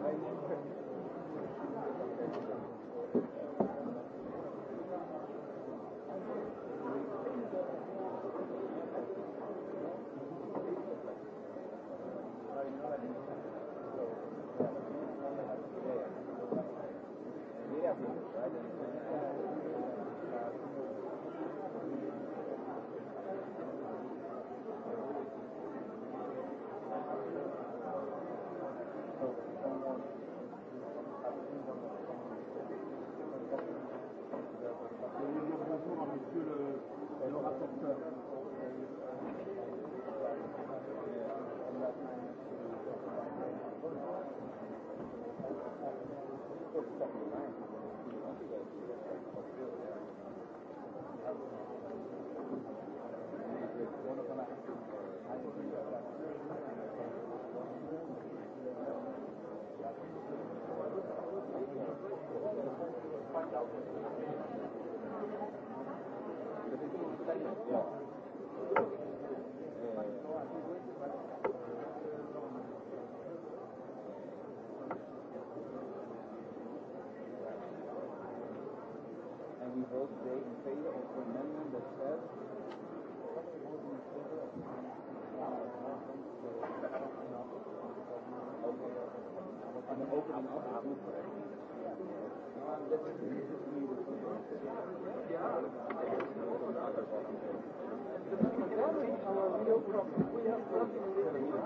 We have nothing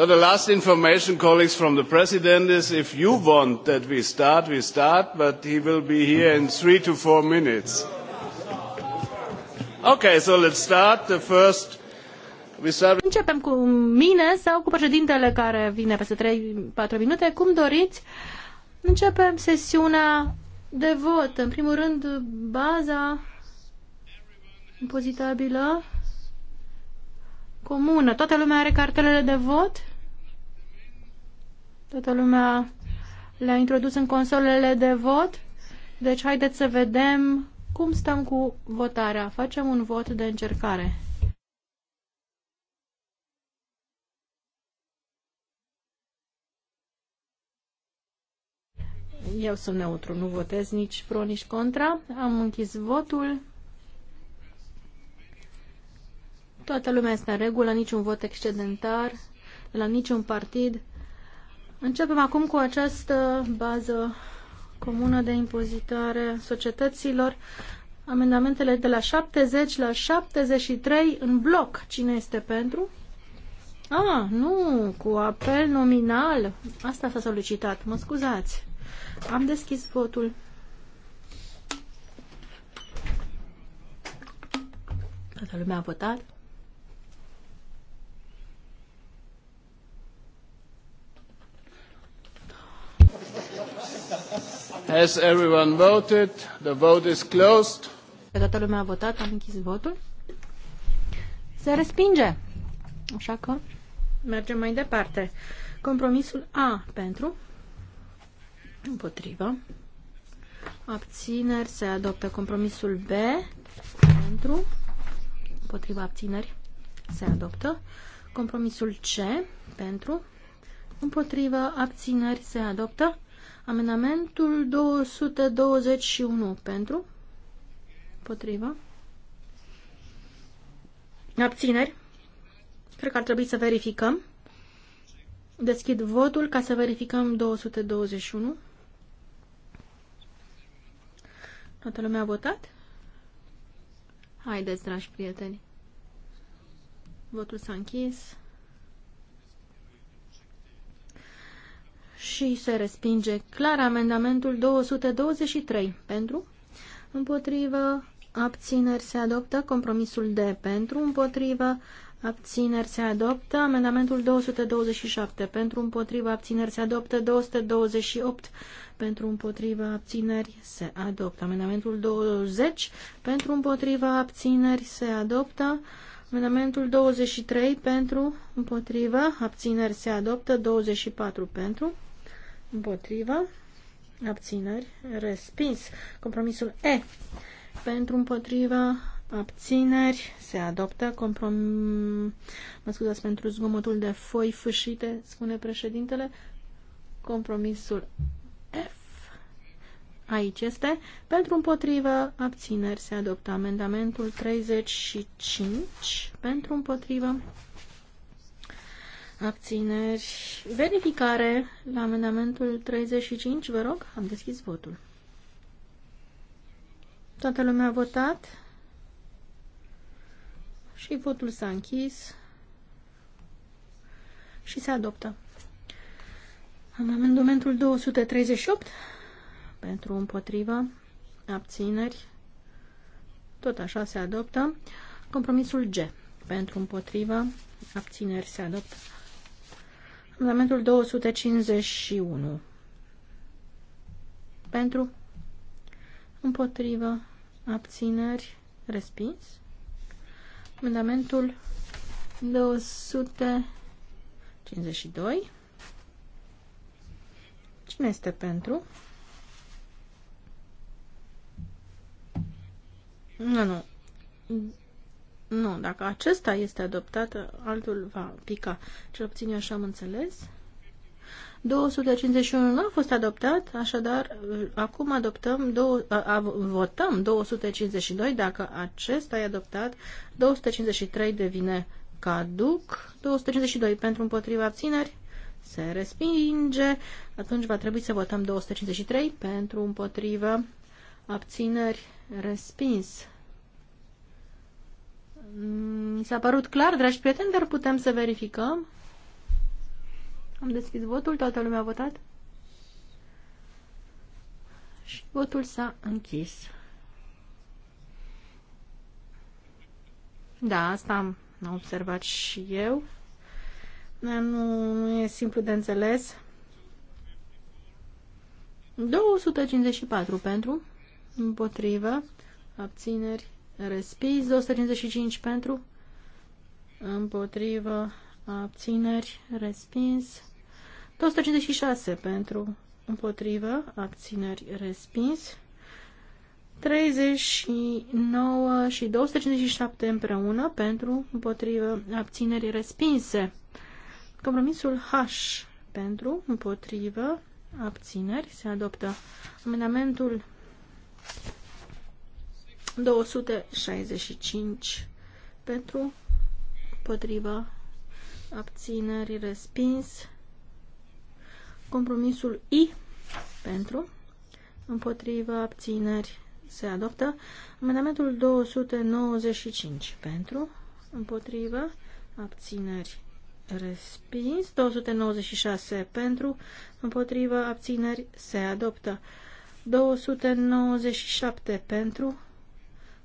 So the last information, colleagues, from the President is if you want that we start, we start, but he will be here in three to four minutes. Okay, so let's start. The first... We start... Începem cu mine sau cu președintele care vine peste 3-4 minute, cum doriți. Începem sesiunea de vot. În primul rând, baza impozitabilă comună. Toată lumea are cartelele de vot? Toată lumea le-a introdus în consolele de vot. Deci haideți să vedem cum stăm cu votarea. Facem un vot de încercare. Eu sunt neutru, nu votez nici pro, nici contra. Am închis votul. Toată lumea este în regulă, niciun vot excedentar, la niciun partid. Începem acum cu această bază comună de impozitare societăților. Amendamentele de la 70 la 73 în bloc. Cine este pentru? Ah, nu, cu apel nominal. Asta s-a solicitat. Mă scuzați. Am deschis votul. Toată lumea a votat. Has everyone voted? The vote is closed. Toată lumea a votat, am închis votul. Se respinge. Așa că mergem mai departe. Compromisul A pentru, împotrivă, abțineri, se adoptă compromisul B pentru, împotriva abțineri, se adoptă. Compromisul C pentru, împotrivă abțineri, se adoptă. Amendamentul 221 pentru, potrivă, abțineri, cred că ar trebui să verificăm. Deschid votul ca să verificăm 221. Toată lumea a votat? Haideți, dragi prieteni. Votul s-a închis. și se respinge clar amendamentul 223 pentru, împotrivă, abțineri se adoptă, compromisul de pentru, împotrivă, abțineri se adoptă, amendamentul 227 pentru, împotrivă, abțineri se adoptă, 228 pentru, împotrivă, abțineri se adoptă, amendamentul 20 pentru, împotrivă, abțineri se adoptă, Amendamentul 23 pentru, împotrivă, abțineri se adoptă, 24 pentru, Împotrivă. Abțineri. Respins. Compromisul E. Pentru împotriva abțineri se adoptă comprom... Mă scuzați pentru zgomotul de foi fâșite, spune președintele. Compromisul F. Aici este. Pentru împotrivă abțineri se adoptă amendamentul 35. Pentru împotrivă abțineri. Verificare la amendamentul 35, vă rog, am deschis votul. Toată lumea a votat și votul s-a închis și se adoptă. Amendamentul 238 pentru împotrivă, abțineri, tot așa se adoptă. Compromisul G pentru împotrivă, abțineri se adoptă. Amendamentul 251. Pentru, împotrivă, abțineri, respins. Amendamentul 252. Cine este pentru? Nu, nu. Nu, dacă acesta este adoptat, altul va pica. Cel puțin eu așa am înțeles. 251 nu a fost adoptat, așadar uh, acum adoptăm, două, a, a, votăm 252, dacă acesta e adoptat, 253 devine caduc, 252 pentru împotriva abțineri, se respinge, atunci va trebui să votăm 253 pentru împotriva abțineri, respins. Mi s-a părut clar, dragi prieteni, dar putem să verificăm. Am deschis votul, toată lumea a votat. Și votul s-a închis. Da, asta am observat și eu. Nu, nu e simplu de înțeles. 254 pentru, împotrivă, abțineri, respins, 255 pentru, împotrivă, abțineri, respins, 256 pentru, împotrivă, abțineri, respins, 39 și 257 împreună pentru, împotrivă, abțineri, respinse. Compromisul H pentru, împotrivă, abțineri, se adoptă amendamentul 265 pentru, împotriva, abțineri, respins. Compromisul I pentru, împotriva, abțineri, se adoptă. Amendamentul 295 pentru, împotriva, abțineri, respins. 296 pentru, împotriva, abțineri, se adoptă. 297 pentru,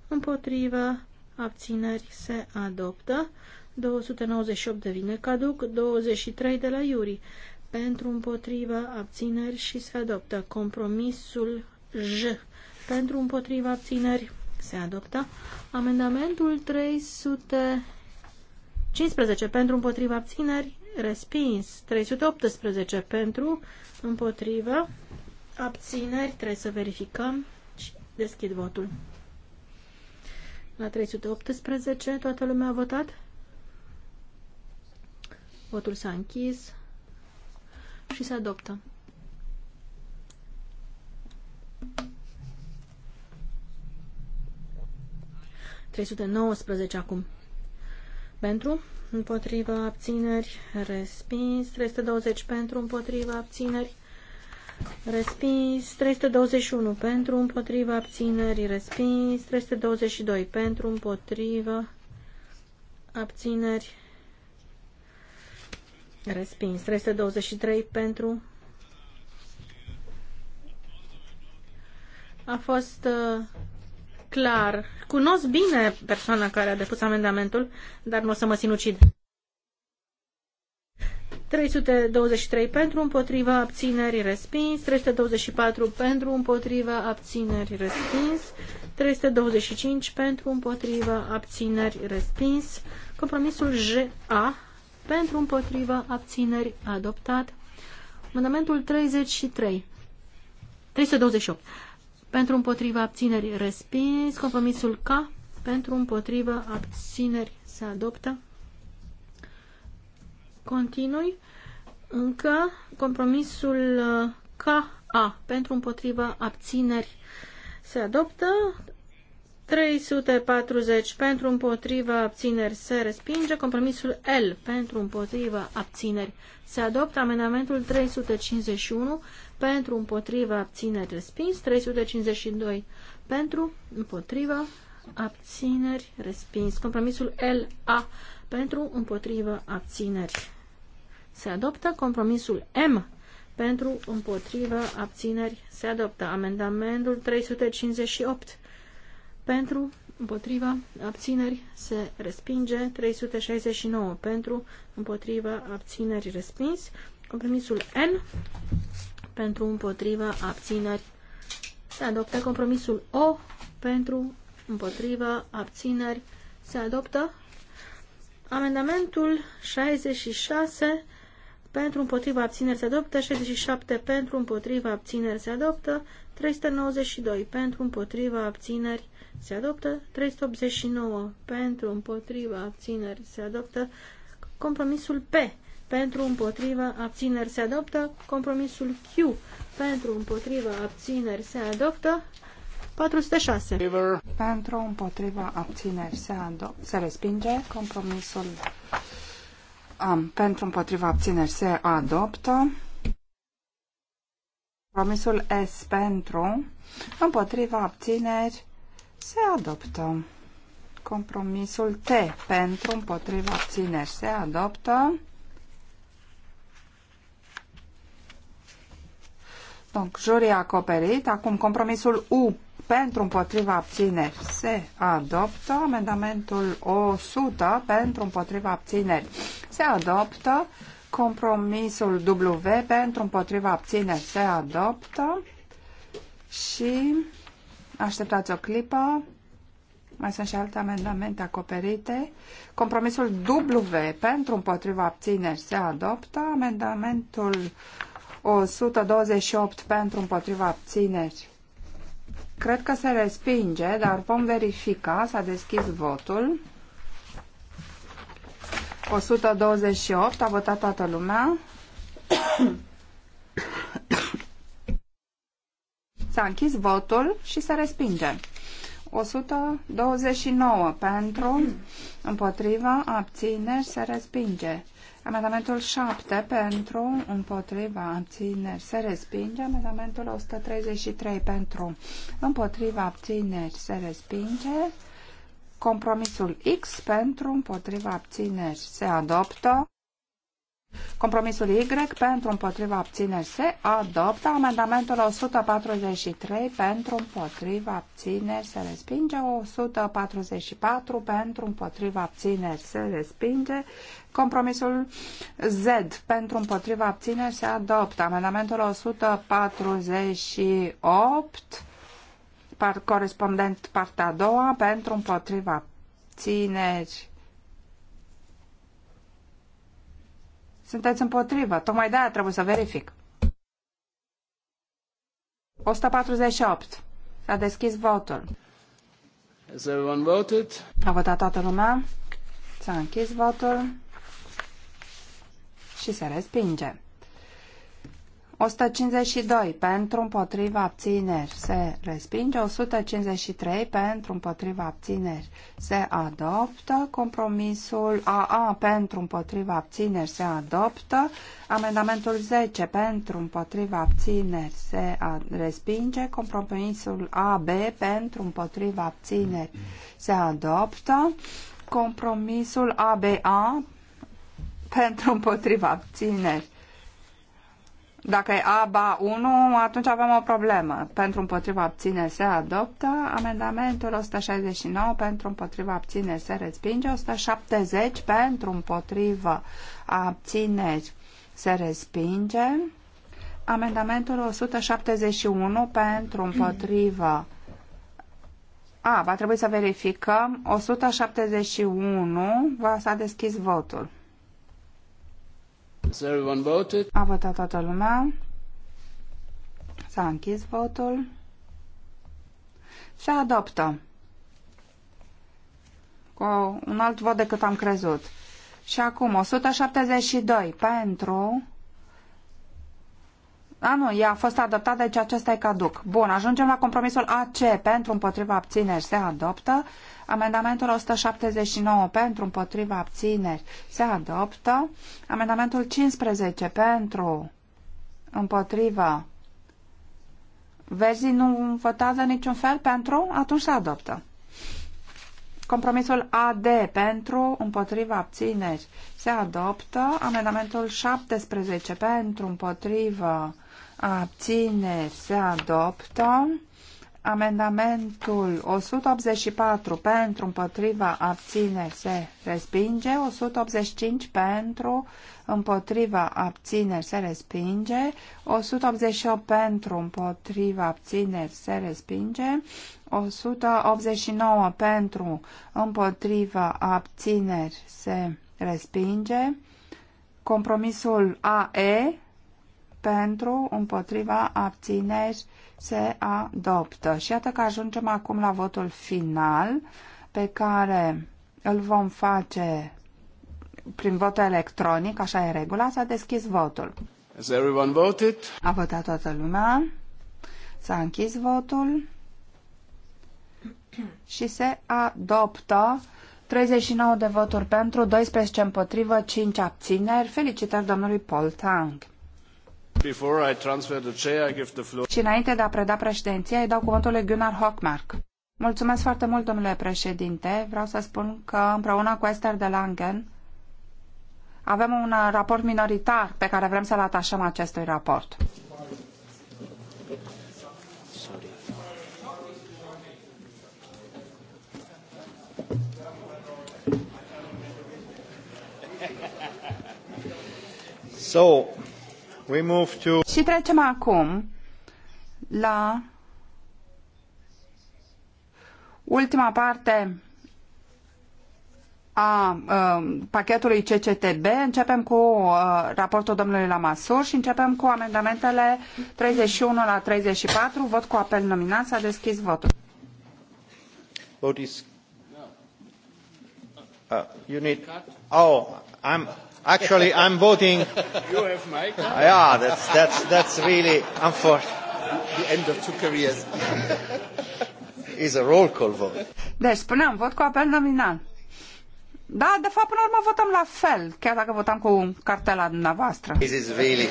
împotrivă, abțineri se adoptă, 298 devine caduc, 23 de la Iuri, pentru împotrivă, abțineri și se adoptă, compromisul J, pentru împotrivă, abțineri se adoptă, amendamentul 315 pentru împotrivă, abțineri respins, 318 pentru împotrivă, abțineri, trebuie să verificăm și deschid votul. La 318 toată lumea a votat? Votul s-a închis și se adoptă. ...319 acum. Pentru, împotriva abțineri, respins. 320 pentru, împotriva abțineri, Respins 321 pentru, împotriva abținerii. Respins 322 pentru, împotriva abțineri. Respins 323 pentru. A fost uh, clar. Cunosc bine persoana care a depus amendamentul, dar nu o să mă sinucid. 323 pentru, împotriva, abțineri, respins. 324 pentru, împotriva, abțineri, respins. 325 pentru, împotriva, abțineri, respins. Compromisul GA pentru, împotriva, abțineri, adoptat. Amendamentul 33. 328. Pentru împotriva abțineri respins. Compromisul K. Pentru împotriva abțineri se adoptă. Continui încă compromisul uh, KA pentru împotriva abțineri se adoptă 340 pentru împotriva abțineri se respinge, compromisul L pentru împotriva abțineri se adoptă, amendamentul 351 pentru împotriva abțineri respins, 352 pentru împotriva abțineri respins, compromisul LA pentru împotriva abțineri se adoptă. Compromisul M pentru împotrivă abțineri se adoptă. Amendamentul 358 pentru împotrivă abțineri se respinge. 369 pentru împotrivă abțineri respins. Compromisul N pentru împotrivă abțineri se adoptă. Compromisul O pentru împotrivă abțineri se adoptă. Amendamentul 66 pentru împotriva abțineri se adoptă, 67 pentru împotriva abțineri se adoptă, 392 pentru împotriva abțineri se adoptă, 389 pentru împotriva abțineri se adoptă, compromisul P pentru împotriva abțineri se adoptă, compromisul Q pentru împotriva abțineri se adoptă, 406 pentru împotriva abțineri se, se respinge, compromisul am pentru împotriva abțineri se adoptă. Compromisul S pentru împotriva abțineri se adoptă. Compromisul T pentru împotriva abțineri se adoptă. Donc, deci, jurii acoperit. Acum compromisul U pentru împotriva abțineri se adoptă, amendamentul 100 pentru împotriva abțineri se adoptă, compromisul W pentru împotriva abțineri se adoptă și așteptați o clipă, mai sunt și alte amendamente acoperite. Compromisul W pentru împotriva abțineri se adoptă, amendamentul 128 pentru împotriva abțineri Cred că se respinge, dar vom verifica. S-a deschis votul. 128, a votat toată lumea. S-a închis votul și se respinge. 129 pentru, împotriva, abțineri, se respinge. Amendamentul 7 pentru, împotriva, abțineri, se respinge. Amendamentul 133 pentru, împotriva, abțineri, se respinge. Compromisul X pentru, împotriva, abțineri, se adoptă. Compromisul Y pentru împotriva abțineri se adoptă. Amendamentul 143 pentru împotriva abțineri se respinge. 144 pentru împotriva abțineri se respinge. Compromisul Z pentru împotriva abține se adoptă. Amendamentul 148 par, corespondent partea a doua pentru împotriva abțineri. Sunteți împotrivă. Tocmai de-aia trebuie să verific. 148. S-a deschis votul. Has everyone voted? A votat toată lumea. S-a închis votul și se respinge. 152 pentru împotriva abțineri se respinge, 153 pentru împotriva abțineri se adoptă, compromisul AA pentru împotriva abțineri se adoptă, amendamentul 10 pentru împotriva abțineri se respinge, compromisul AB pentru împotriva abțineri se adoptă, compromisul ABA pentru împotriva abțineri. Dacă e ABA 1, atunci avem o problemă. Pentru împotriva abțineri se adoptă amendamentul 169, pentru împotriva abțineri se respinge, 170 pentru împotriva abțineri se respinge, amendamentul 171 pentru împotriva a, va trebui să verificăm. 171, va s-a deschis votul. A votat toată lumea. S-a închis votul. Se adoptă. Cu un alt vot decât am crezut. Și acum, 172 pentru, a, nu, ea a fost adoptată, deci acesta e caduc. Bun, ajungem la compromisul AC pentru împotriva abțineri se adoptă. Amendamentul 179 pentru împotriva abțineri se adoptă. Amendamentul 15 pentru împotriva Verzii nu votează niciun fel pentru, atunci se adoptă. Compromisul AD pentru, împotriva abțineri se adoptă. Amendamentul 17 pentru, împotriva abțineri se adoptă. Amendamentul 184 pentru împotriva abțineri se respinge, 185 pentru împotriva abțineri se respinge, 188 pentru împotriva abțineri se respinge, 189 pentru împotriva abțineri se respinge, compromisul AE pentru, împotriva, abțineri, se adoptă. Și iată că ajungem acum la votul final, pe care îl vom face prin vot electronic, așa e regula, s-a deschis votul. Has everyone voted? A votat toată lumea, s-a închis votul și se adoptă 39 de voturi pentru, 12 împotrivă, 5 abțineri. Felicitări domnului Paul Tang. Și înainte de a preda președinția, îi dau cuvântul lui Gunnar Hockmark. Mulțumesc foarte mult, domnule președinte. Vreau să spun că împreună cu Esther de Langen avem un raport minoritar pe care vrem să-l atașăm acestui raport. So, și trecem acum la ultima parte a uh, pachetului CCTB. Începem cu uh, raportul domnului Lamasur și începem cu amendamentele 31 la 34. Vot cu apel nominal. S-a deschis votul. Vote is... Ah, you need... Oh, Actually, I'm voting. You have Mike. Huh? Yeah, that's that's that's really unfortunate. The end of two careers. Is a roll call vote. Deci, spuneam, vot cu apel nominal. Da, de fapt, până la urmă votăm la fel, chiar dacă votam cu cartela dumneavoastră. This is really...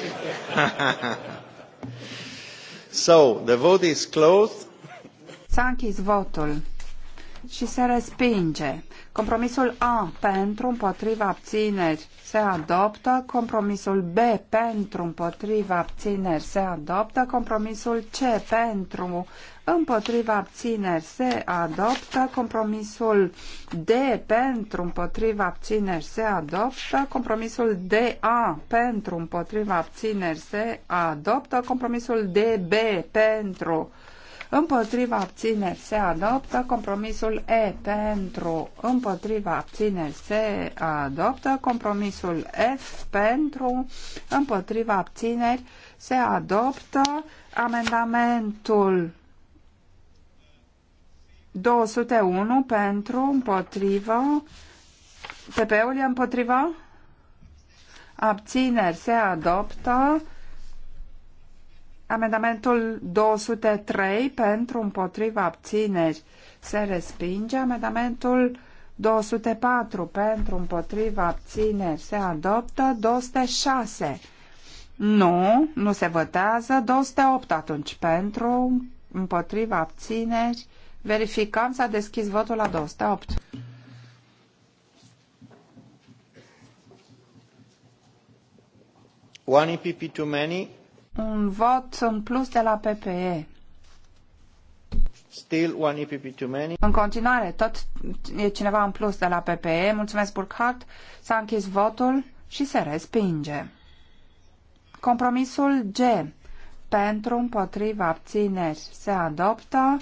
so, the vote is closed. S-a închis votul și se respinge. Compromisul A pentru împotriva abțineri se adoptă. Compromisul B pentru împotriva abțineri se adoptă. Compromisul C pentru împotriva abțineri se adoptă. Compromisul D pentru împotriva abțineri se adoptă. Compromisul DA pentru împotriva abțineri se adoptă. Compromisul DB pentru împotriva abțineri se adoptă, compromisul E pentru, împotriva abțineri se adoptă, compromisul F pentru, împotriva abțineri se adoptă, amendamentul 201 pentru, împotrivă, tp ul e împotriva? Abțineri se adoptă. Amendamentul 203 pentru împotriva abțineri se respinge. Amendamentul 204 pentru împotriva abțineri se adoptă. 206 nu, nu se votează. 208 atunci pentru împotriva abțineri. Verificăm, s-a deschis votul la 208. One EPP too many un vot în plus de la PPE. Still one EPP too many. În continuare, tot e cineva în plus de la PPE. Mulțumesc, Burkhardt. S-a închis votul și se respinge. Compromisul G. Pentru, împotriva, abțineri se adoptă.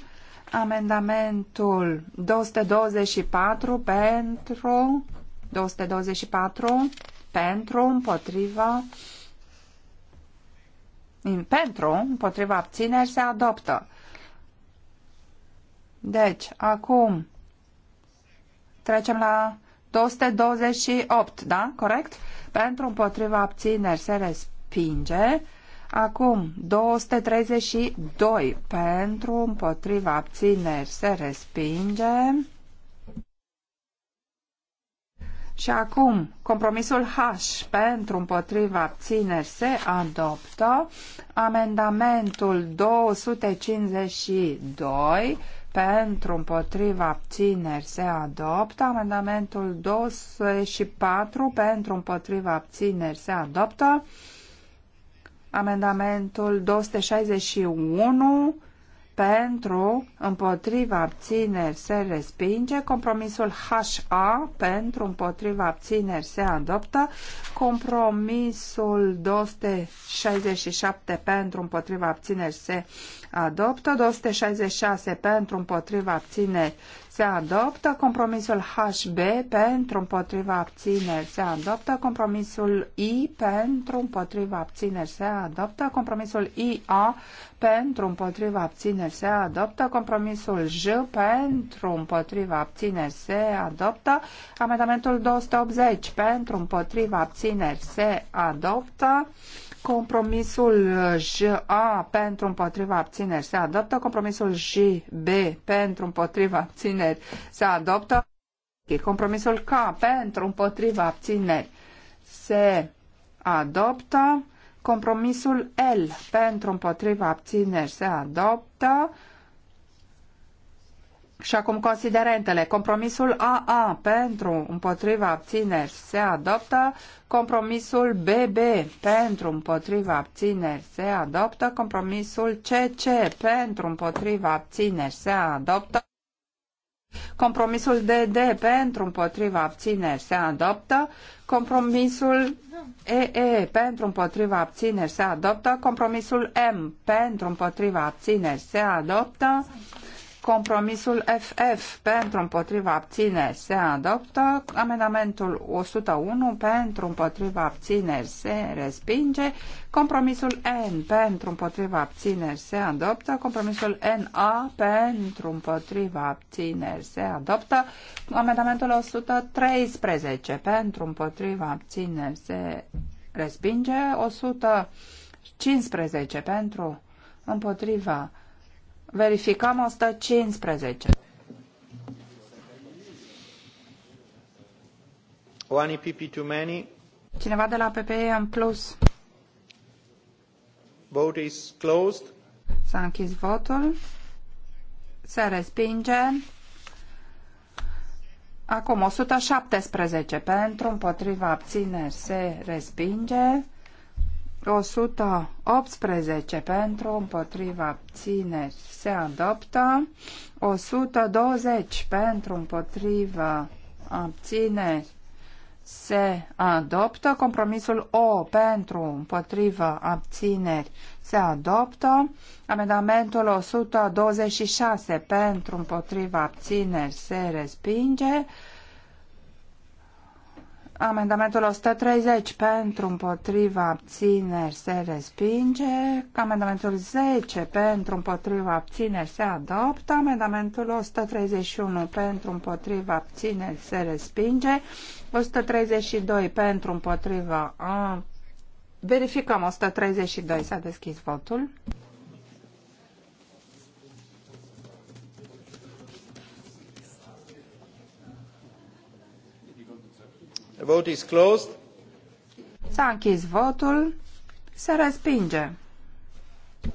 Amendamentul 224 pentru 224 pentru, împotriva, pentru, împotriva abțineri, se adoptă. Deci, acum trecem la 228, da? Corect? Pentru, împotriva abțineri, se respinge. Acum, 232 pentru, împotriva abțineri se respinge. Și acum, compromisul H pentru împotriva abțineri se adoptă. Amendamentul 252 pentru împotriva abțineri se adoptă. Amendamentul 24 pentru împotriva abțineri se adoptă. Amendamentul 261 pentru, împotriva abțineri se respinge, compromisul HA pentru, împotriva abțineri se adoptă, compromisul 267 pentru, împotriva abțineri se adoptă, 266 pentru împotriva abțineri se adoptă, compromisul HB pentru împotriva abțineri se adoptă, compromisul I pentru împotriva abțineri se adoptă, compromisul IA pentru împotriva abțineri se adoptă, compromisul J pentru împotriva abțineri se adoptă, amendamentul 280 pentru împotriva abțineri se adoptă, Compromisul JA pentru împotriva abțineri se adoptă. Compromisul JB pentru împotriva abțineri se adoptă. Compromisul K pentru împotriva abțineri se adoptă. Compromisul L pentru împotriva abțineri se adoptă. Și acum considerentele. Compromisul AA pentru împotriva abțineri se adoptă. Compromisul BB pentru împotriva abțineri se adoptă. Compromisul CC pentru împotriva abțineri se adoptă. Compromisul DD pentru împotriva abțineri se adoptă. Compromisul EE pentru împotriva abțineri se adoptă. Compromisul M pentru împotriva abțineri se adoptă. Compromisul FF pentru împotriva abțineri se adoptă. Amendamentul 101 pentru împotriva abțineri se respinge. Compromisul N pentru împotriva abțineri se adoptă. Compromisul NA pentru împotriva abțineri se adoptă. Amendamentul 113 pentru împotriva abțineri se respinge. 115 pentru împotriva abțineri Verificăm 115. One EPP too many. Cineva de la PPE în plus. Vote is closed. S-a închis votul. Se respinge. Acum 117 pentru, împotriva abțineri se respinge. 118 pentru, împotriva abțineri se adoptă. 120 pentru, împotriva abțineri se adoptă. Compromisul O pentru, împotriva abțineri se adoptă. Amendamentul 126 pentru, împotriva abțineri se respinge. Amendamentul 130 pentru împotriva abțineri se respinge. Amendamentul 10 pentru împotriva abțineri se adoptă. Amendamentul 131 pentru împotriva abțineri se respinge. 132 pentru împotriva. A, verificăm 132. S-a deschis votul. The vote is closed. S-a închis votul. Se respinge.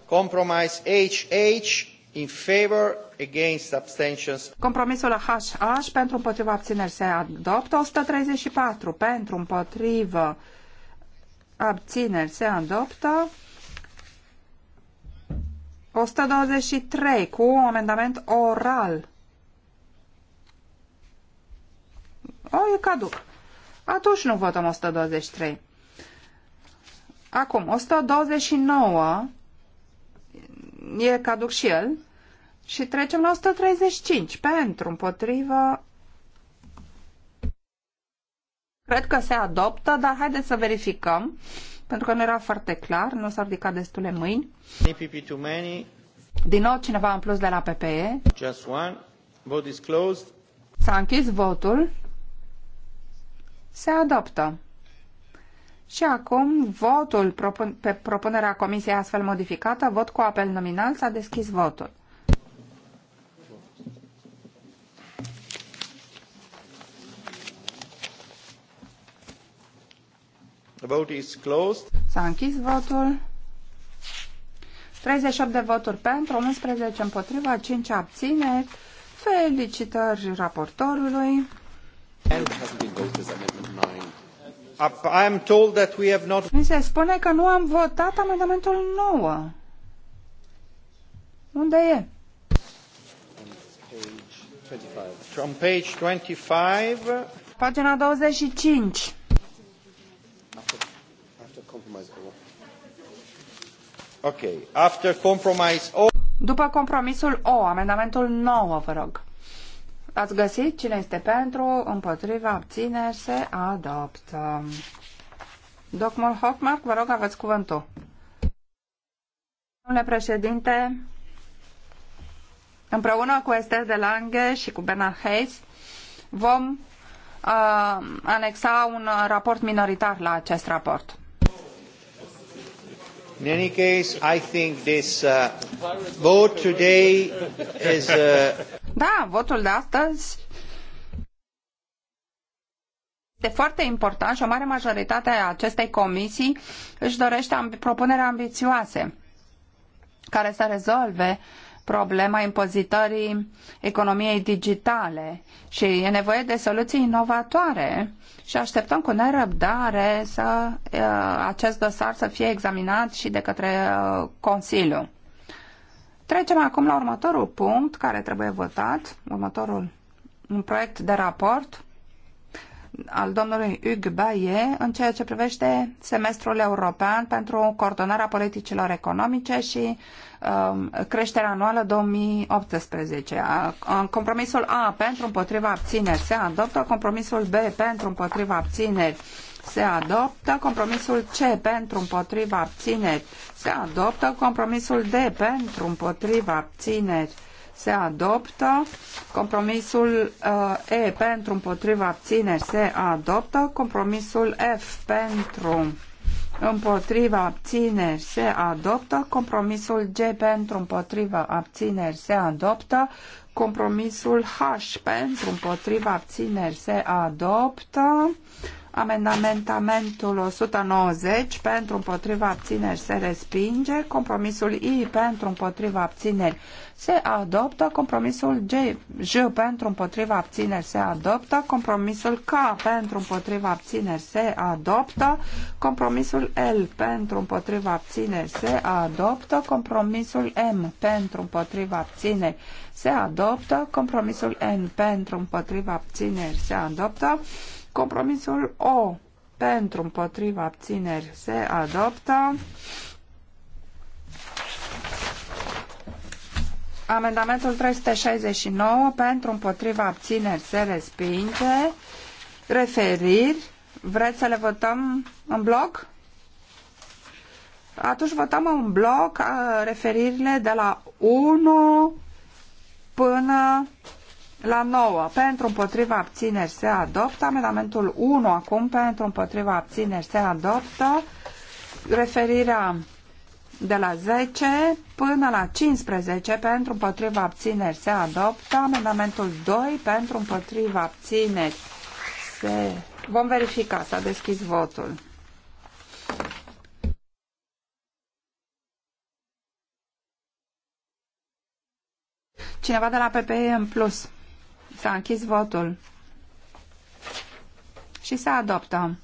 Compromise HH in favor against abstentions. Compromisul HH pentru împotriva abțineri se adoptă. 134 pentru împotrivă abțineri se adoptă. 123 cu un amendament oral. O, e caduc. Atunci nu votăm 123. Acum, 129 e caduc și el și trecem la 135 pentru, împotrivă cred că se adoptă, dar haideți să verificăm pentru că nu era foarte clar, nu s-au ridicat destule mâini. Din nou cineva în plus de la PPE. S-a închis votul. Se adoptă. Și acum votul propun pe propunerea comisiei astfel modificată, vot cu apel nominal, s-a deschis votul. Vote is closed. S-a închis votul. 38 de voturi pentru, 11 împotriva, 5 abțineri. Felicitări raportorului. I Mi se spune că nu am votat amendamentul 9. Unde e? From page 25. Pagina 25. Ok. After compromise O. După compromisul O, amendamentul 9, vă rog. Ați găsit cine este pentru, împotriva, abține, se adoptă. Docmul Hockmark, vă rog, aveți cuvântul. Domnule președinte, împreună cu Esther de Lange și cu Bernard Hayes, vom uh, anexa un raport minoritar la acest raport. In any case, I think this uh, vote today is... Uh... Da, votul de astăzi este foarte important și o mare majoritate a acestei comisii își dorește ambi propunere ambițioase care să rezolve uh, problema impozitării economiei digitale și e nevoie de soluții inovatoare și așteptăm cu nerăbdare să uh, acest dosar să fie examinat și de către uh, Consiliu. Trecem acum la următorul punct care trebuie votat, următorul un proiect de raport al domnului Hugues Baie în ceea ce privește semestrul european pentru coordonarea politicilor economice și um, creșterea anuală 2018. Compromisul A pentru împotriva abțineri se adoptă, compromisul B pentru împotriva abțineri se adoptă, compromisul C pentru împotriva abțineri se adoptă, compromisul D pentru împotriva abțineri se adoptă. Compromisul uh, E pentru împotriva abțineri se adoptă. Compromisul F pentru împotriva abțineri se adoptă. Compromisul G pentru împotriva abțineri se adoptă. Compromisul H pentru împotriva abțineri se adoptă. Amendamentul 190 pentru împotriva abțineri se respinge. Compromisul I pentru împotriva abțineri se adoptă. Compromisul G, J pentru împotriva abțineri se adoptă. Compromisul K pentru împotriva abțineri se adoptă. Compromisul L pentru împotriva abțineri se adoptă. Compromisul M pentru împotriva abțineri se adoptă. Compromisul N pentru împotriva abțineri se adoptă. Compromisul O pentru împotriva abțineri se adoptă. Amendamentul 369 pentru împotriva abțineri se respinge. Referiri. Vreți să le votăm în bloc? Atunci votăm în bloc referirile de la 1 până la 9, pentru împotriva abțineri se adoptă. Amendamentul 1 acum, pentru împotriva abțineri se adoptă. Referirea de la 10 până la 15 pentru împotriva abțineri se adoptă. Amendamentul 2 pentru împotriva abțineri se... Vom verifica, s-a deschis votul. Cineva de la PPI în plus. S-a închis votul. Și se adoptă.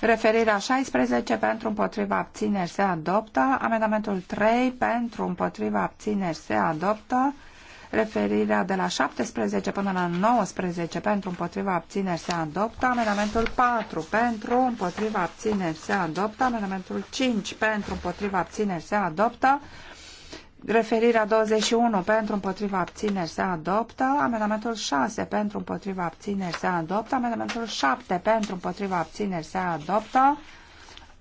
Referirea 16 pentru împotriva abțineri se adoptă. Amendamentul 3 pentru împotriva abțineri se adoptă. Referirea de la 17 până la 19 pentru împotriva abțineri se adoptă. Amendamentul 4 pentru împotriva abțineri se adoptă. Amendamentul 5 pentru împotriva abțineri se adoptă. Referirea 21 pentru împotriva abțineri se adoptă. Amendamentul 6 pentru împotriva abțineri se adoptă. Amendamentul 7 pentru împotriva abțineri se adoptă.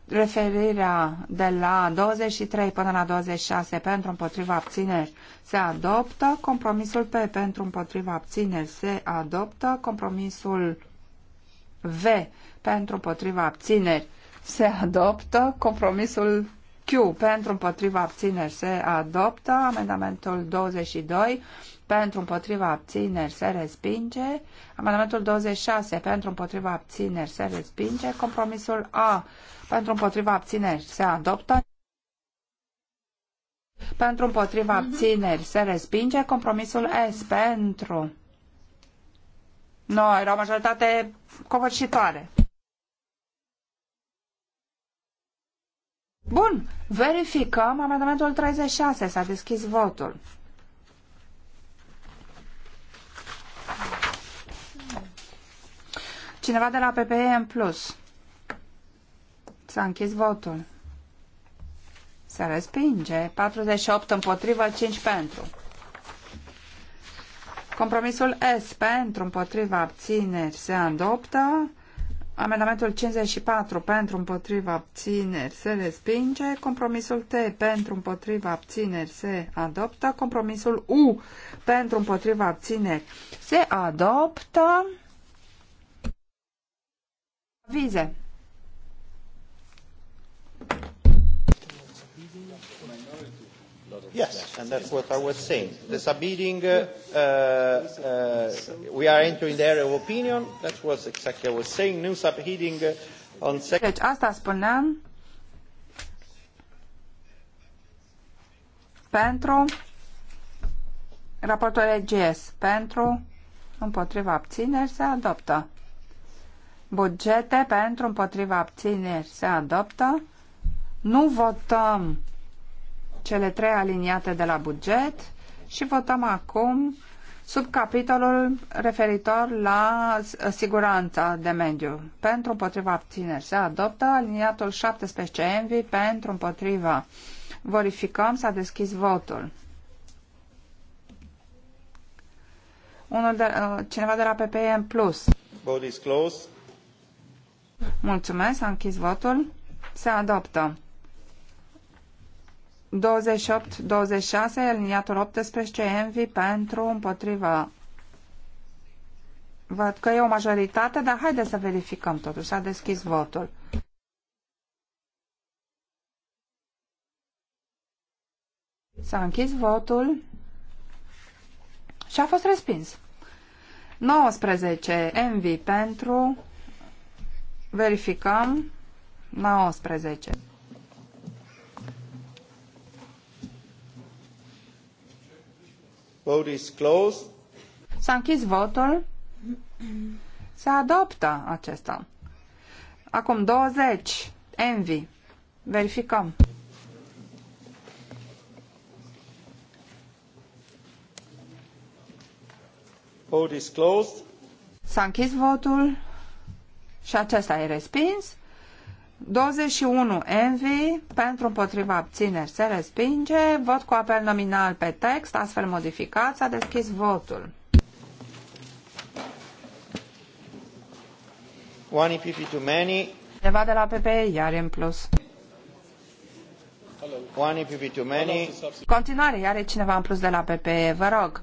Referirea de la 23 până la 26 pentru împotriva abțineri se adoptă. Compromisul P pentru împotriva abțineri se adoptă. Compromisul V pentru împotriva abțineri se adoptă. Compromisul Q pentru împotriva abțineri se adoptă, amendamentul 22 pentru împotriva abțineri se respinge, amendamentul 26 pentru împotriva abțineri se respinge, compromisul A pentru împotriva abțineri se adoptă, pentru împotriva mhm. abțineri se respinge, compromisul S pentru... Nu, no, era o majoritate covârșitoare. Bun, verificăm amendamentul 36. S-a deschis votul. Cineva de la PPE în plus. S-a închis votul. Se respinge. 48 împotrivă, 5 pentru. Compromisul S pentru împotriva abțineri se adoptă. Amendamentul 54 pentru împotriva abțineri se respinge. Compromisul T pentru împotriva abțineri se adoptă. Compromisul U pentru împotriva abțineri se adoptă. Vize. Yes, and that's what I was saying. The subbidding, uh, uh, uh, we are entering the area of opinion. That was exactly what I was saying. New subheading uh, on second... Deci asta spuneam pentru raportul EGS, pentru împotriva abțineri se adoptă. Bugete pentru împotriva abțineri se adoptă. Nu votăm cele trei aliniate de la buget și votăm acum sub capitolul referitor la siguranța de mediu. Pentru împotriva abțineri se adoptă aliniatul 17 envi pentru împotriva. Verificăm, s-a deschis votul. Unul de, uh, cineva de la PPE în plus. Vote is Mulțumesc, s-a închis votul. Se adoptă. 28-26, aliniatul 18, Envy pentru, împotriva. Văd că e o majoritate, dar haideți să verificăm totuși. S-a deschis votul. S-a închis votul și a fost respins. 19 MV pentru verificăm 19. Vote is closed. S-a închis votul. Se adoptă acesta. Acum 20. Envy. Verificăm. Vote is closed. S-a închis votul și acesta e respins. 21 Envy pentru împotriva abțineri se respinge. Vot cu apel nominal pe text, astfel modificat. S-a deschis votul. One EPP too many. Cineva de la PP iar în plus. One EPP too many. Continuare, iar cineva în plus de la PP. Vă rog,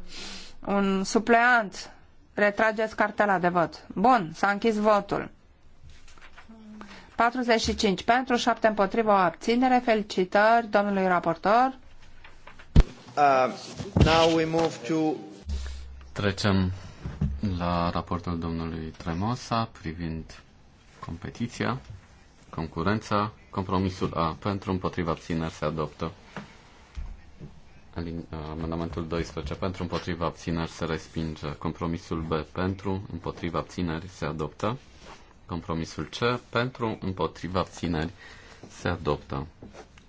un supleant. Retrageți cartela de vot. Bun, s-a închis votul. 45 pentru, 7 împotriva, o abținere. Felicitări domnului raportor. Uh, now we move to... Trecem la raportul domnului Tremosa privind competiția, concurența, compromisul A. Pentru împotriva abțineri se adoptă. Uh, amendamentul 12. Pentru împotriva abțineri se respinge. Compromisul B. Pentru împotriva abțineri se adoptă. Compromisul C pentru împotriva abțineri se adoptă.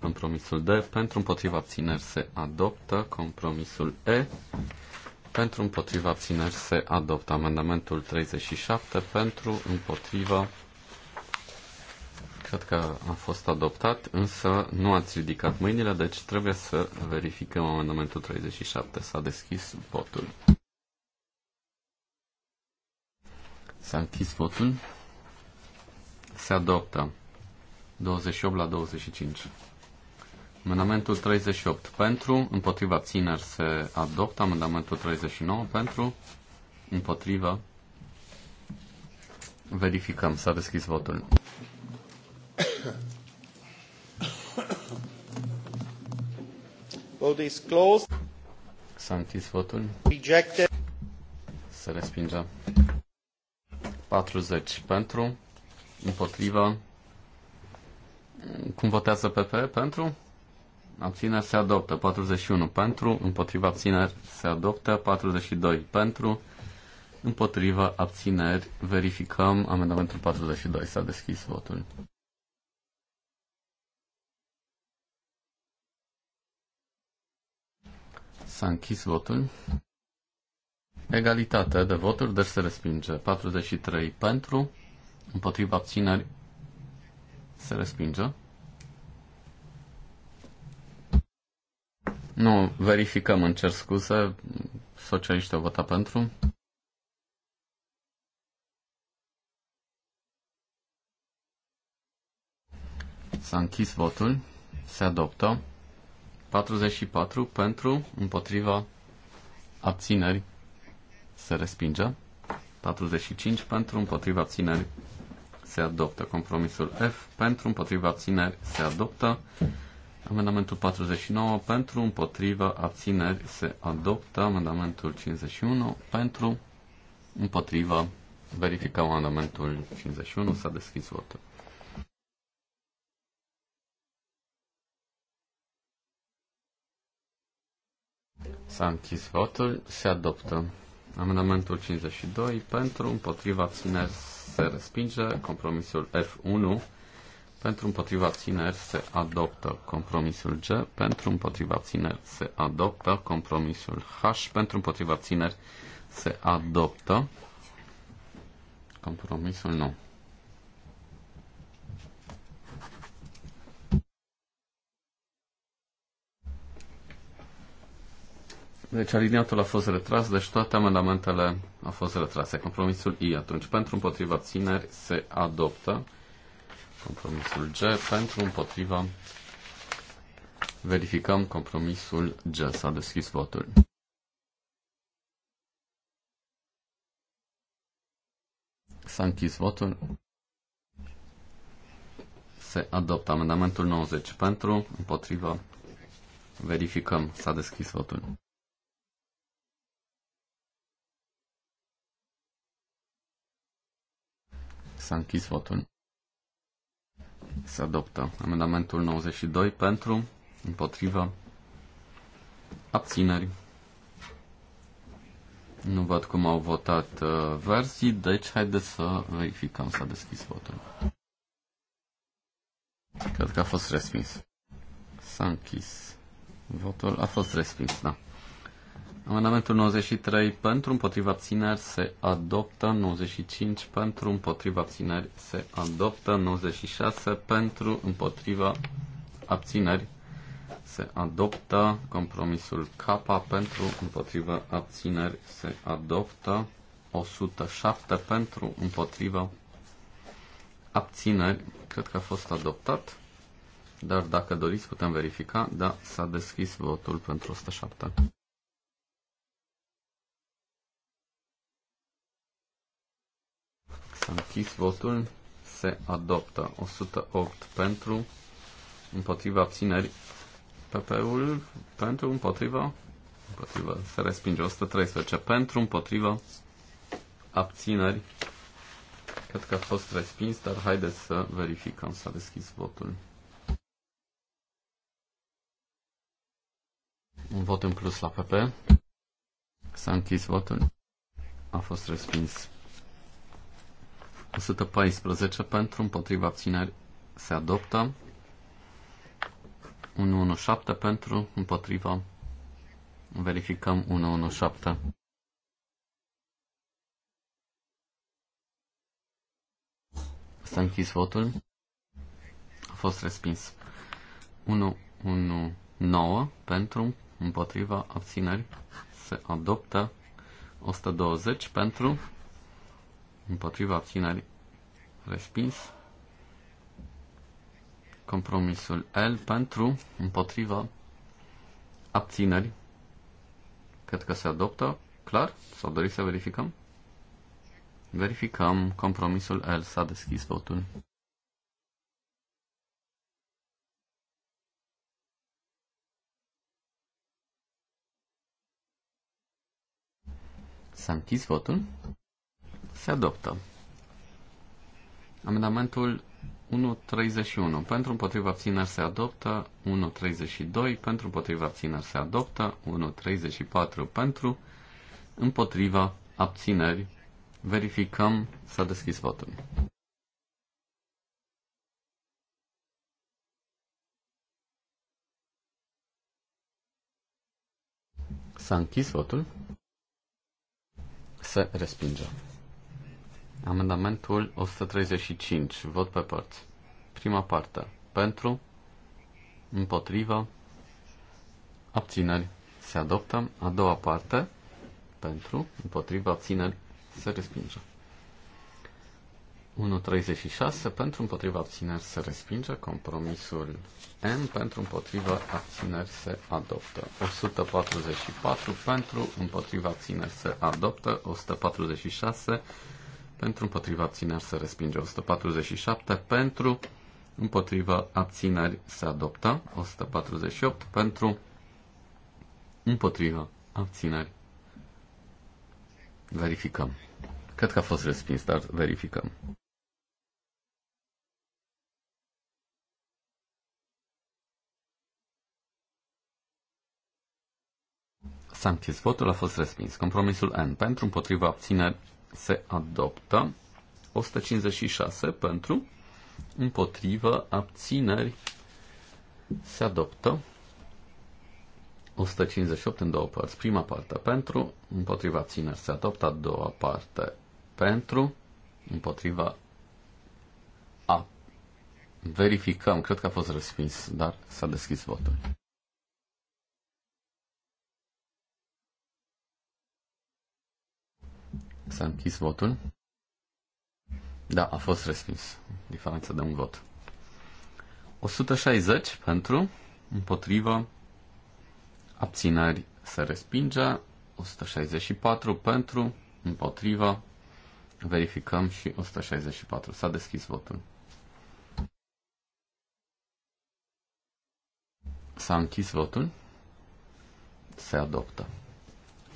Compromisul D pentru împotriva abțineri se adoptă. Compromisul E pentru împotriva abțineri se adoptă. Amendamentul 37 pentru împotriva Cred că a fost adoptat, însă nu ați ridicat mâinile, deci trebuie să verificăm amendamentul 37. S-a deschis votul. S-a închis votul se adoptă. 28 la 25. Amendamentul 38 pentru, împotriva țineri se adoptă. Amendamentul 39 pentru, împotriva. Verificăm, s-a deschis votul. Vote is closed. S-a închis votul. Rejected. Se respinge. 40 pentru, împotriva. Cum votează PP? Pentru? Abțineri se adoptă. 41 pentru, împotriva abțineri se adoptă. 42 pentru, împotriva abțineri. Verificăm amendamentul 42. S-a deschis votul. S-a închis votul. Egalitate de voturi, deci se respinge. 43 pentru, împotriva abțineri se respinge. Nu, verificăm, în cer scuze. Socialiștii au votat pentru. S-a închis votul. Se adoptă. 44 pentru, împotriva, abțineri. Se respinge. 45 pentru, împotriva, abțineri se adoptă. Compromisul F pentru împotriva abțineri se adoptă. Amendamentul 49 pentru împotriva abțineri se adoptă. Amendamentul 51 pentru împotriva. Verificăm amendamentul 51. S-a deschis votul. S-a închis votul. Se adoptă. Amendamentul 52 pentru împotriva abțineri se respinge. Compromisul F1 pentru împotriva țineri se adoptă compromisul G, pentru împotriva țineri se adoptă compromisul H, pentru împotriva țineri se adoptă compromisul 9. Deci aliniatul a fost retras, deci toate amendamentele au fost retrase. Compromisul I atunci pentru împotriva țineri se adoptă. Compromisul G pentru împotriva verificăm compromisul G. S-a deschis votul. S-a închis votul. Se adoptă amendamentul 90 pentru, împotriva. Verificăm. S-a deschis votul. S-a închis votul. Se adoptă amendamentul 92 pentru, împotrivă, abțineri. Nu văd cum au votat uh, versii, deci haideți să verificăm, s-a deschis votul. Cred că a fost respins. S-a închis. Votul a fost respins, da. Amendamentul 93 pentru împotriva abțineri se adoptă, 95 pentru împotriva abțineri se adoptă, 96 pentru împotriva abțineri se adoptă, compromisul K pentru împotriva abțineri se adoptă, 107 pentru împotriva abțineri, cred că a fost adoptat, dar dacă doriți putem verifica, da, s-a deschis votul pentru 107. închis votul. Se adoptă. 108 pentru, împotriva abțineri. PP-ul pentru, împotriva, împotriva, se respinge. 113 pentru, împotriva, abțineri. Cred că a fost respins, dar haideți să verificăm. S-a deschis votul. Un vot în plus la PP. S-a închis votul. A fost respins. 114 pentru, împotriva abțineri se adoptă. 117 pentru, împotriva. Verificăm 117. S-a închis votul. A fost respins. 119 pentru, împotriva, abțineri. Se adoptă 120 pentru, împotriva abținerii, respins. Compromisul L pentru, împotriva abținerii, cred că se adoptă, clar, S-a dorit să verificăm? Verificăm, compromisul L s-a deschis votul. S-a închis votul. Se adoptă. Amendamentul 1.31. Pentru împotriva abțineri se adoptă 1.32. Pentru împotriva abțineri se adoptă 1.34. Pentru împotriva abțineri verificăm s-a deschis votul. S-a închis votul. Se respinge. Amendamentul 135. Vot pe părți. Prima parte. Pentru. Împotrivă. Abțineri. Se adoptă. A doua parte. Pentru. Împotrivă. Abțineri. Se respinge. 1.36 pentru împotriva abțineri se respinge, compromisul M pentru împotriva abțineri se adoptă. 144 pentru împotriva abțineri se adoptă, 146 pentru împotriva abțineri se respinge 147, pentru împotriva abțineri se adoptă 148, pentru împotriva abțineri. Verificăm. Cred că a fost respins, dar verificăm. S-a votul, a fost respins. Compromisul N pentru împotriva abțineri se adoptă. 156 pentru, împotrivă, abțineri, se adoptă. 158 în două părți. Prima parte pentru, împotriva abțineri se adoptă, a doua parte pentru, împotriva a. Verificăm, cred că a fost respins, dar s-a deschis votul. S-a închis votul. Da, a fost respins. Diferența de un vot. 160 pentru, împotrivă, abținări se respinge, 164 pentru, împotrivă, verificăm și 164. S-a deschis votul. S-a închis votul. Se adoptă.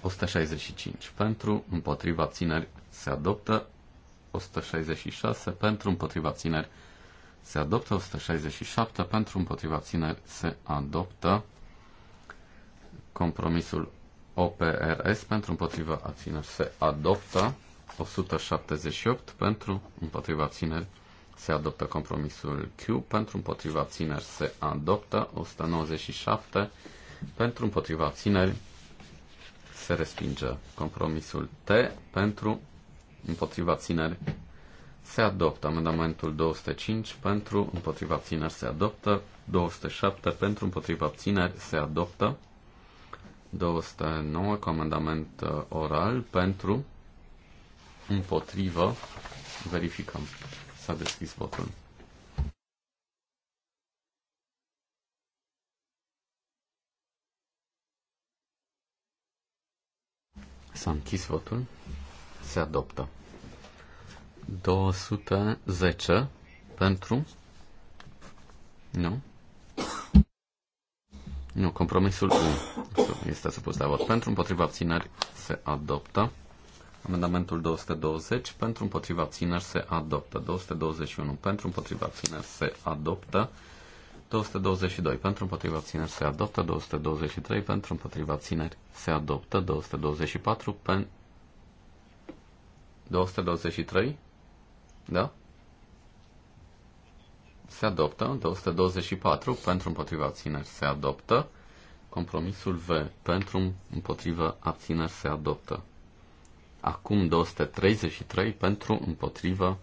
165 pentru, împotriva abțineri se adoptă 166 pentru, împotriva abțineri se adoptă 167 pentru, împotriva abțineri se adoptă compromisul OPRS pentru, împotriva abțineri se adoptă 178 pentru, împotriva abțineri se adoptă compromisul Q pentru, împotriva abțineri se adoptă 197 pentru, împotriva abțineri se respinge. Compromisul T pentru împotriva țineri, se adoptă. Amendamentul 205 pentru împotriva țineri, se adoptă. 207 pentru împotriva țineri, se adoptă. 209 cu amendament uh, oral pentru împotrivă verificăm. S-a deschis votul. S-a închis votul. Se adoptă. 210 pentru. Nu. Nu, compromisul 1 este supus la vot. Pentru împotriva abțineri se adoptă. Amendamentul 220 pentru împotriva abțineri se adoptă. 221 pentru împotriva abțineri se adoptă. 222 pentru împotriva abțineri se adoptă, 223 pentru împotriva abțineri se adoptă, 224 pentru 223, da? Se adoptă, 224 pentru împotriva abțineri se adoptă, compromisul V pentru împotriva abțineri se adoptă. Acum 233 pentru împotriva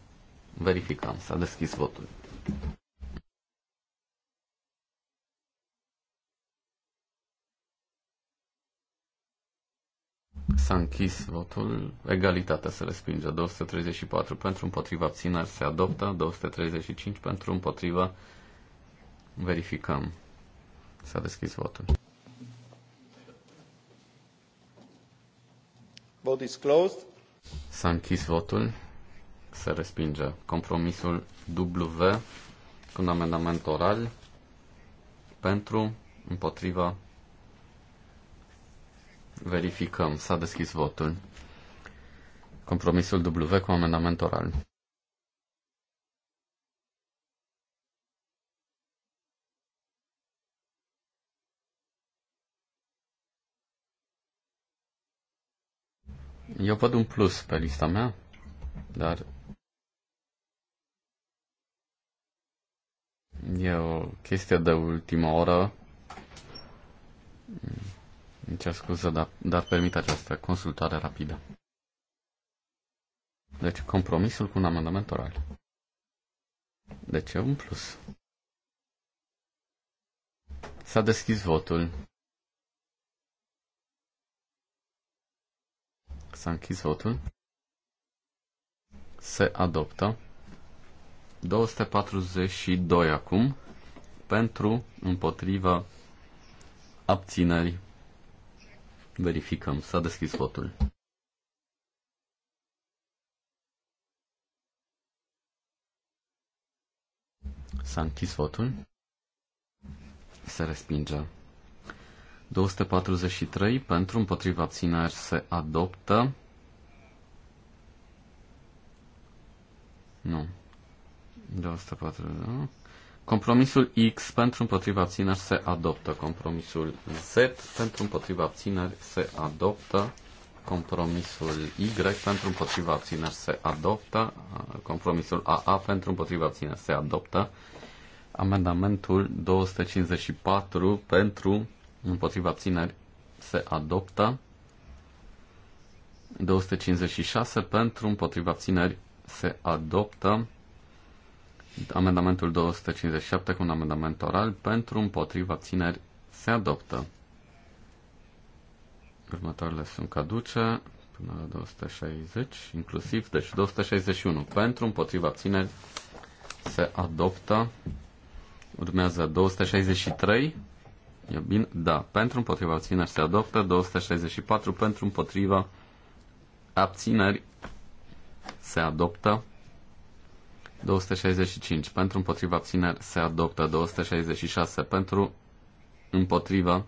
verificăm. S-a deschis votul. S-a închis votul. Egalitatea se respinge. 234 pentru împotriva abțineri se adoptă. 235 pentru împotriva verificăm. S-a deschis votul. Vote is closed. S-a închis votul. Se respinge compromisul W cu un amendament oral pentru împotriva Verificăm. S-a deschis votul. Compromisul W cu amendament oral. Eu văd un plus pe lista mea, dar e o chestie de ultima oră îmi cer dar, dar permit această consultare rapidă. Deci compromisul cu un amendament oral. De deci, ce un plus? S-a deschis votul. S-a închis votul. Se adoptă. 242 acum pentru împotriva abținerii. Verificăm. S-a deschis votul. S-a închis votul. Se respinge. 243 pentru împotriva abțineri se adoptă. Nu. 240, Compromisul X pentru împotriva abțineri se adoptă. Compromisul Z pentru împotriva abțineri se adoptă. Compromisul Y pentru împotriva abțineri se adoptă. Compromisul AA pentru împotriva abțineri se adoptă. Amendamentul 254 pentru împotriva abțineri se adoptă. 256 pentru împotriva abțineri se adoptă. Amendamentul 257 cu un amendament oral pentru împotriva țineri se adoptă. Următoarele sunt caduce până la 260 inclusiv, deci 261 pentru împotriva țineri se adoptă. Urmează 263. E bine? Da. Pentru împotriva abțineri se adoptă. 264 pentru împotriva abțineri se adoptă. 265 pentru împotriva abțineri se adoptă. 266 pentru împotriva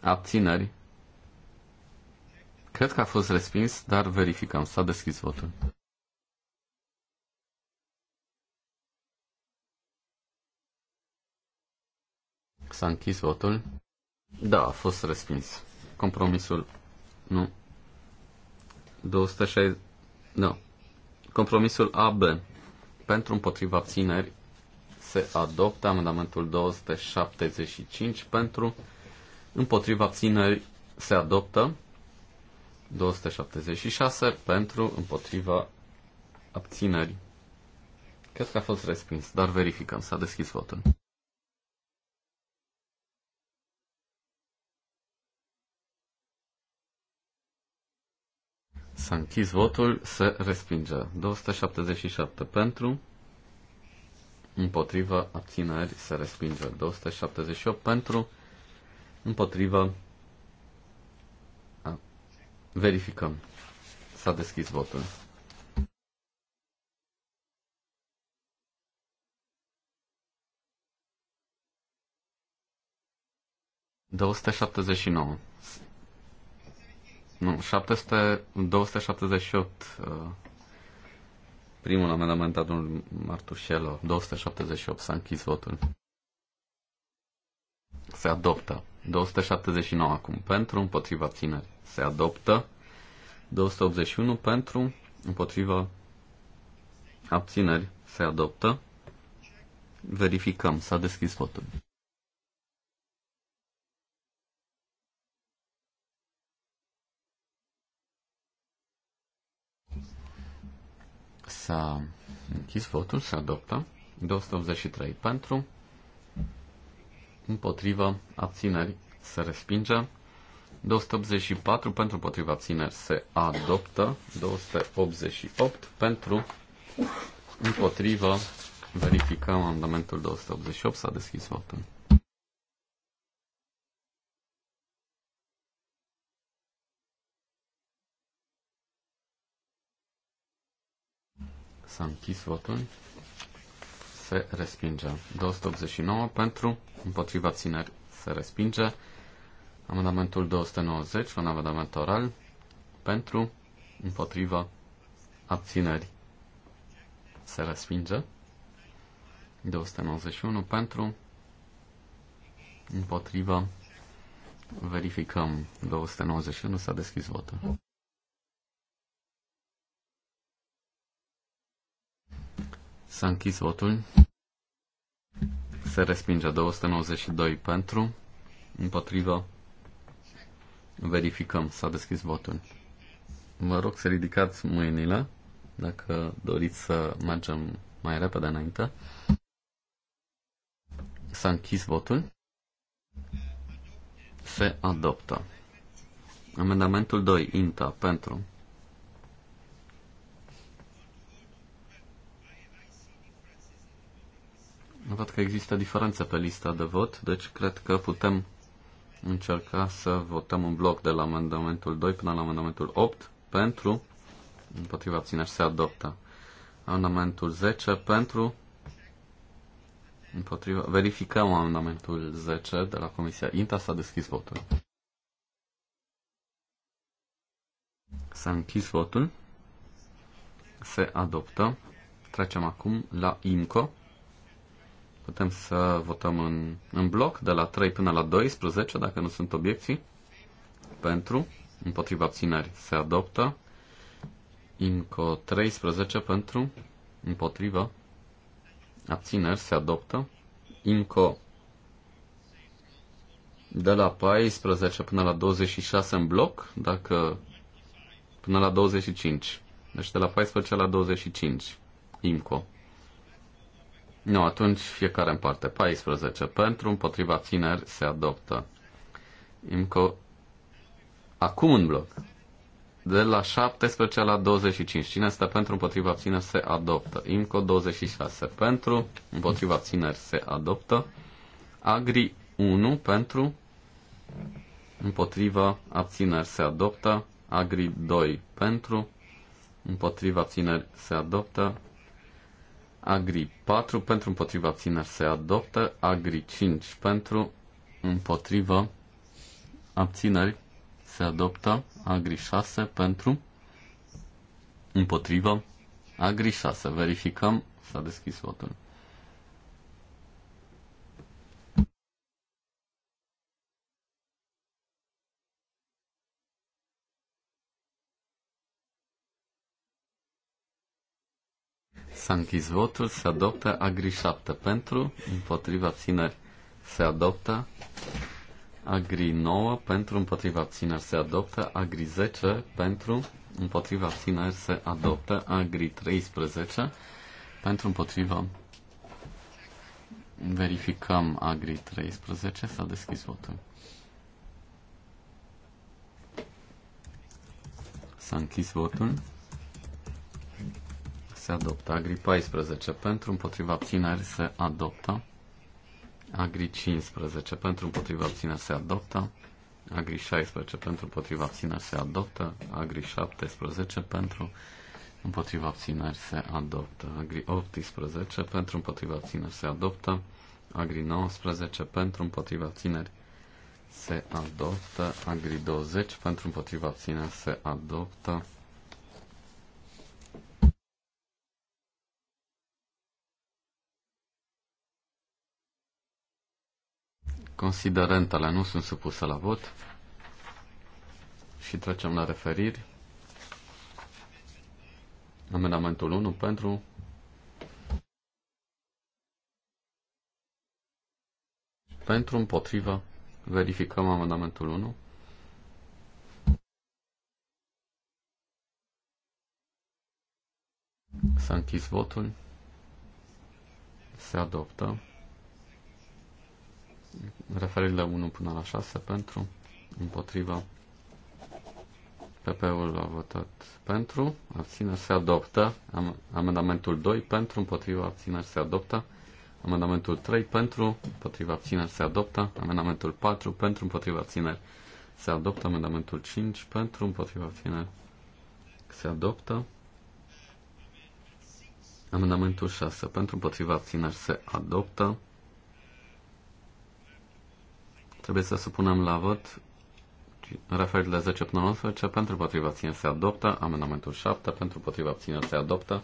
abțineri. Cred că a fost respins, dar verificăm. S-a deschis votul. S-a închis votul. Da, a fost respins. Compromisul. Nu. 260. Nu. Compromisul AB pentru împotriva țineri se adoptă amendamentul 275 pentru împotriva țineri se adoptă 276 pentru împotriva abținerii. Cred că a fost respins, dar verificăm. S-a deschis votul. S-a închis votul, se respinge. 277 pentru, împotrivă, abțineri, se respinge. 278 pentru, împotrivă, a, verificăm. S-a deschis votul. Două nu, 700, 278. Uh, primul amendament al domnului Martușelo, 278, s-a închis votul. Se adoptă. 279 acum pentru, împotriva țineri. Se adoptă. 281 pentru, împotriva abțineri. Se adoptă. Verificăm. S-a deschis votul. S-a închis votul, se adoptă. 283 pentru, împotriva abțineri se respinge. 284 pentru împotriva abțineri se adoptă. 288 pentru împotriva verificăm amendamentul 288 s-a deschis votul. S-a închis votul. Se respinge. 289 pentru, împotriva țineri se respinge. Amendamentul 290, un amendament oral, pentru, împotriva, abțineri, se respinge. 291 pentru, împotriva, verificăm 291, s-a deschis votul. S-a închis votul. Se respinge 292 pentru, împotriva. Verificăm, s-a deschis votul. Vă rog să ridicați mâinile dacă doriți să mergem mai repede înainte. S-a închis votul. Se adoptă. Amendamentul 2, INTA, pentru Văd că există diferențe pe lista de vot, deci cred că putem încerca să votăm un bloc de la amendamentul 2 până la amendamentul 8 pentru, împotriva abțineri se adoptă. Amendamentul 10 pentru, împotriva, verificăm amendamentul 10 de la Comisia INTA, s-a deschis votul. S-a închis votul. Se adoptă. Trecem acum la IMCO. Putem să votăm în, în bloc de la 3 până la 12, dacă nu sunt obiecții. Pentru, împotriva abțineri, se adoptă. INCO 13 pentru, împotriva, abțineri, se adoptă. INCO de la 14 până la 26 în bloc, dacă până la 25. Deci de la 14 la 25, încă nu, atunci fiecare în parte. 14 pentru, împotriva țineri se adoptă. Imco. Acum în bloc. De la 17 la 25. Cine este pentru împotriva abțineri se adoptă. IMCO 26 pentru împotriva abțineri se adoptă. Agri 1 pentru împotriva abțineri se adoptă. Agri 2 pentru împotriva abțineri se adoptă. Agri 4 pentru împotriva abțineri se adoptă. Agri 5 pentru împotriva abțineri se adoptă. Agri 6 pentru împotriva Agri 6. Verificăm. S-a deschis votul. S-a închis votul, se adoptă Agri 7 pentru, împotriva abțineri se adoptă Agri 9 pentru, împotriva abțineri se adoptă Agri 10 pentru, împotriva abțineri se adoptă Agri 13 pentru, împotriva verificăm Agri 13 s-a deschis votul. S-a închis votul se adoptă. Agri 14 pentru, împotriva abțineri se adoptă. Agri 15 pentru, împotriva abțineri se adoptă. Agri 16 pentru, împotriva abțineri se adoptă. Agri 17 pentru, împotriva abțineri se adoptă. Agri 18 pentru, împotriva abțineri se adoptă. Agri 19 pentru, împotriva abțineri se adoptă. Agri 20 pentru, împotriva abțineri se adoptă. Considerentele nu sunt supuse la vot. Și trecem la referiri. Amendamentul 1 pentru Pentru împotriva verificăm amendamentul 1. S-a închis votul. Se adoptă referirile 1 până la 6 pentru, împotriva. PP-ul a votat pentru, abțineri se adoptă, Am, amendamentul 2 pentru, împotriva abțineri se adoptă, amendamentul 3 pentru, împotriva abțineri se adoptă, amendamentul 4 pentru, împotriva abțineri se adoptă, amendamentul 5 pentru, împotriva abțineri se adoptă, amendamentul 6 pentru, împotriva abțineri se adoptă, Trebuie să supunem la vot referire 10 până 11 pentru potriva abține se adoptă, amendamentul 7 pentru potriva abține se adoptă,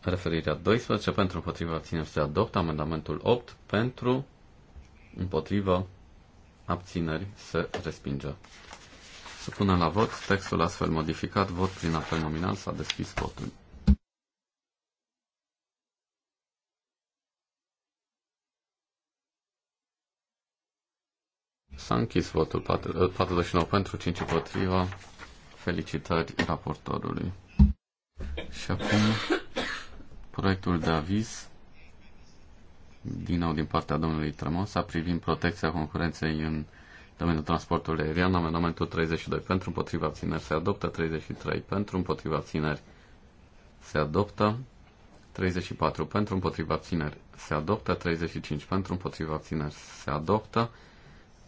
referirea 12 pentru potriva abține se adoptă, amendamentul 8 pentru împotriva abțineri se respinge. Supunem la vot textul astfel modificat, vot prin apel nominal, s-a deschis votul. S-a închis votul 49 eh, pentru, 5 împotriva. Felicitări raportorului. Și acum proiectul de aviz din nou din partea domnului Tremosa privind protecția concurenței în domeniul transportului aerian, amendamentul 32 pentru împotriva abțineri se adoptă, 33 pentru împotriva abțineri se adoptă, 34 pentru împotriva abțineri se adoptă, 35 pentru împotriva abțineri se adoptă,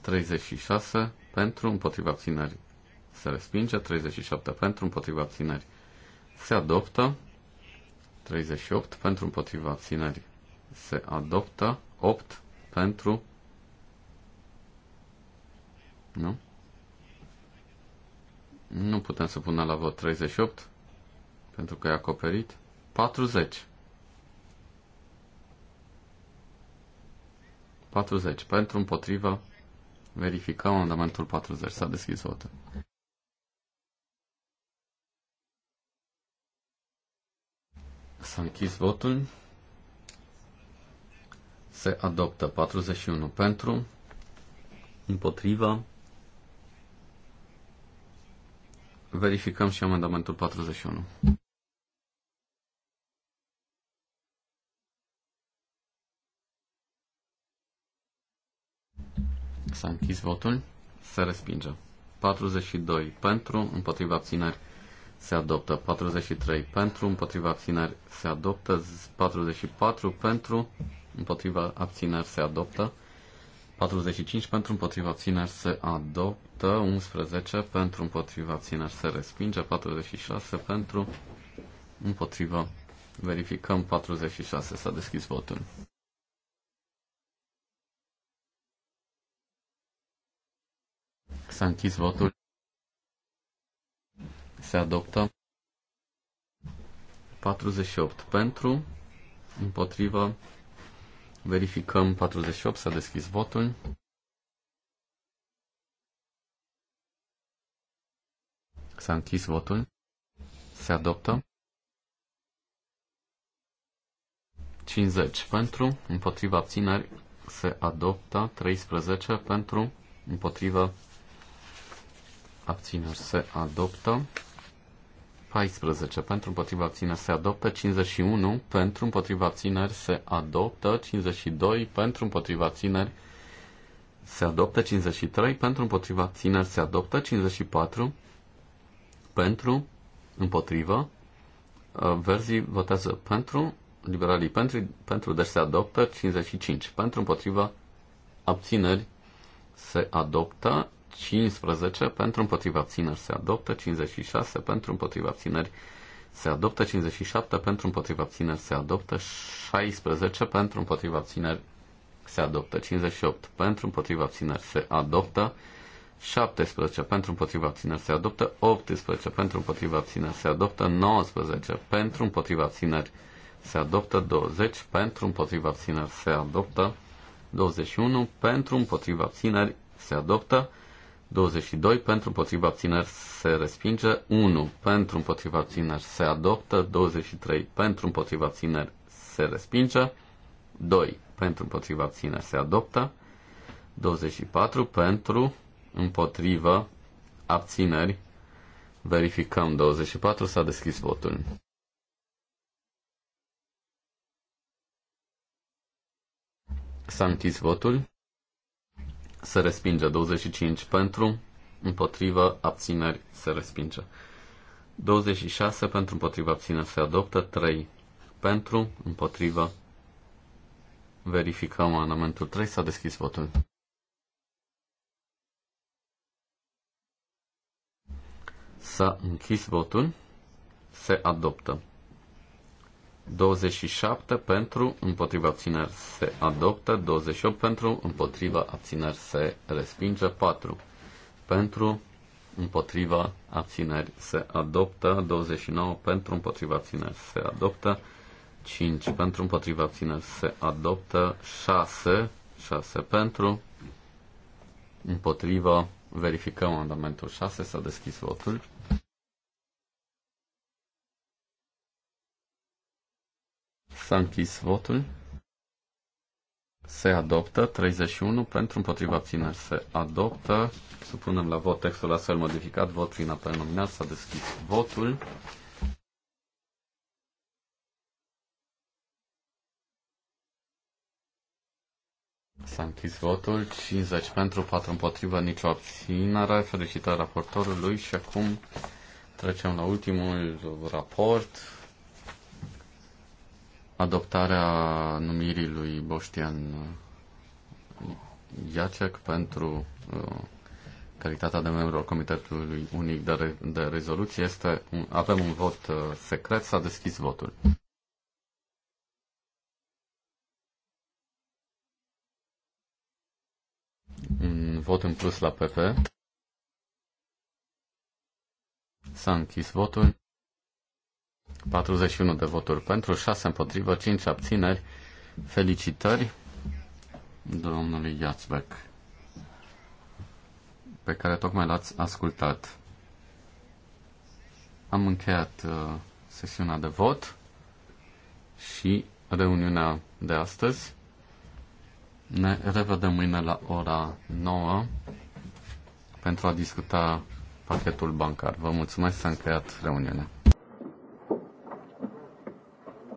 36 pentru, împotriva abțineri se respinge, 37 pentru, împotriva abțineri se adoptă, 38 pentru, împotriva abțineri se adoptă, 8 pentru, nu? Nu putem să punem la vot 38 pentru că e acoperit. 40. 40. Pentru împotriva Verificăm amendamentul 40. S-a deschis votul. S-a închis votul. Se adoptă 41 pentru, împotriva. Verificăm și amendamentul 41. S-a închis votul. Se respinge. 42 pentru, împotriva abțineri se adoptă. 43 pentru, împotriva abțineri se adoptă. 44 pentru, împotriva abțineri se adoptă. 45 pentru împotriva abțineri se adoptă, 11 pentru împotriva abțineri se respinge, 46 pentru împotriva verificăm 46 s-a deschis votul. S-a închis votul. Se adoptă. 48 pentru, împotrivă. Verificăm 48, s-a deschis votul. S-a închis votul. Se adoptă. 50 pentru, Împotrivă abțineri se adoptă 13 pentru, Împotrivă abțineri se adoptă. 14 pentru împotriva abțineri se adoptă, 51 pentru împotriva abțineri se adoptă, 52 pentru împotriva abțineri se adoptă, 53 pentru împotriva abțineri se adoptă, 54 pentru împotriva. Uh, verzii votează pentru, liberalii pentru, pentru deci se adoptă, 55 pentru împotriva abțineri se adoptă 15 pentru împotriva abțineri se adoptă, 56 pentru împotriva abțineri se adoptă, 57 pentru împotriva abțineri se adoptă, 16 pentru împotriva abțineri se adoptă, 58 pentru împotriva abțineri se adoptă, 17 pentru împotriva abțineri se adoptă, 18 pentru împotriva abțineri se adoptă, 19 pentru împotriva abțineri se adoptă, 20 pentru împotriva abțineri se adoptă, 21 pentru împotriva abțineri se adoptă, 22 pentru împotriva abțineri se respinge, 1 pentru împotriva abțineri se adoptă, 23 pentru împotriva abțineri se respinge, 2 pentru împotriva abțineri se adoptă, 24 pentru împotriva abțineri verificăm 24 s-a deschis votul. S-a închis votul se respinge. 25 pentru, împotrivă, abțineri, se respinge. 26 pentru, împotrivă, abțineri, se adoptă. 3 pentru, împotrivă, verificăm amendamentul 3, s-a deschis votul. S-a închis votul, se adoptă. 27 pentru, împotriva abțineri se adoptă, 28 pentru, împotriva abțineri se respinge, 4 pentru, împotriva abțineri se adoptă, 29 pentru, împotriva abțineri se adoptă, 5 pentru, împotriva abțineri se adoptă, 6, 6 pentru, împotriva, verificăm amendamentul 6, s-a deschis votul. S-a închis votul. Se adoptă 31 pentru împotriva abțineri se adoptă. Supunem la vot textul astfel modificat. Vot prin apel nominal. S-a deschis votul. S-a închis votul. 50 pentru, 4 împotriva, nicio abținere. Felicitări raportorului și acum trecem la ultimul raport adoptarea numirii lui Boștian Iacec pentru uh, calitatea de membru al Comitetului Unic de, Re- de Rezoluție este un, avem un vot uh, secret, s-a deschis votul. Un vot în plus la PP. S-a închis votul. 41 de voturi pentru, 6 împotrivă, 5 abțineri. Felicitări domnului Iațbec, pe care tocmai l-ați ascultat. Am încheiat uh, sesiunea de vot și reuniunea de astăzi. Ne revedem mâine la ora 9 pentru a discuta pachetul bancar. Vă mulțumesc, s-a încheiat reuniunea.